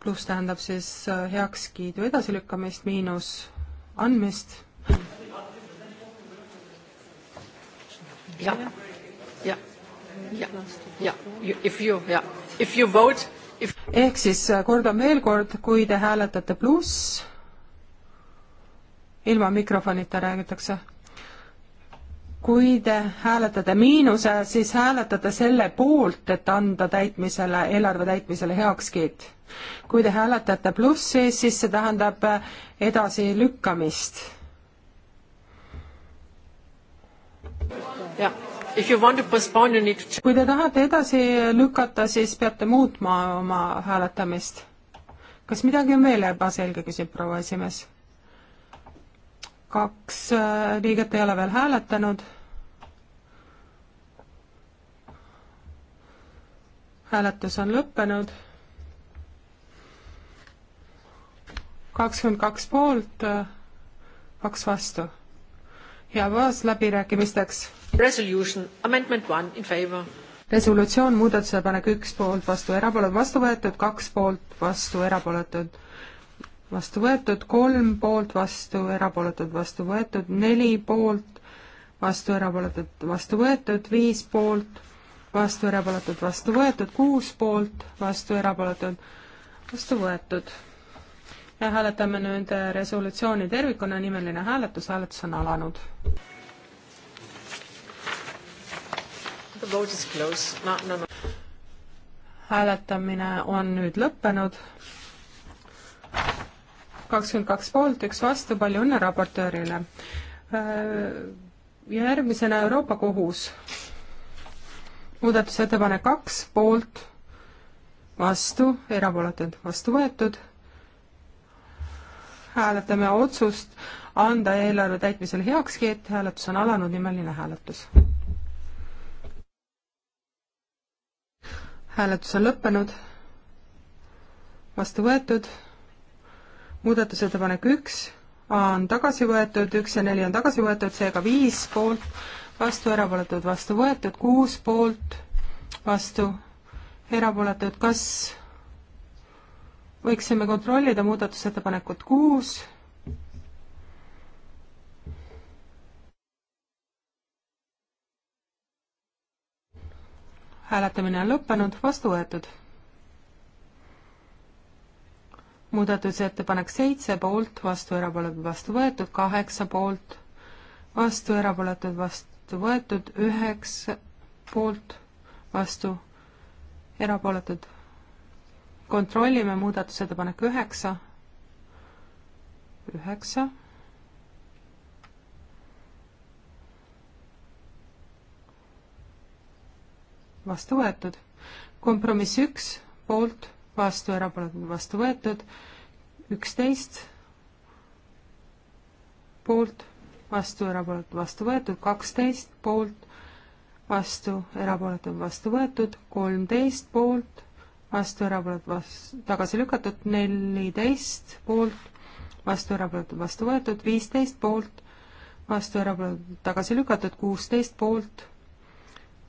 pluss tähendab siis äh, heakskiidu edasilükkamist, miinus andmist. jah, jah, jah, jah, if you, jah, if you vote if.... ehk siis äh, kordan veel kord, kui te hääletate pluss, ilma mikrofonita räägitakse kui te hääletate miinuse, siis hääletate selle poolt, et anda täitmisele, eelarve täitmisele heakskiit. kui te hääletate plussi, siis see tähendab edasilükkamist. jah kui te tahate edasi lükata, siis peate muutma oma hääletamist. kas midagi on veel ebaselge, küsib proua esimees. kaks äh, liiget ei ole veel hääletanud hääletus on lõppenud. kakskümmend kaks poolt, kaks vastu. ja vaas läbirääkimisteks. Resolution, amendment one in favor. resolutsioon, muudatusepanek üks poolt vastu, erapooletud vastu võetud, kaks poolt vastu, erapooletud vastu võetud, kolm poolt vastu, erapooletud vastu võetud, neli poolt vastu, erapooletud vastu võetud, viis poolt vastu erapooletud, vastu võetud, kuus poolt, vastu erapooletud, vastu võetud. ja hääletame nüüd resolutsiooni tervikuna, nimeline hääletus, hääletus on alanud. No, no, no. hääletamine on nüüd lõppenud. kakskümmend kaks poolt, üks vastu, palju õnne raportöörile. Äh, järgmisena Euroopa Kohus muudatusettepanek kaks, poolt, vastu, erapooletud, vastu võetud. hääletame otsust anda eelarve täitmisel heakskiit, hääletus on alanud, nimeline hääletus. hääletus on lõppenud, vastu võetud, muudatusettepanek üks on tagasi võetud, üks ja neli on tagasi võetud, seega viis poolt, vastu, erapooletud, vastu võetud, kuus poolt, vastu, erapooletud, kas võiksime kontrollida muudatusettepanekut kuus? hääletamine on lõppenud, vastu võetud. muudatusettepanek seitse poolt, vastu erapooletud, vastu võetud, kaheksa poolt, vastu erapooletud, vastu vastu võetud, üheksa poolt vastu erapooletud. kontrollime muudatusettepanek üheksa, üheksa. vastu võetud. kompromiss üks, poolt, vastu, erapooletud, vastu võetud, üksteist, poolt vastu, erapooletud, vastu võetud, kaksteist poolt, vastu, erapooletud, vastu võetud, kolmteist poolt, vastu, erapooletud, vastu, tagasi lükatud, neliteist poolt, vastu, erapooletud, vastu võetud, viisteist poolt, vastu, erapooletud, tagasi lükatud, kuusteist poolt,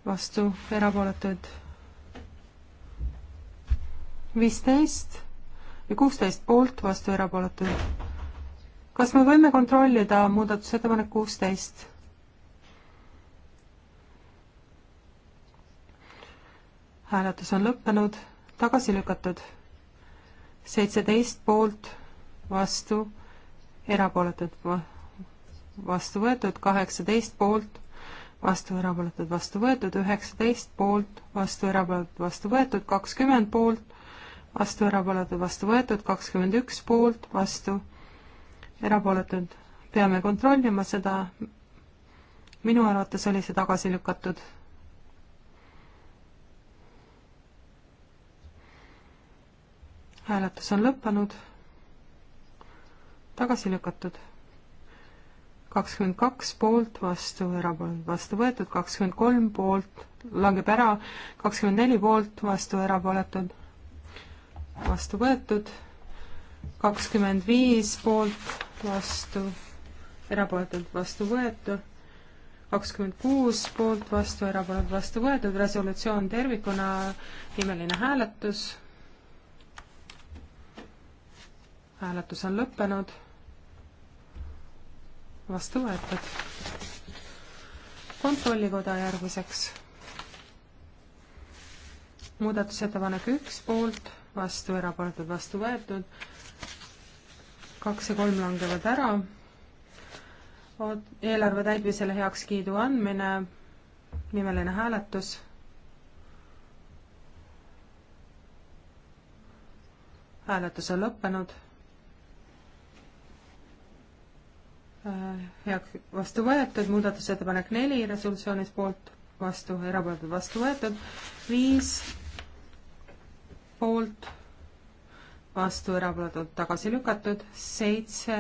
vastu, erapooletud, viisteist ja kuusteist poolt, vastu, erapooletud kas me võime kontrollida muudatusettepanek kuusteist? hääletus on lõppenud, tagasi lükatud. seitseteist poolt, vastu, erapooletud, vastu võetud, kaheksateist poolt, vastu erapooletud, vastu võetud, üheksateist poolt, vastu erapooletud, vastu võetud, kakskümmend poolt, vastu erapooletud, vastu võetud, kakskümmend üks poolt, vastu erapooletud, peame kontrollima seda, minu arvates oli see tagasi lükatud. hääletus on lõppenud, tagasi lükatud kakskümmend kaks poolt, vastu, erapooletud, vastu võetud, kakskümmend kolm poolt, langeb ära, kakskümmend neli poolt, vastu, erapooletud, vastu võetud kakskümmend viis poolt, vastu, erapooletult vastu võetud, kakskümmend kuus poolt, vastu, erapooletult vastu võetud, resolutsioon tervikuna, nimeline hääletus. hääletus on lõppenud, vastu võetud. kontrollikoda järgmiseks muudatusettepanek üks poolt, vastu erapooletud, vastu võetud, kaks ja kolm langevad ära. eelarve täitmisele heakskiidu andmine, nimeline hääletus. hääletus on lõppenud. Äh, heaks, vastu võetud, muudatusettepanek neli resolutsioonis poolt, vastu, erapooletud, vastu võetud, viis poolt vastu erapooletud tagasi lükatud, seitse,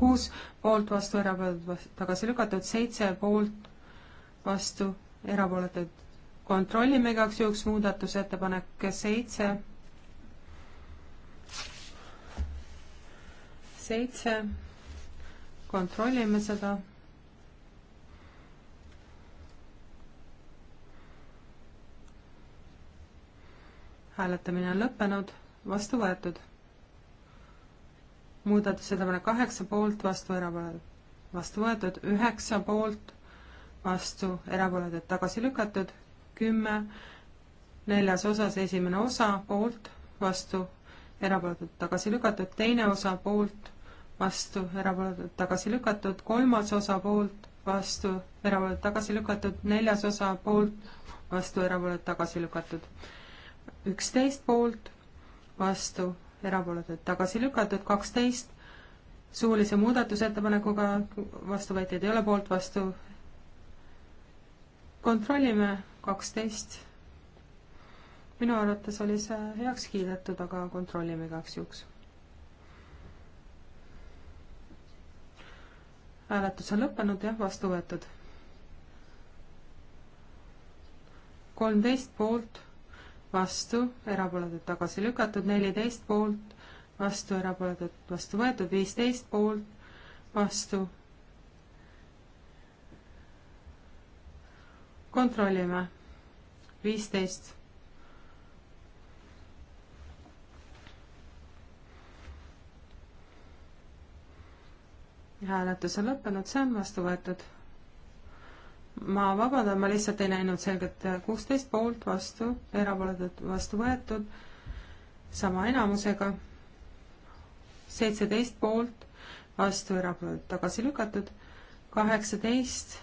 kuus poolt vastu erapooletud tagasi lükatud, seitse poolt vastu erapooletud. kontrollime igaks juhuks muudatusettepanek seitse. seitse, kontrollime seda hääletamine on lõppenud vastu võetud. muudatusettepanek kaheksa poolt, vastu erapooletud, vastu võetud, üheksa poolt, vastu erapooletud, tagasi lükatud, kümme, neljas osas esimene osa poolt, vastu erapooletud, tagasi lükatud, teine osa poolt, vastu erapooletud, tagasi lükatud, kolmas osa poolt, vastu erapooletud, tagasi lükatud, neljas osa poolt, vastu erapooletud, tagasi lükatud üksteist poolt, vastu, erapooletud tagasi lükatud, kaksteist suulise muudatusettepanekuga vastu võetud, ei ole poolt vastu. kontrollime, kaksteist. minu arvates oli see heaks kiidetud, aga kontrollime igaks juhuks. hääletus on lõppenud, jah, vastu võetud. kolmteist poolt vastu, erapooletud tagasi lükatud, neliteist poolt, vastu, erapooletud vastu võetud, viisteist poolt, vastu. kontrollime, viisteist. hääletus on lõppenud, see on vastu võetud ma vabandan, ma lihtsalt ei näinud selgelt, äh, kuusteist poolt vastu, erapooletud vastu võetud, sama enamusega, seitseteist poolt vastu, erapooletud tagasi lükatud, kaheksateist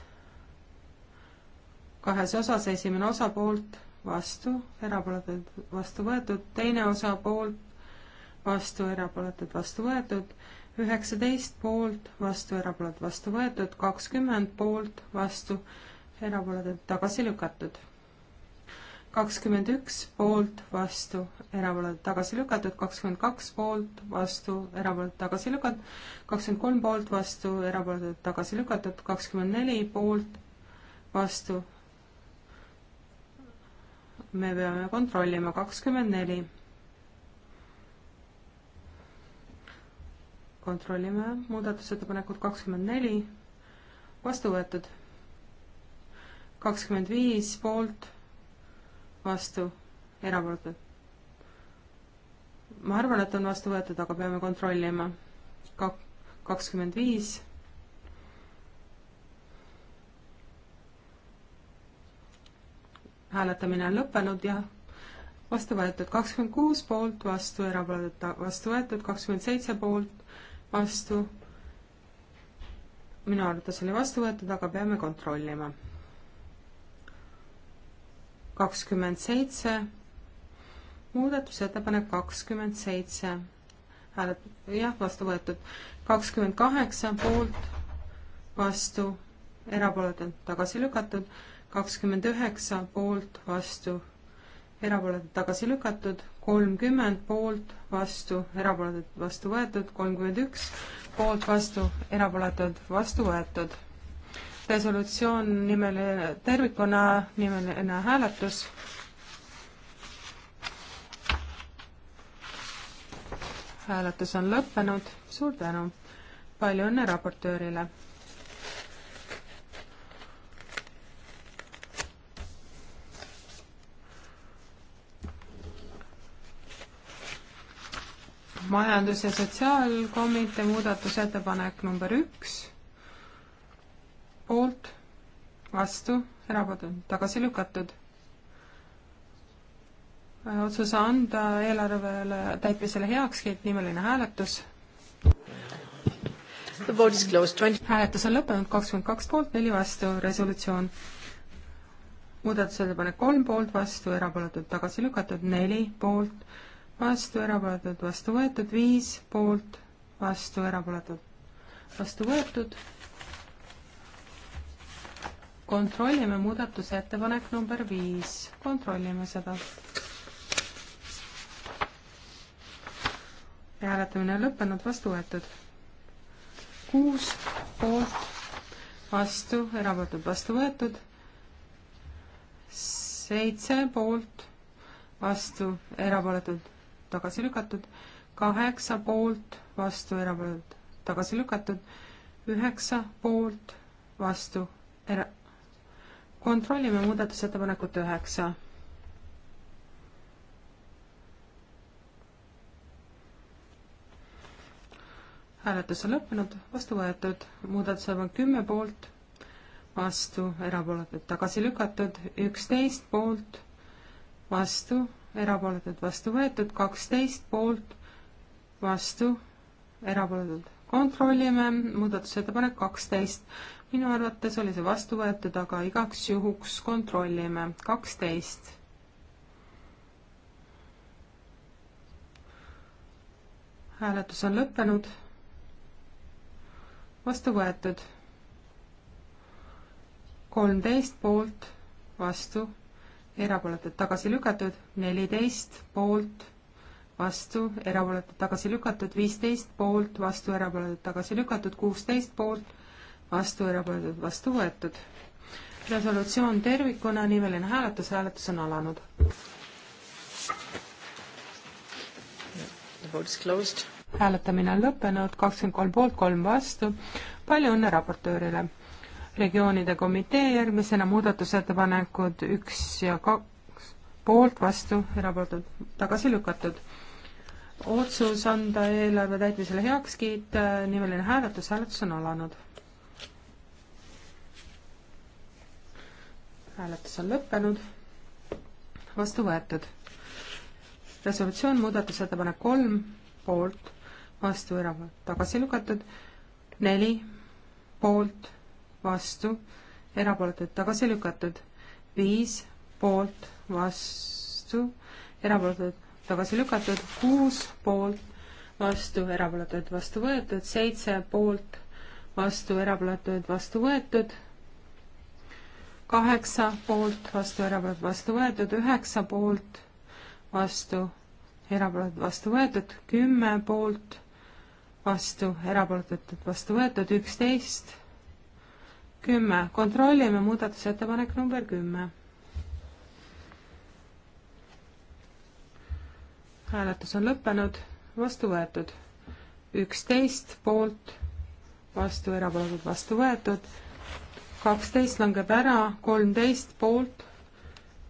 kahes osas, esimene osa poolt vastu, erapooletud vastu võetud, teine osa poolt vastu, erapooletud vastu võetud üheksateist poolt, vastu, erapooletud, vastu võetud, kakskümmend poolt, vastu, erapooletud, tagasi lükatud. kakskümmend üks poolt, vastu, erapooletud, tagasi lükatud, kakskümmend kaks poolt, vastu, erapooletud, tagasi lükatud, kakskümmend kolm poolt, vastu, erapooletud, tagasi lükatud, kakskümmend neli poolt, vastu, me peame kontrollima, kakskümmend neli kontrollime, muudatusettepanekud kakskümmend neli, vastu võetud. kakskümmend viis poolt, vastu, erapooletud. ma arvan, et on vastu võetud, aga peame kontrollima. kak-, kakskümmend viis hääletamine on lõppenud ja vastu võetud kakskümmend kuus poolt, vastu erapooletud, vastu võetud kakskümmend seitse poolt, vastu. minu arvates oli vastu võetud, aga peame kontrollima. kakskümmend seitse, muudatusettepanek kakskümmend seitse, hääled, jah, vastu võetud. kakskümmend kaheksa poolt, vastu, erapooletud, tagasi lükatud, kakskümmend üheksa poolt, vastu, erapooletud, tagasi lükatud kolmkümmend poolt, vastu, erapooletud, vastu võetud, kolmkümmend üks poolt, vastu, erapooletud, vastu võetud. resolutsioon nimeline, tervikuna nimeline hääletus. hääletus on lõppenud, suur tänu. palju õnne raportöörile majandus- ja sotsiaalkomitee muudatusettepanek number üks, poolt, vastu, erapooletud, tagasi lükatud. Äh, otsuse anda eelarvele täitmisele heakskiit, nimeline hääletus. hääletus on lõppenud, kakskümmend kaks poolt, neli vastu, resolutsioon muudatusettepanek kolm poolt, vastu, erapooletud, tagasi lükatud, neli poolt vastu, erapooletud, vastu võetud, viis poolt, vastu, erapooletud, vastu võetud. kontrollime muudatusettepanek number viis, kontrollime seda. hääletamine on lõppenud, vastu võetud. kuus poolt, vastu, erapooletud, vastu võetud. seitse poolt, vastu, erapooletud tagasi lükatud, kaheksa poolt, vastu, erapooletud, tagasi lükatud, üheksa poolt, vastu, era-, kontrollime muudatusettepanekut üheksa. hääletus on lõppenud, vastu võetud, muudatusettepanek kümme poolt, vastu, erapooletud, tagasi lükkatud, üksteist poolt, vastu erapooletud, vastu võetud, kaksteist poolt, vastu, erapooletud. kontrollime muudatusettepanek kaksteist. minu arvates oli see vastu võetud, aga igaks juhuks kontrollime, kaksteist. hääletus on lõppenud. vastu võetud. kolmteist poolt, vastu erapooletud tagasi lükatud, neliteist poolt, vastu, erapooletud tagasi lükatud, viisteist poolt, vastu, erapooletud tagasi lükatud, kuusteist poolt, vastu, erapooletud vastu võetud. resolutsioon tervikuna, nimeline hääletus, hääletus on alanud. hääletamine on lõppenud, kakskümmend kolm poolt, kolm vastu. palju õnne raportöörile regioonide komitee, järgmisena muudatusettepanekud üks ja kaks, poolt, vastu, erapooletud, tagasi lükatud. otsus anda eelarve täitmisele heakskiit, nimeline hääletus, hääletus on alanud. hääletus on lõppenud, vastu võetud. resolutsioon, muudatusettepanek kolm, poolt, vastu, erapooletud, tagasi lükatud, neli, poolt vastu, erapooletud tagasi lükatud. viis poolt, vastu, erapooletud tagasi lükatud, kuus poolt, vastu, erapooletud vastu võetud, seitse poolt, vastu, erapooletud vastu võetud, kaheksa poolt, vastu, erapooletud vastu võetud, üheksa poolt, vastu, erapooletud vastu võetud, kümme poolt, vastu, erapooletud vastu võetud, üksteist kümme, kontrollime muudatusettepanek number kümme. hääletus on lõppenud, vastu võetud. üksteist poolt, vastu, erapooletud, vastu võetud. kaksteist langeb ära, kolmteist poolt,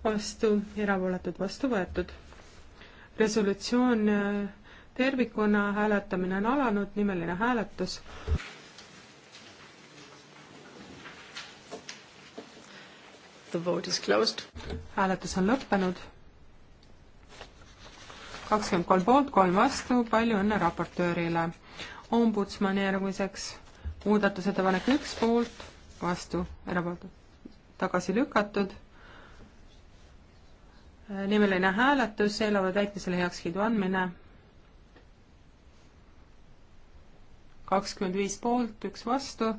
vastu, erapooletud, vastu võetud. resolutsioon äh, tervikuna hääletamine on alanud, nimeline hääletus. The vote is closed. hääletus on lõppenud. kakskümmend kolm poolt, kolm vastu, palju õnne raportöörile. ombudsmani järgmiseks muudatusettepanek üks poolt, vastu, erapooletu, tagasi lükatud. nimeline hääletus, eelarve täitmisele heakskiidu andmine. kakskümmend viis poolt, üks vastu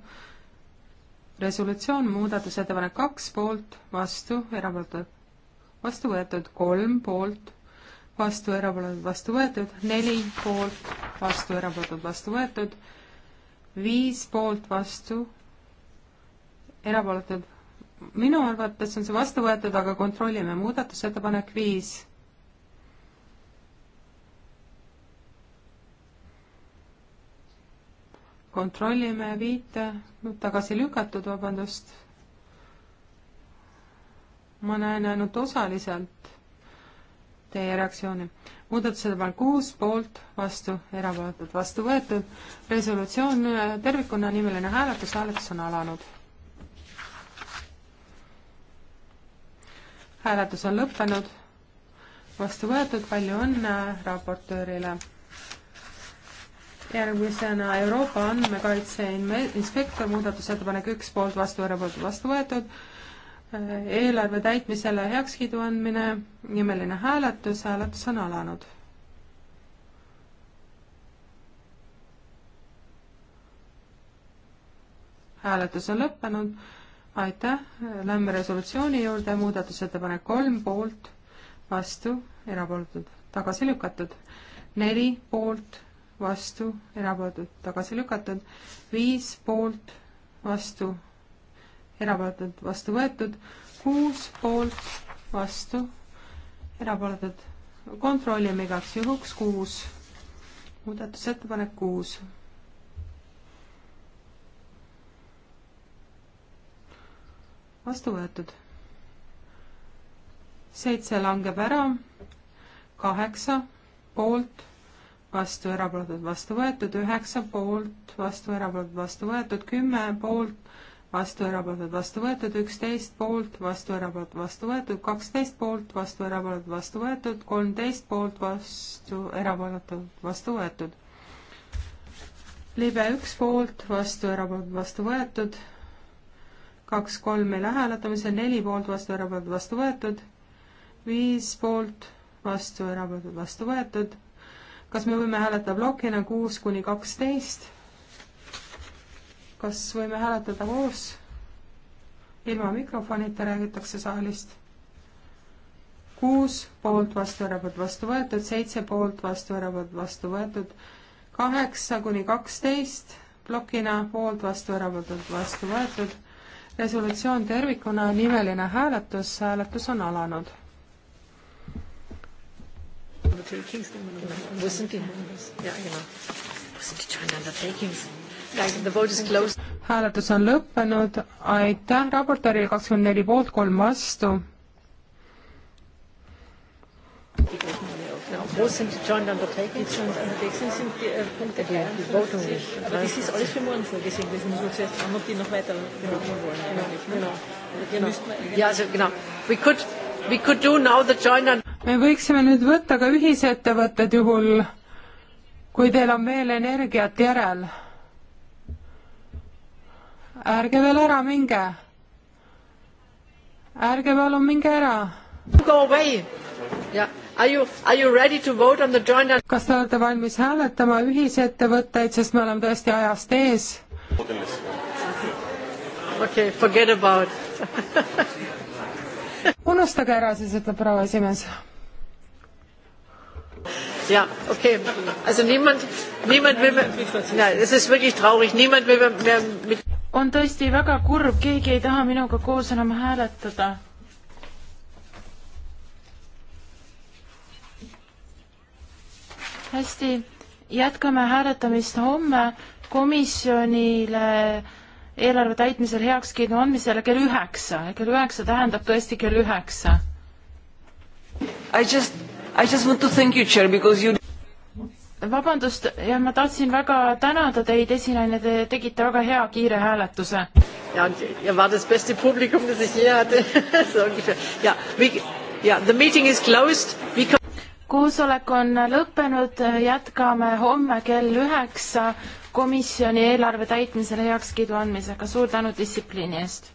resolutsioon, muudatusettepanek kaks poolt, vastu, erapooletud, vastu võetud, kolm poolt, vastu, erapooletud, vastu võetud, neli poolt, vastu, erapooletud, vastu võetud, viis poolt, vastu, erapooletud. minu arvates on see vastu võetud, aga kontrollime, muudatusettepanek viis kontrollime viite, tagasi lükatud, vabandust. ma näen ainult osaliselt teie reaktsiooni. muudatusettepanek kuus, poolt, vastu, erapooletud, vastu võetud. resolutsioon äh, tervikuna, nimeline hääletus, hääletus on alanud. hääletus on lõppenud, vastu võetud, palju õnne raportöörile järgmisena Euroopa andmekaitse inspektor, muudatusettepanek üks poolt vastu, erapooletud vastu võetud, äh, eelarve täitmisele heakskiidu andmine, nimeline hääletus, hääletus on alanud. hääletus on lõppenud, aitäh, äh, lähme resolutsiooni juurde, muudatusettepanek kolm poolt, vastu, erapooletud, tagasi lükatud, neli poolt vastu, erapooletud, tagasi lükatud, viis poolt, vastu, erapooletud, vastu võetud, kuus poolt, vastu, erapooletud. kontrollime igaks juhuks kuus, muudatusettepanek kuus. vastu võetud. seitse langeb ära, kaheksa poolt vastu, erapooletud, vastu võetud, üheksa poolt, vastu, erapooletud, vastu võetud, kümme poolt, vastu, erapooletud, vastu võetud, üksteist poolt, vastu, erapooletud, vastu võetud, kaksteist poolt, vastu, erapooletud, vastu võetud, kolmteist poolt, vastu, erapooletud, vastu võetud. libe üks poolt, vastu, erapooletud, vastu võetud, kaks, kolm ei lähe hääletamisele, neli poolt, vastu, erapooletud, vastu võetud, viis poolt, vastu, erapooletud, vastu võetud kas me võime hääletada plokina kuus kuni kaksteist? kas võime hääletada koos? ilma mikrofonita räägitakse saalist. kuus poolt vastu, erapoolt vastu võetud, seitse poolt vastu, erapoolt vastu võetud, kaheksa kuni kaksteist plokina poolt vastu, erapoolt vastu võetud resolutsioon tervikuna, nimeline hääletus, hääletus on alanud Wo sind die? Ja, genau. Wo sind die joint undertakings? The vote is closed. hääletus on lõppenud, aitäh raportöörile, kakskümmend neli poolt, kolm vastu. Wo sind die Joint Undertakings? Die Joint Undertakings sind die äh, Punkte ja, die Votung nicht. Aber das ist alles für morgen vorgesehen. Wir müssen zuerst an, ob die noch weiter benoten wollen. Genau. genau. genau. Ja, also genau. We could, we could do now the joint me võiksime nüüd võtta ka ühisettevõtted juhul, kui teil on veel energiat järel. ärge veel ära minge. ärge palun minge ära. Go away yeah.. Are you, are you ready to vote on the joint kas te olete valmis hääletama ühisettevõtteid, sest me oleme tõesti ajast ees? okei okay,, forget about unustage ära siis, ütleb proua esimees Ja, okay. Also niemand, niemand will, nein, es ist wirklich traurig, niemand will mehr mit. on tõesti väga kurb, keegi ei taha minuga koos enam hääletada. hästi, jätkame hääletamist homme komisjonile eelarve täitmisel heakskiidu andmisele kell üheksa ja kell üheksa tähendab tõesti kell üheksa. I just I just want to thank you, chair, because you vabandust, jah, ma tahtsin väga tänada teid, esinaine, te tegite väga hea kiire hääletuse. ja, ja war das beste publikum, das ich je hatte so ungefähr. ja, ja, the meeting is closed because koosolek on lõppenud, jätkame homme kell üheksa komisjoni eelarve täitmisele heakskiidu andmisega. suur tänu distsipliini eest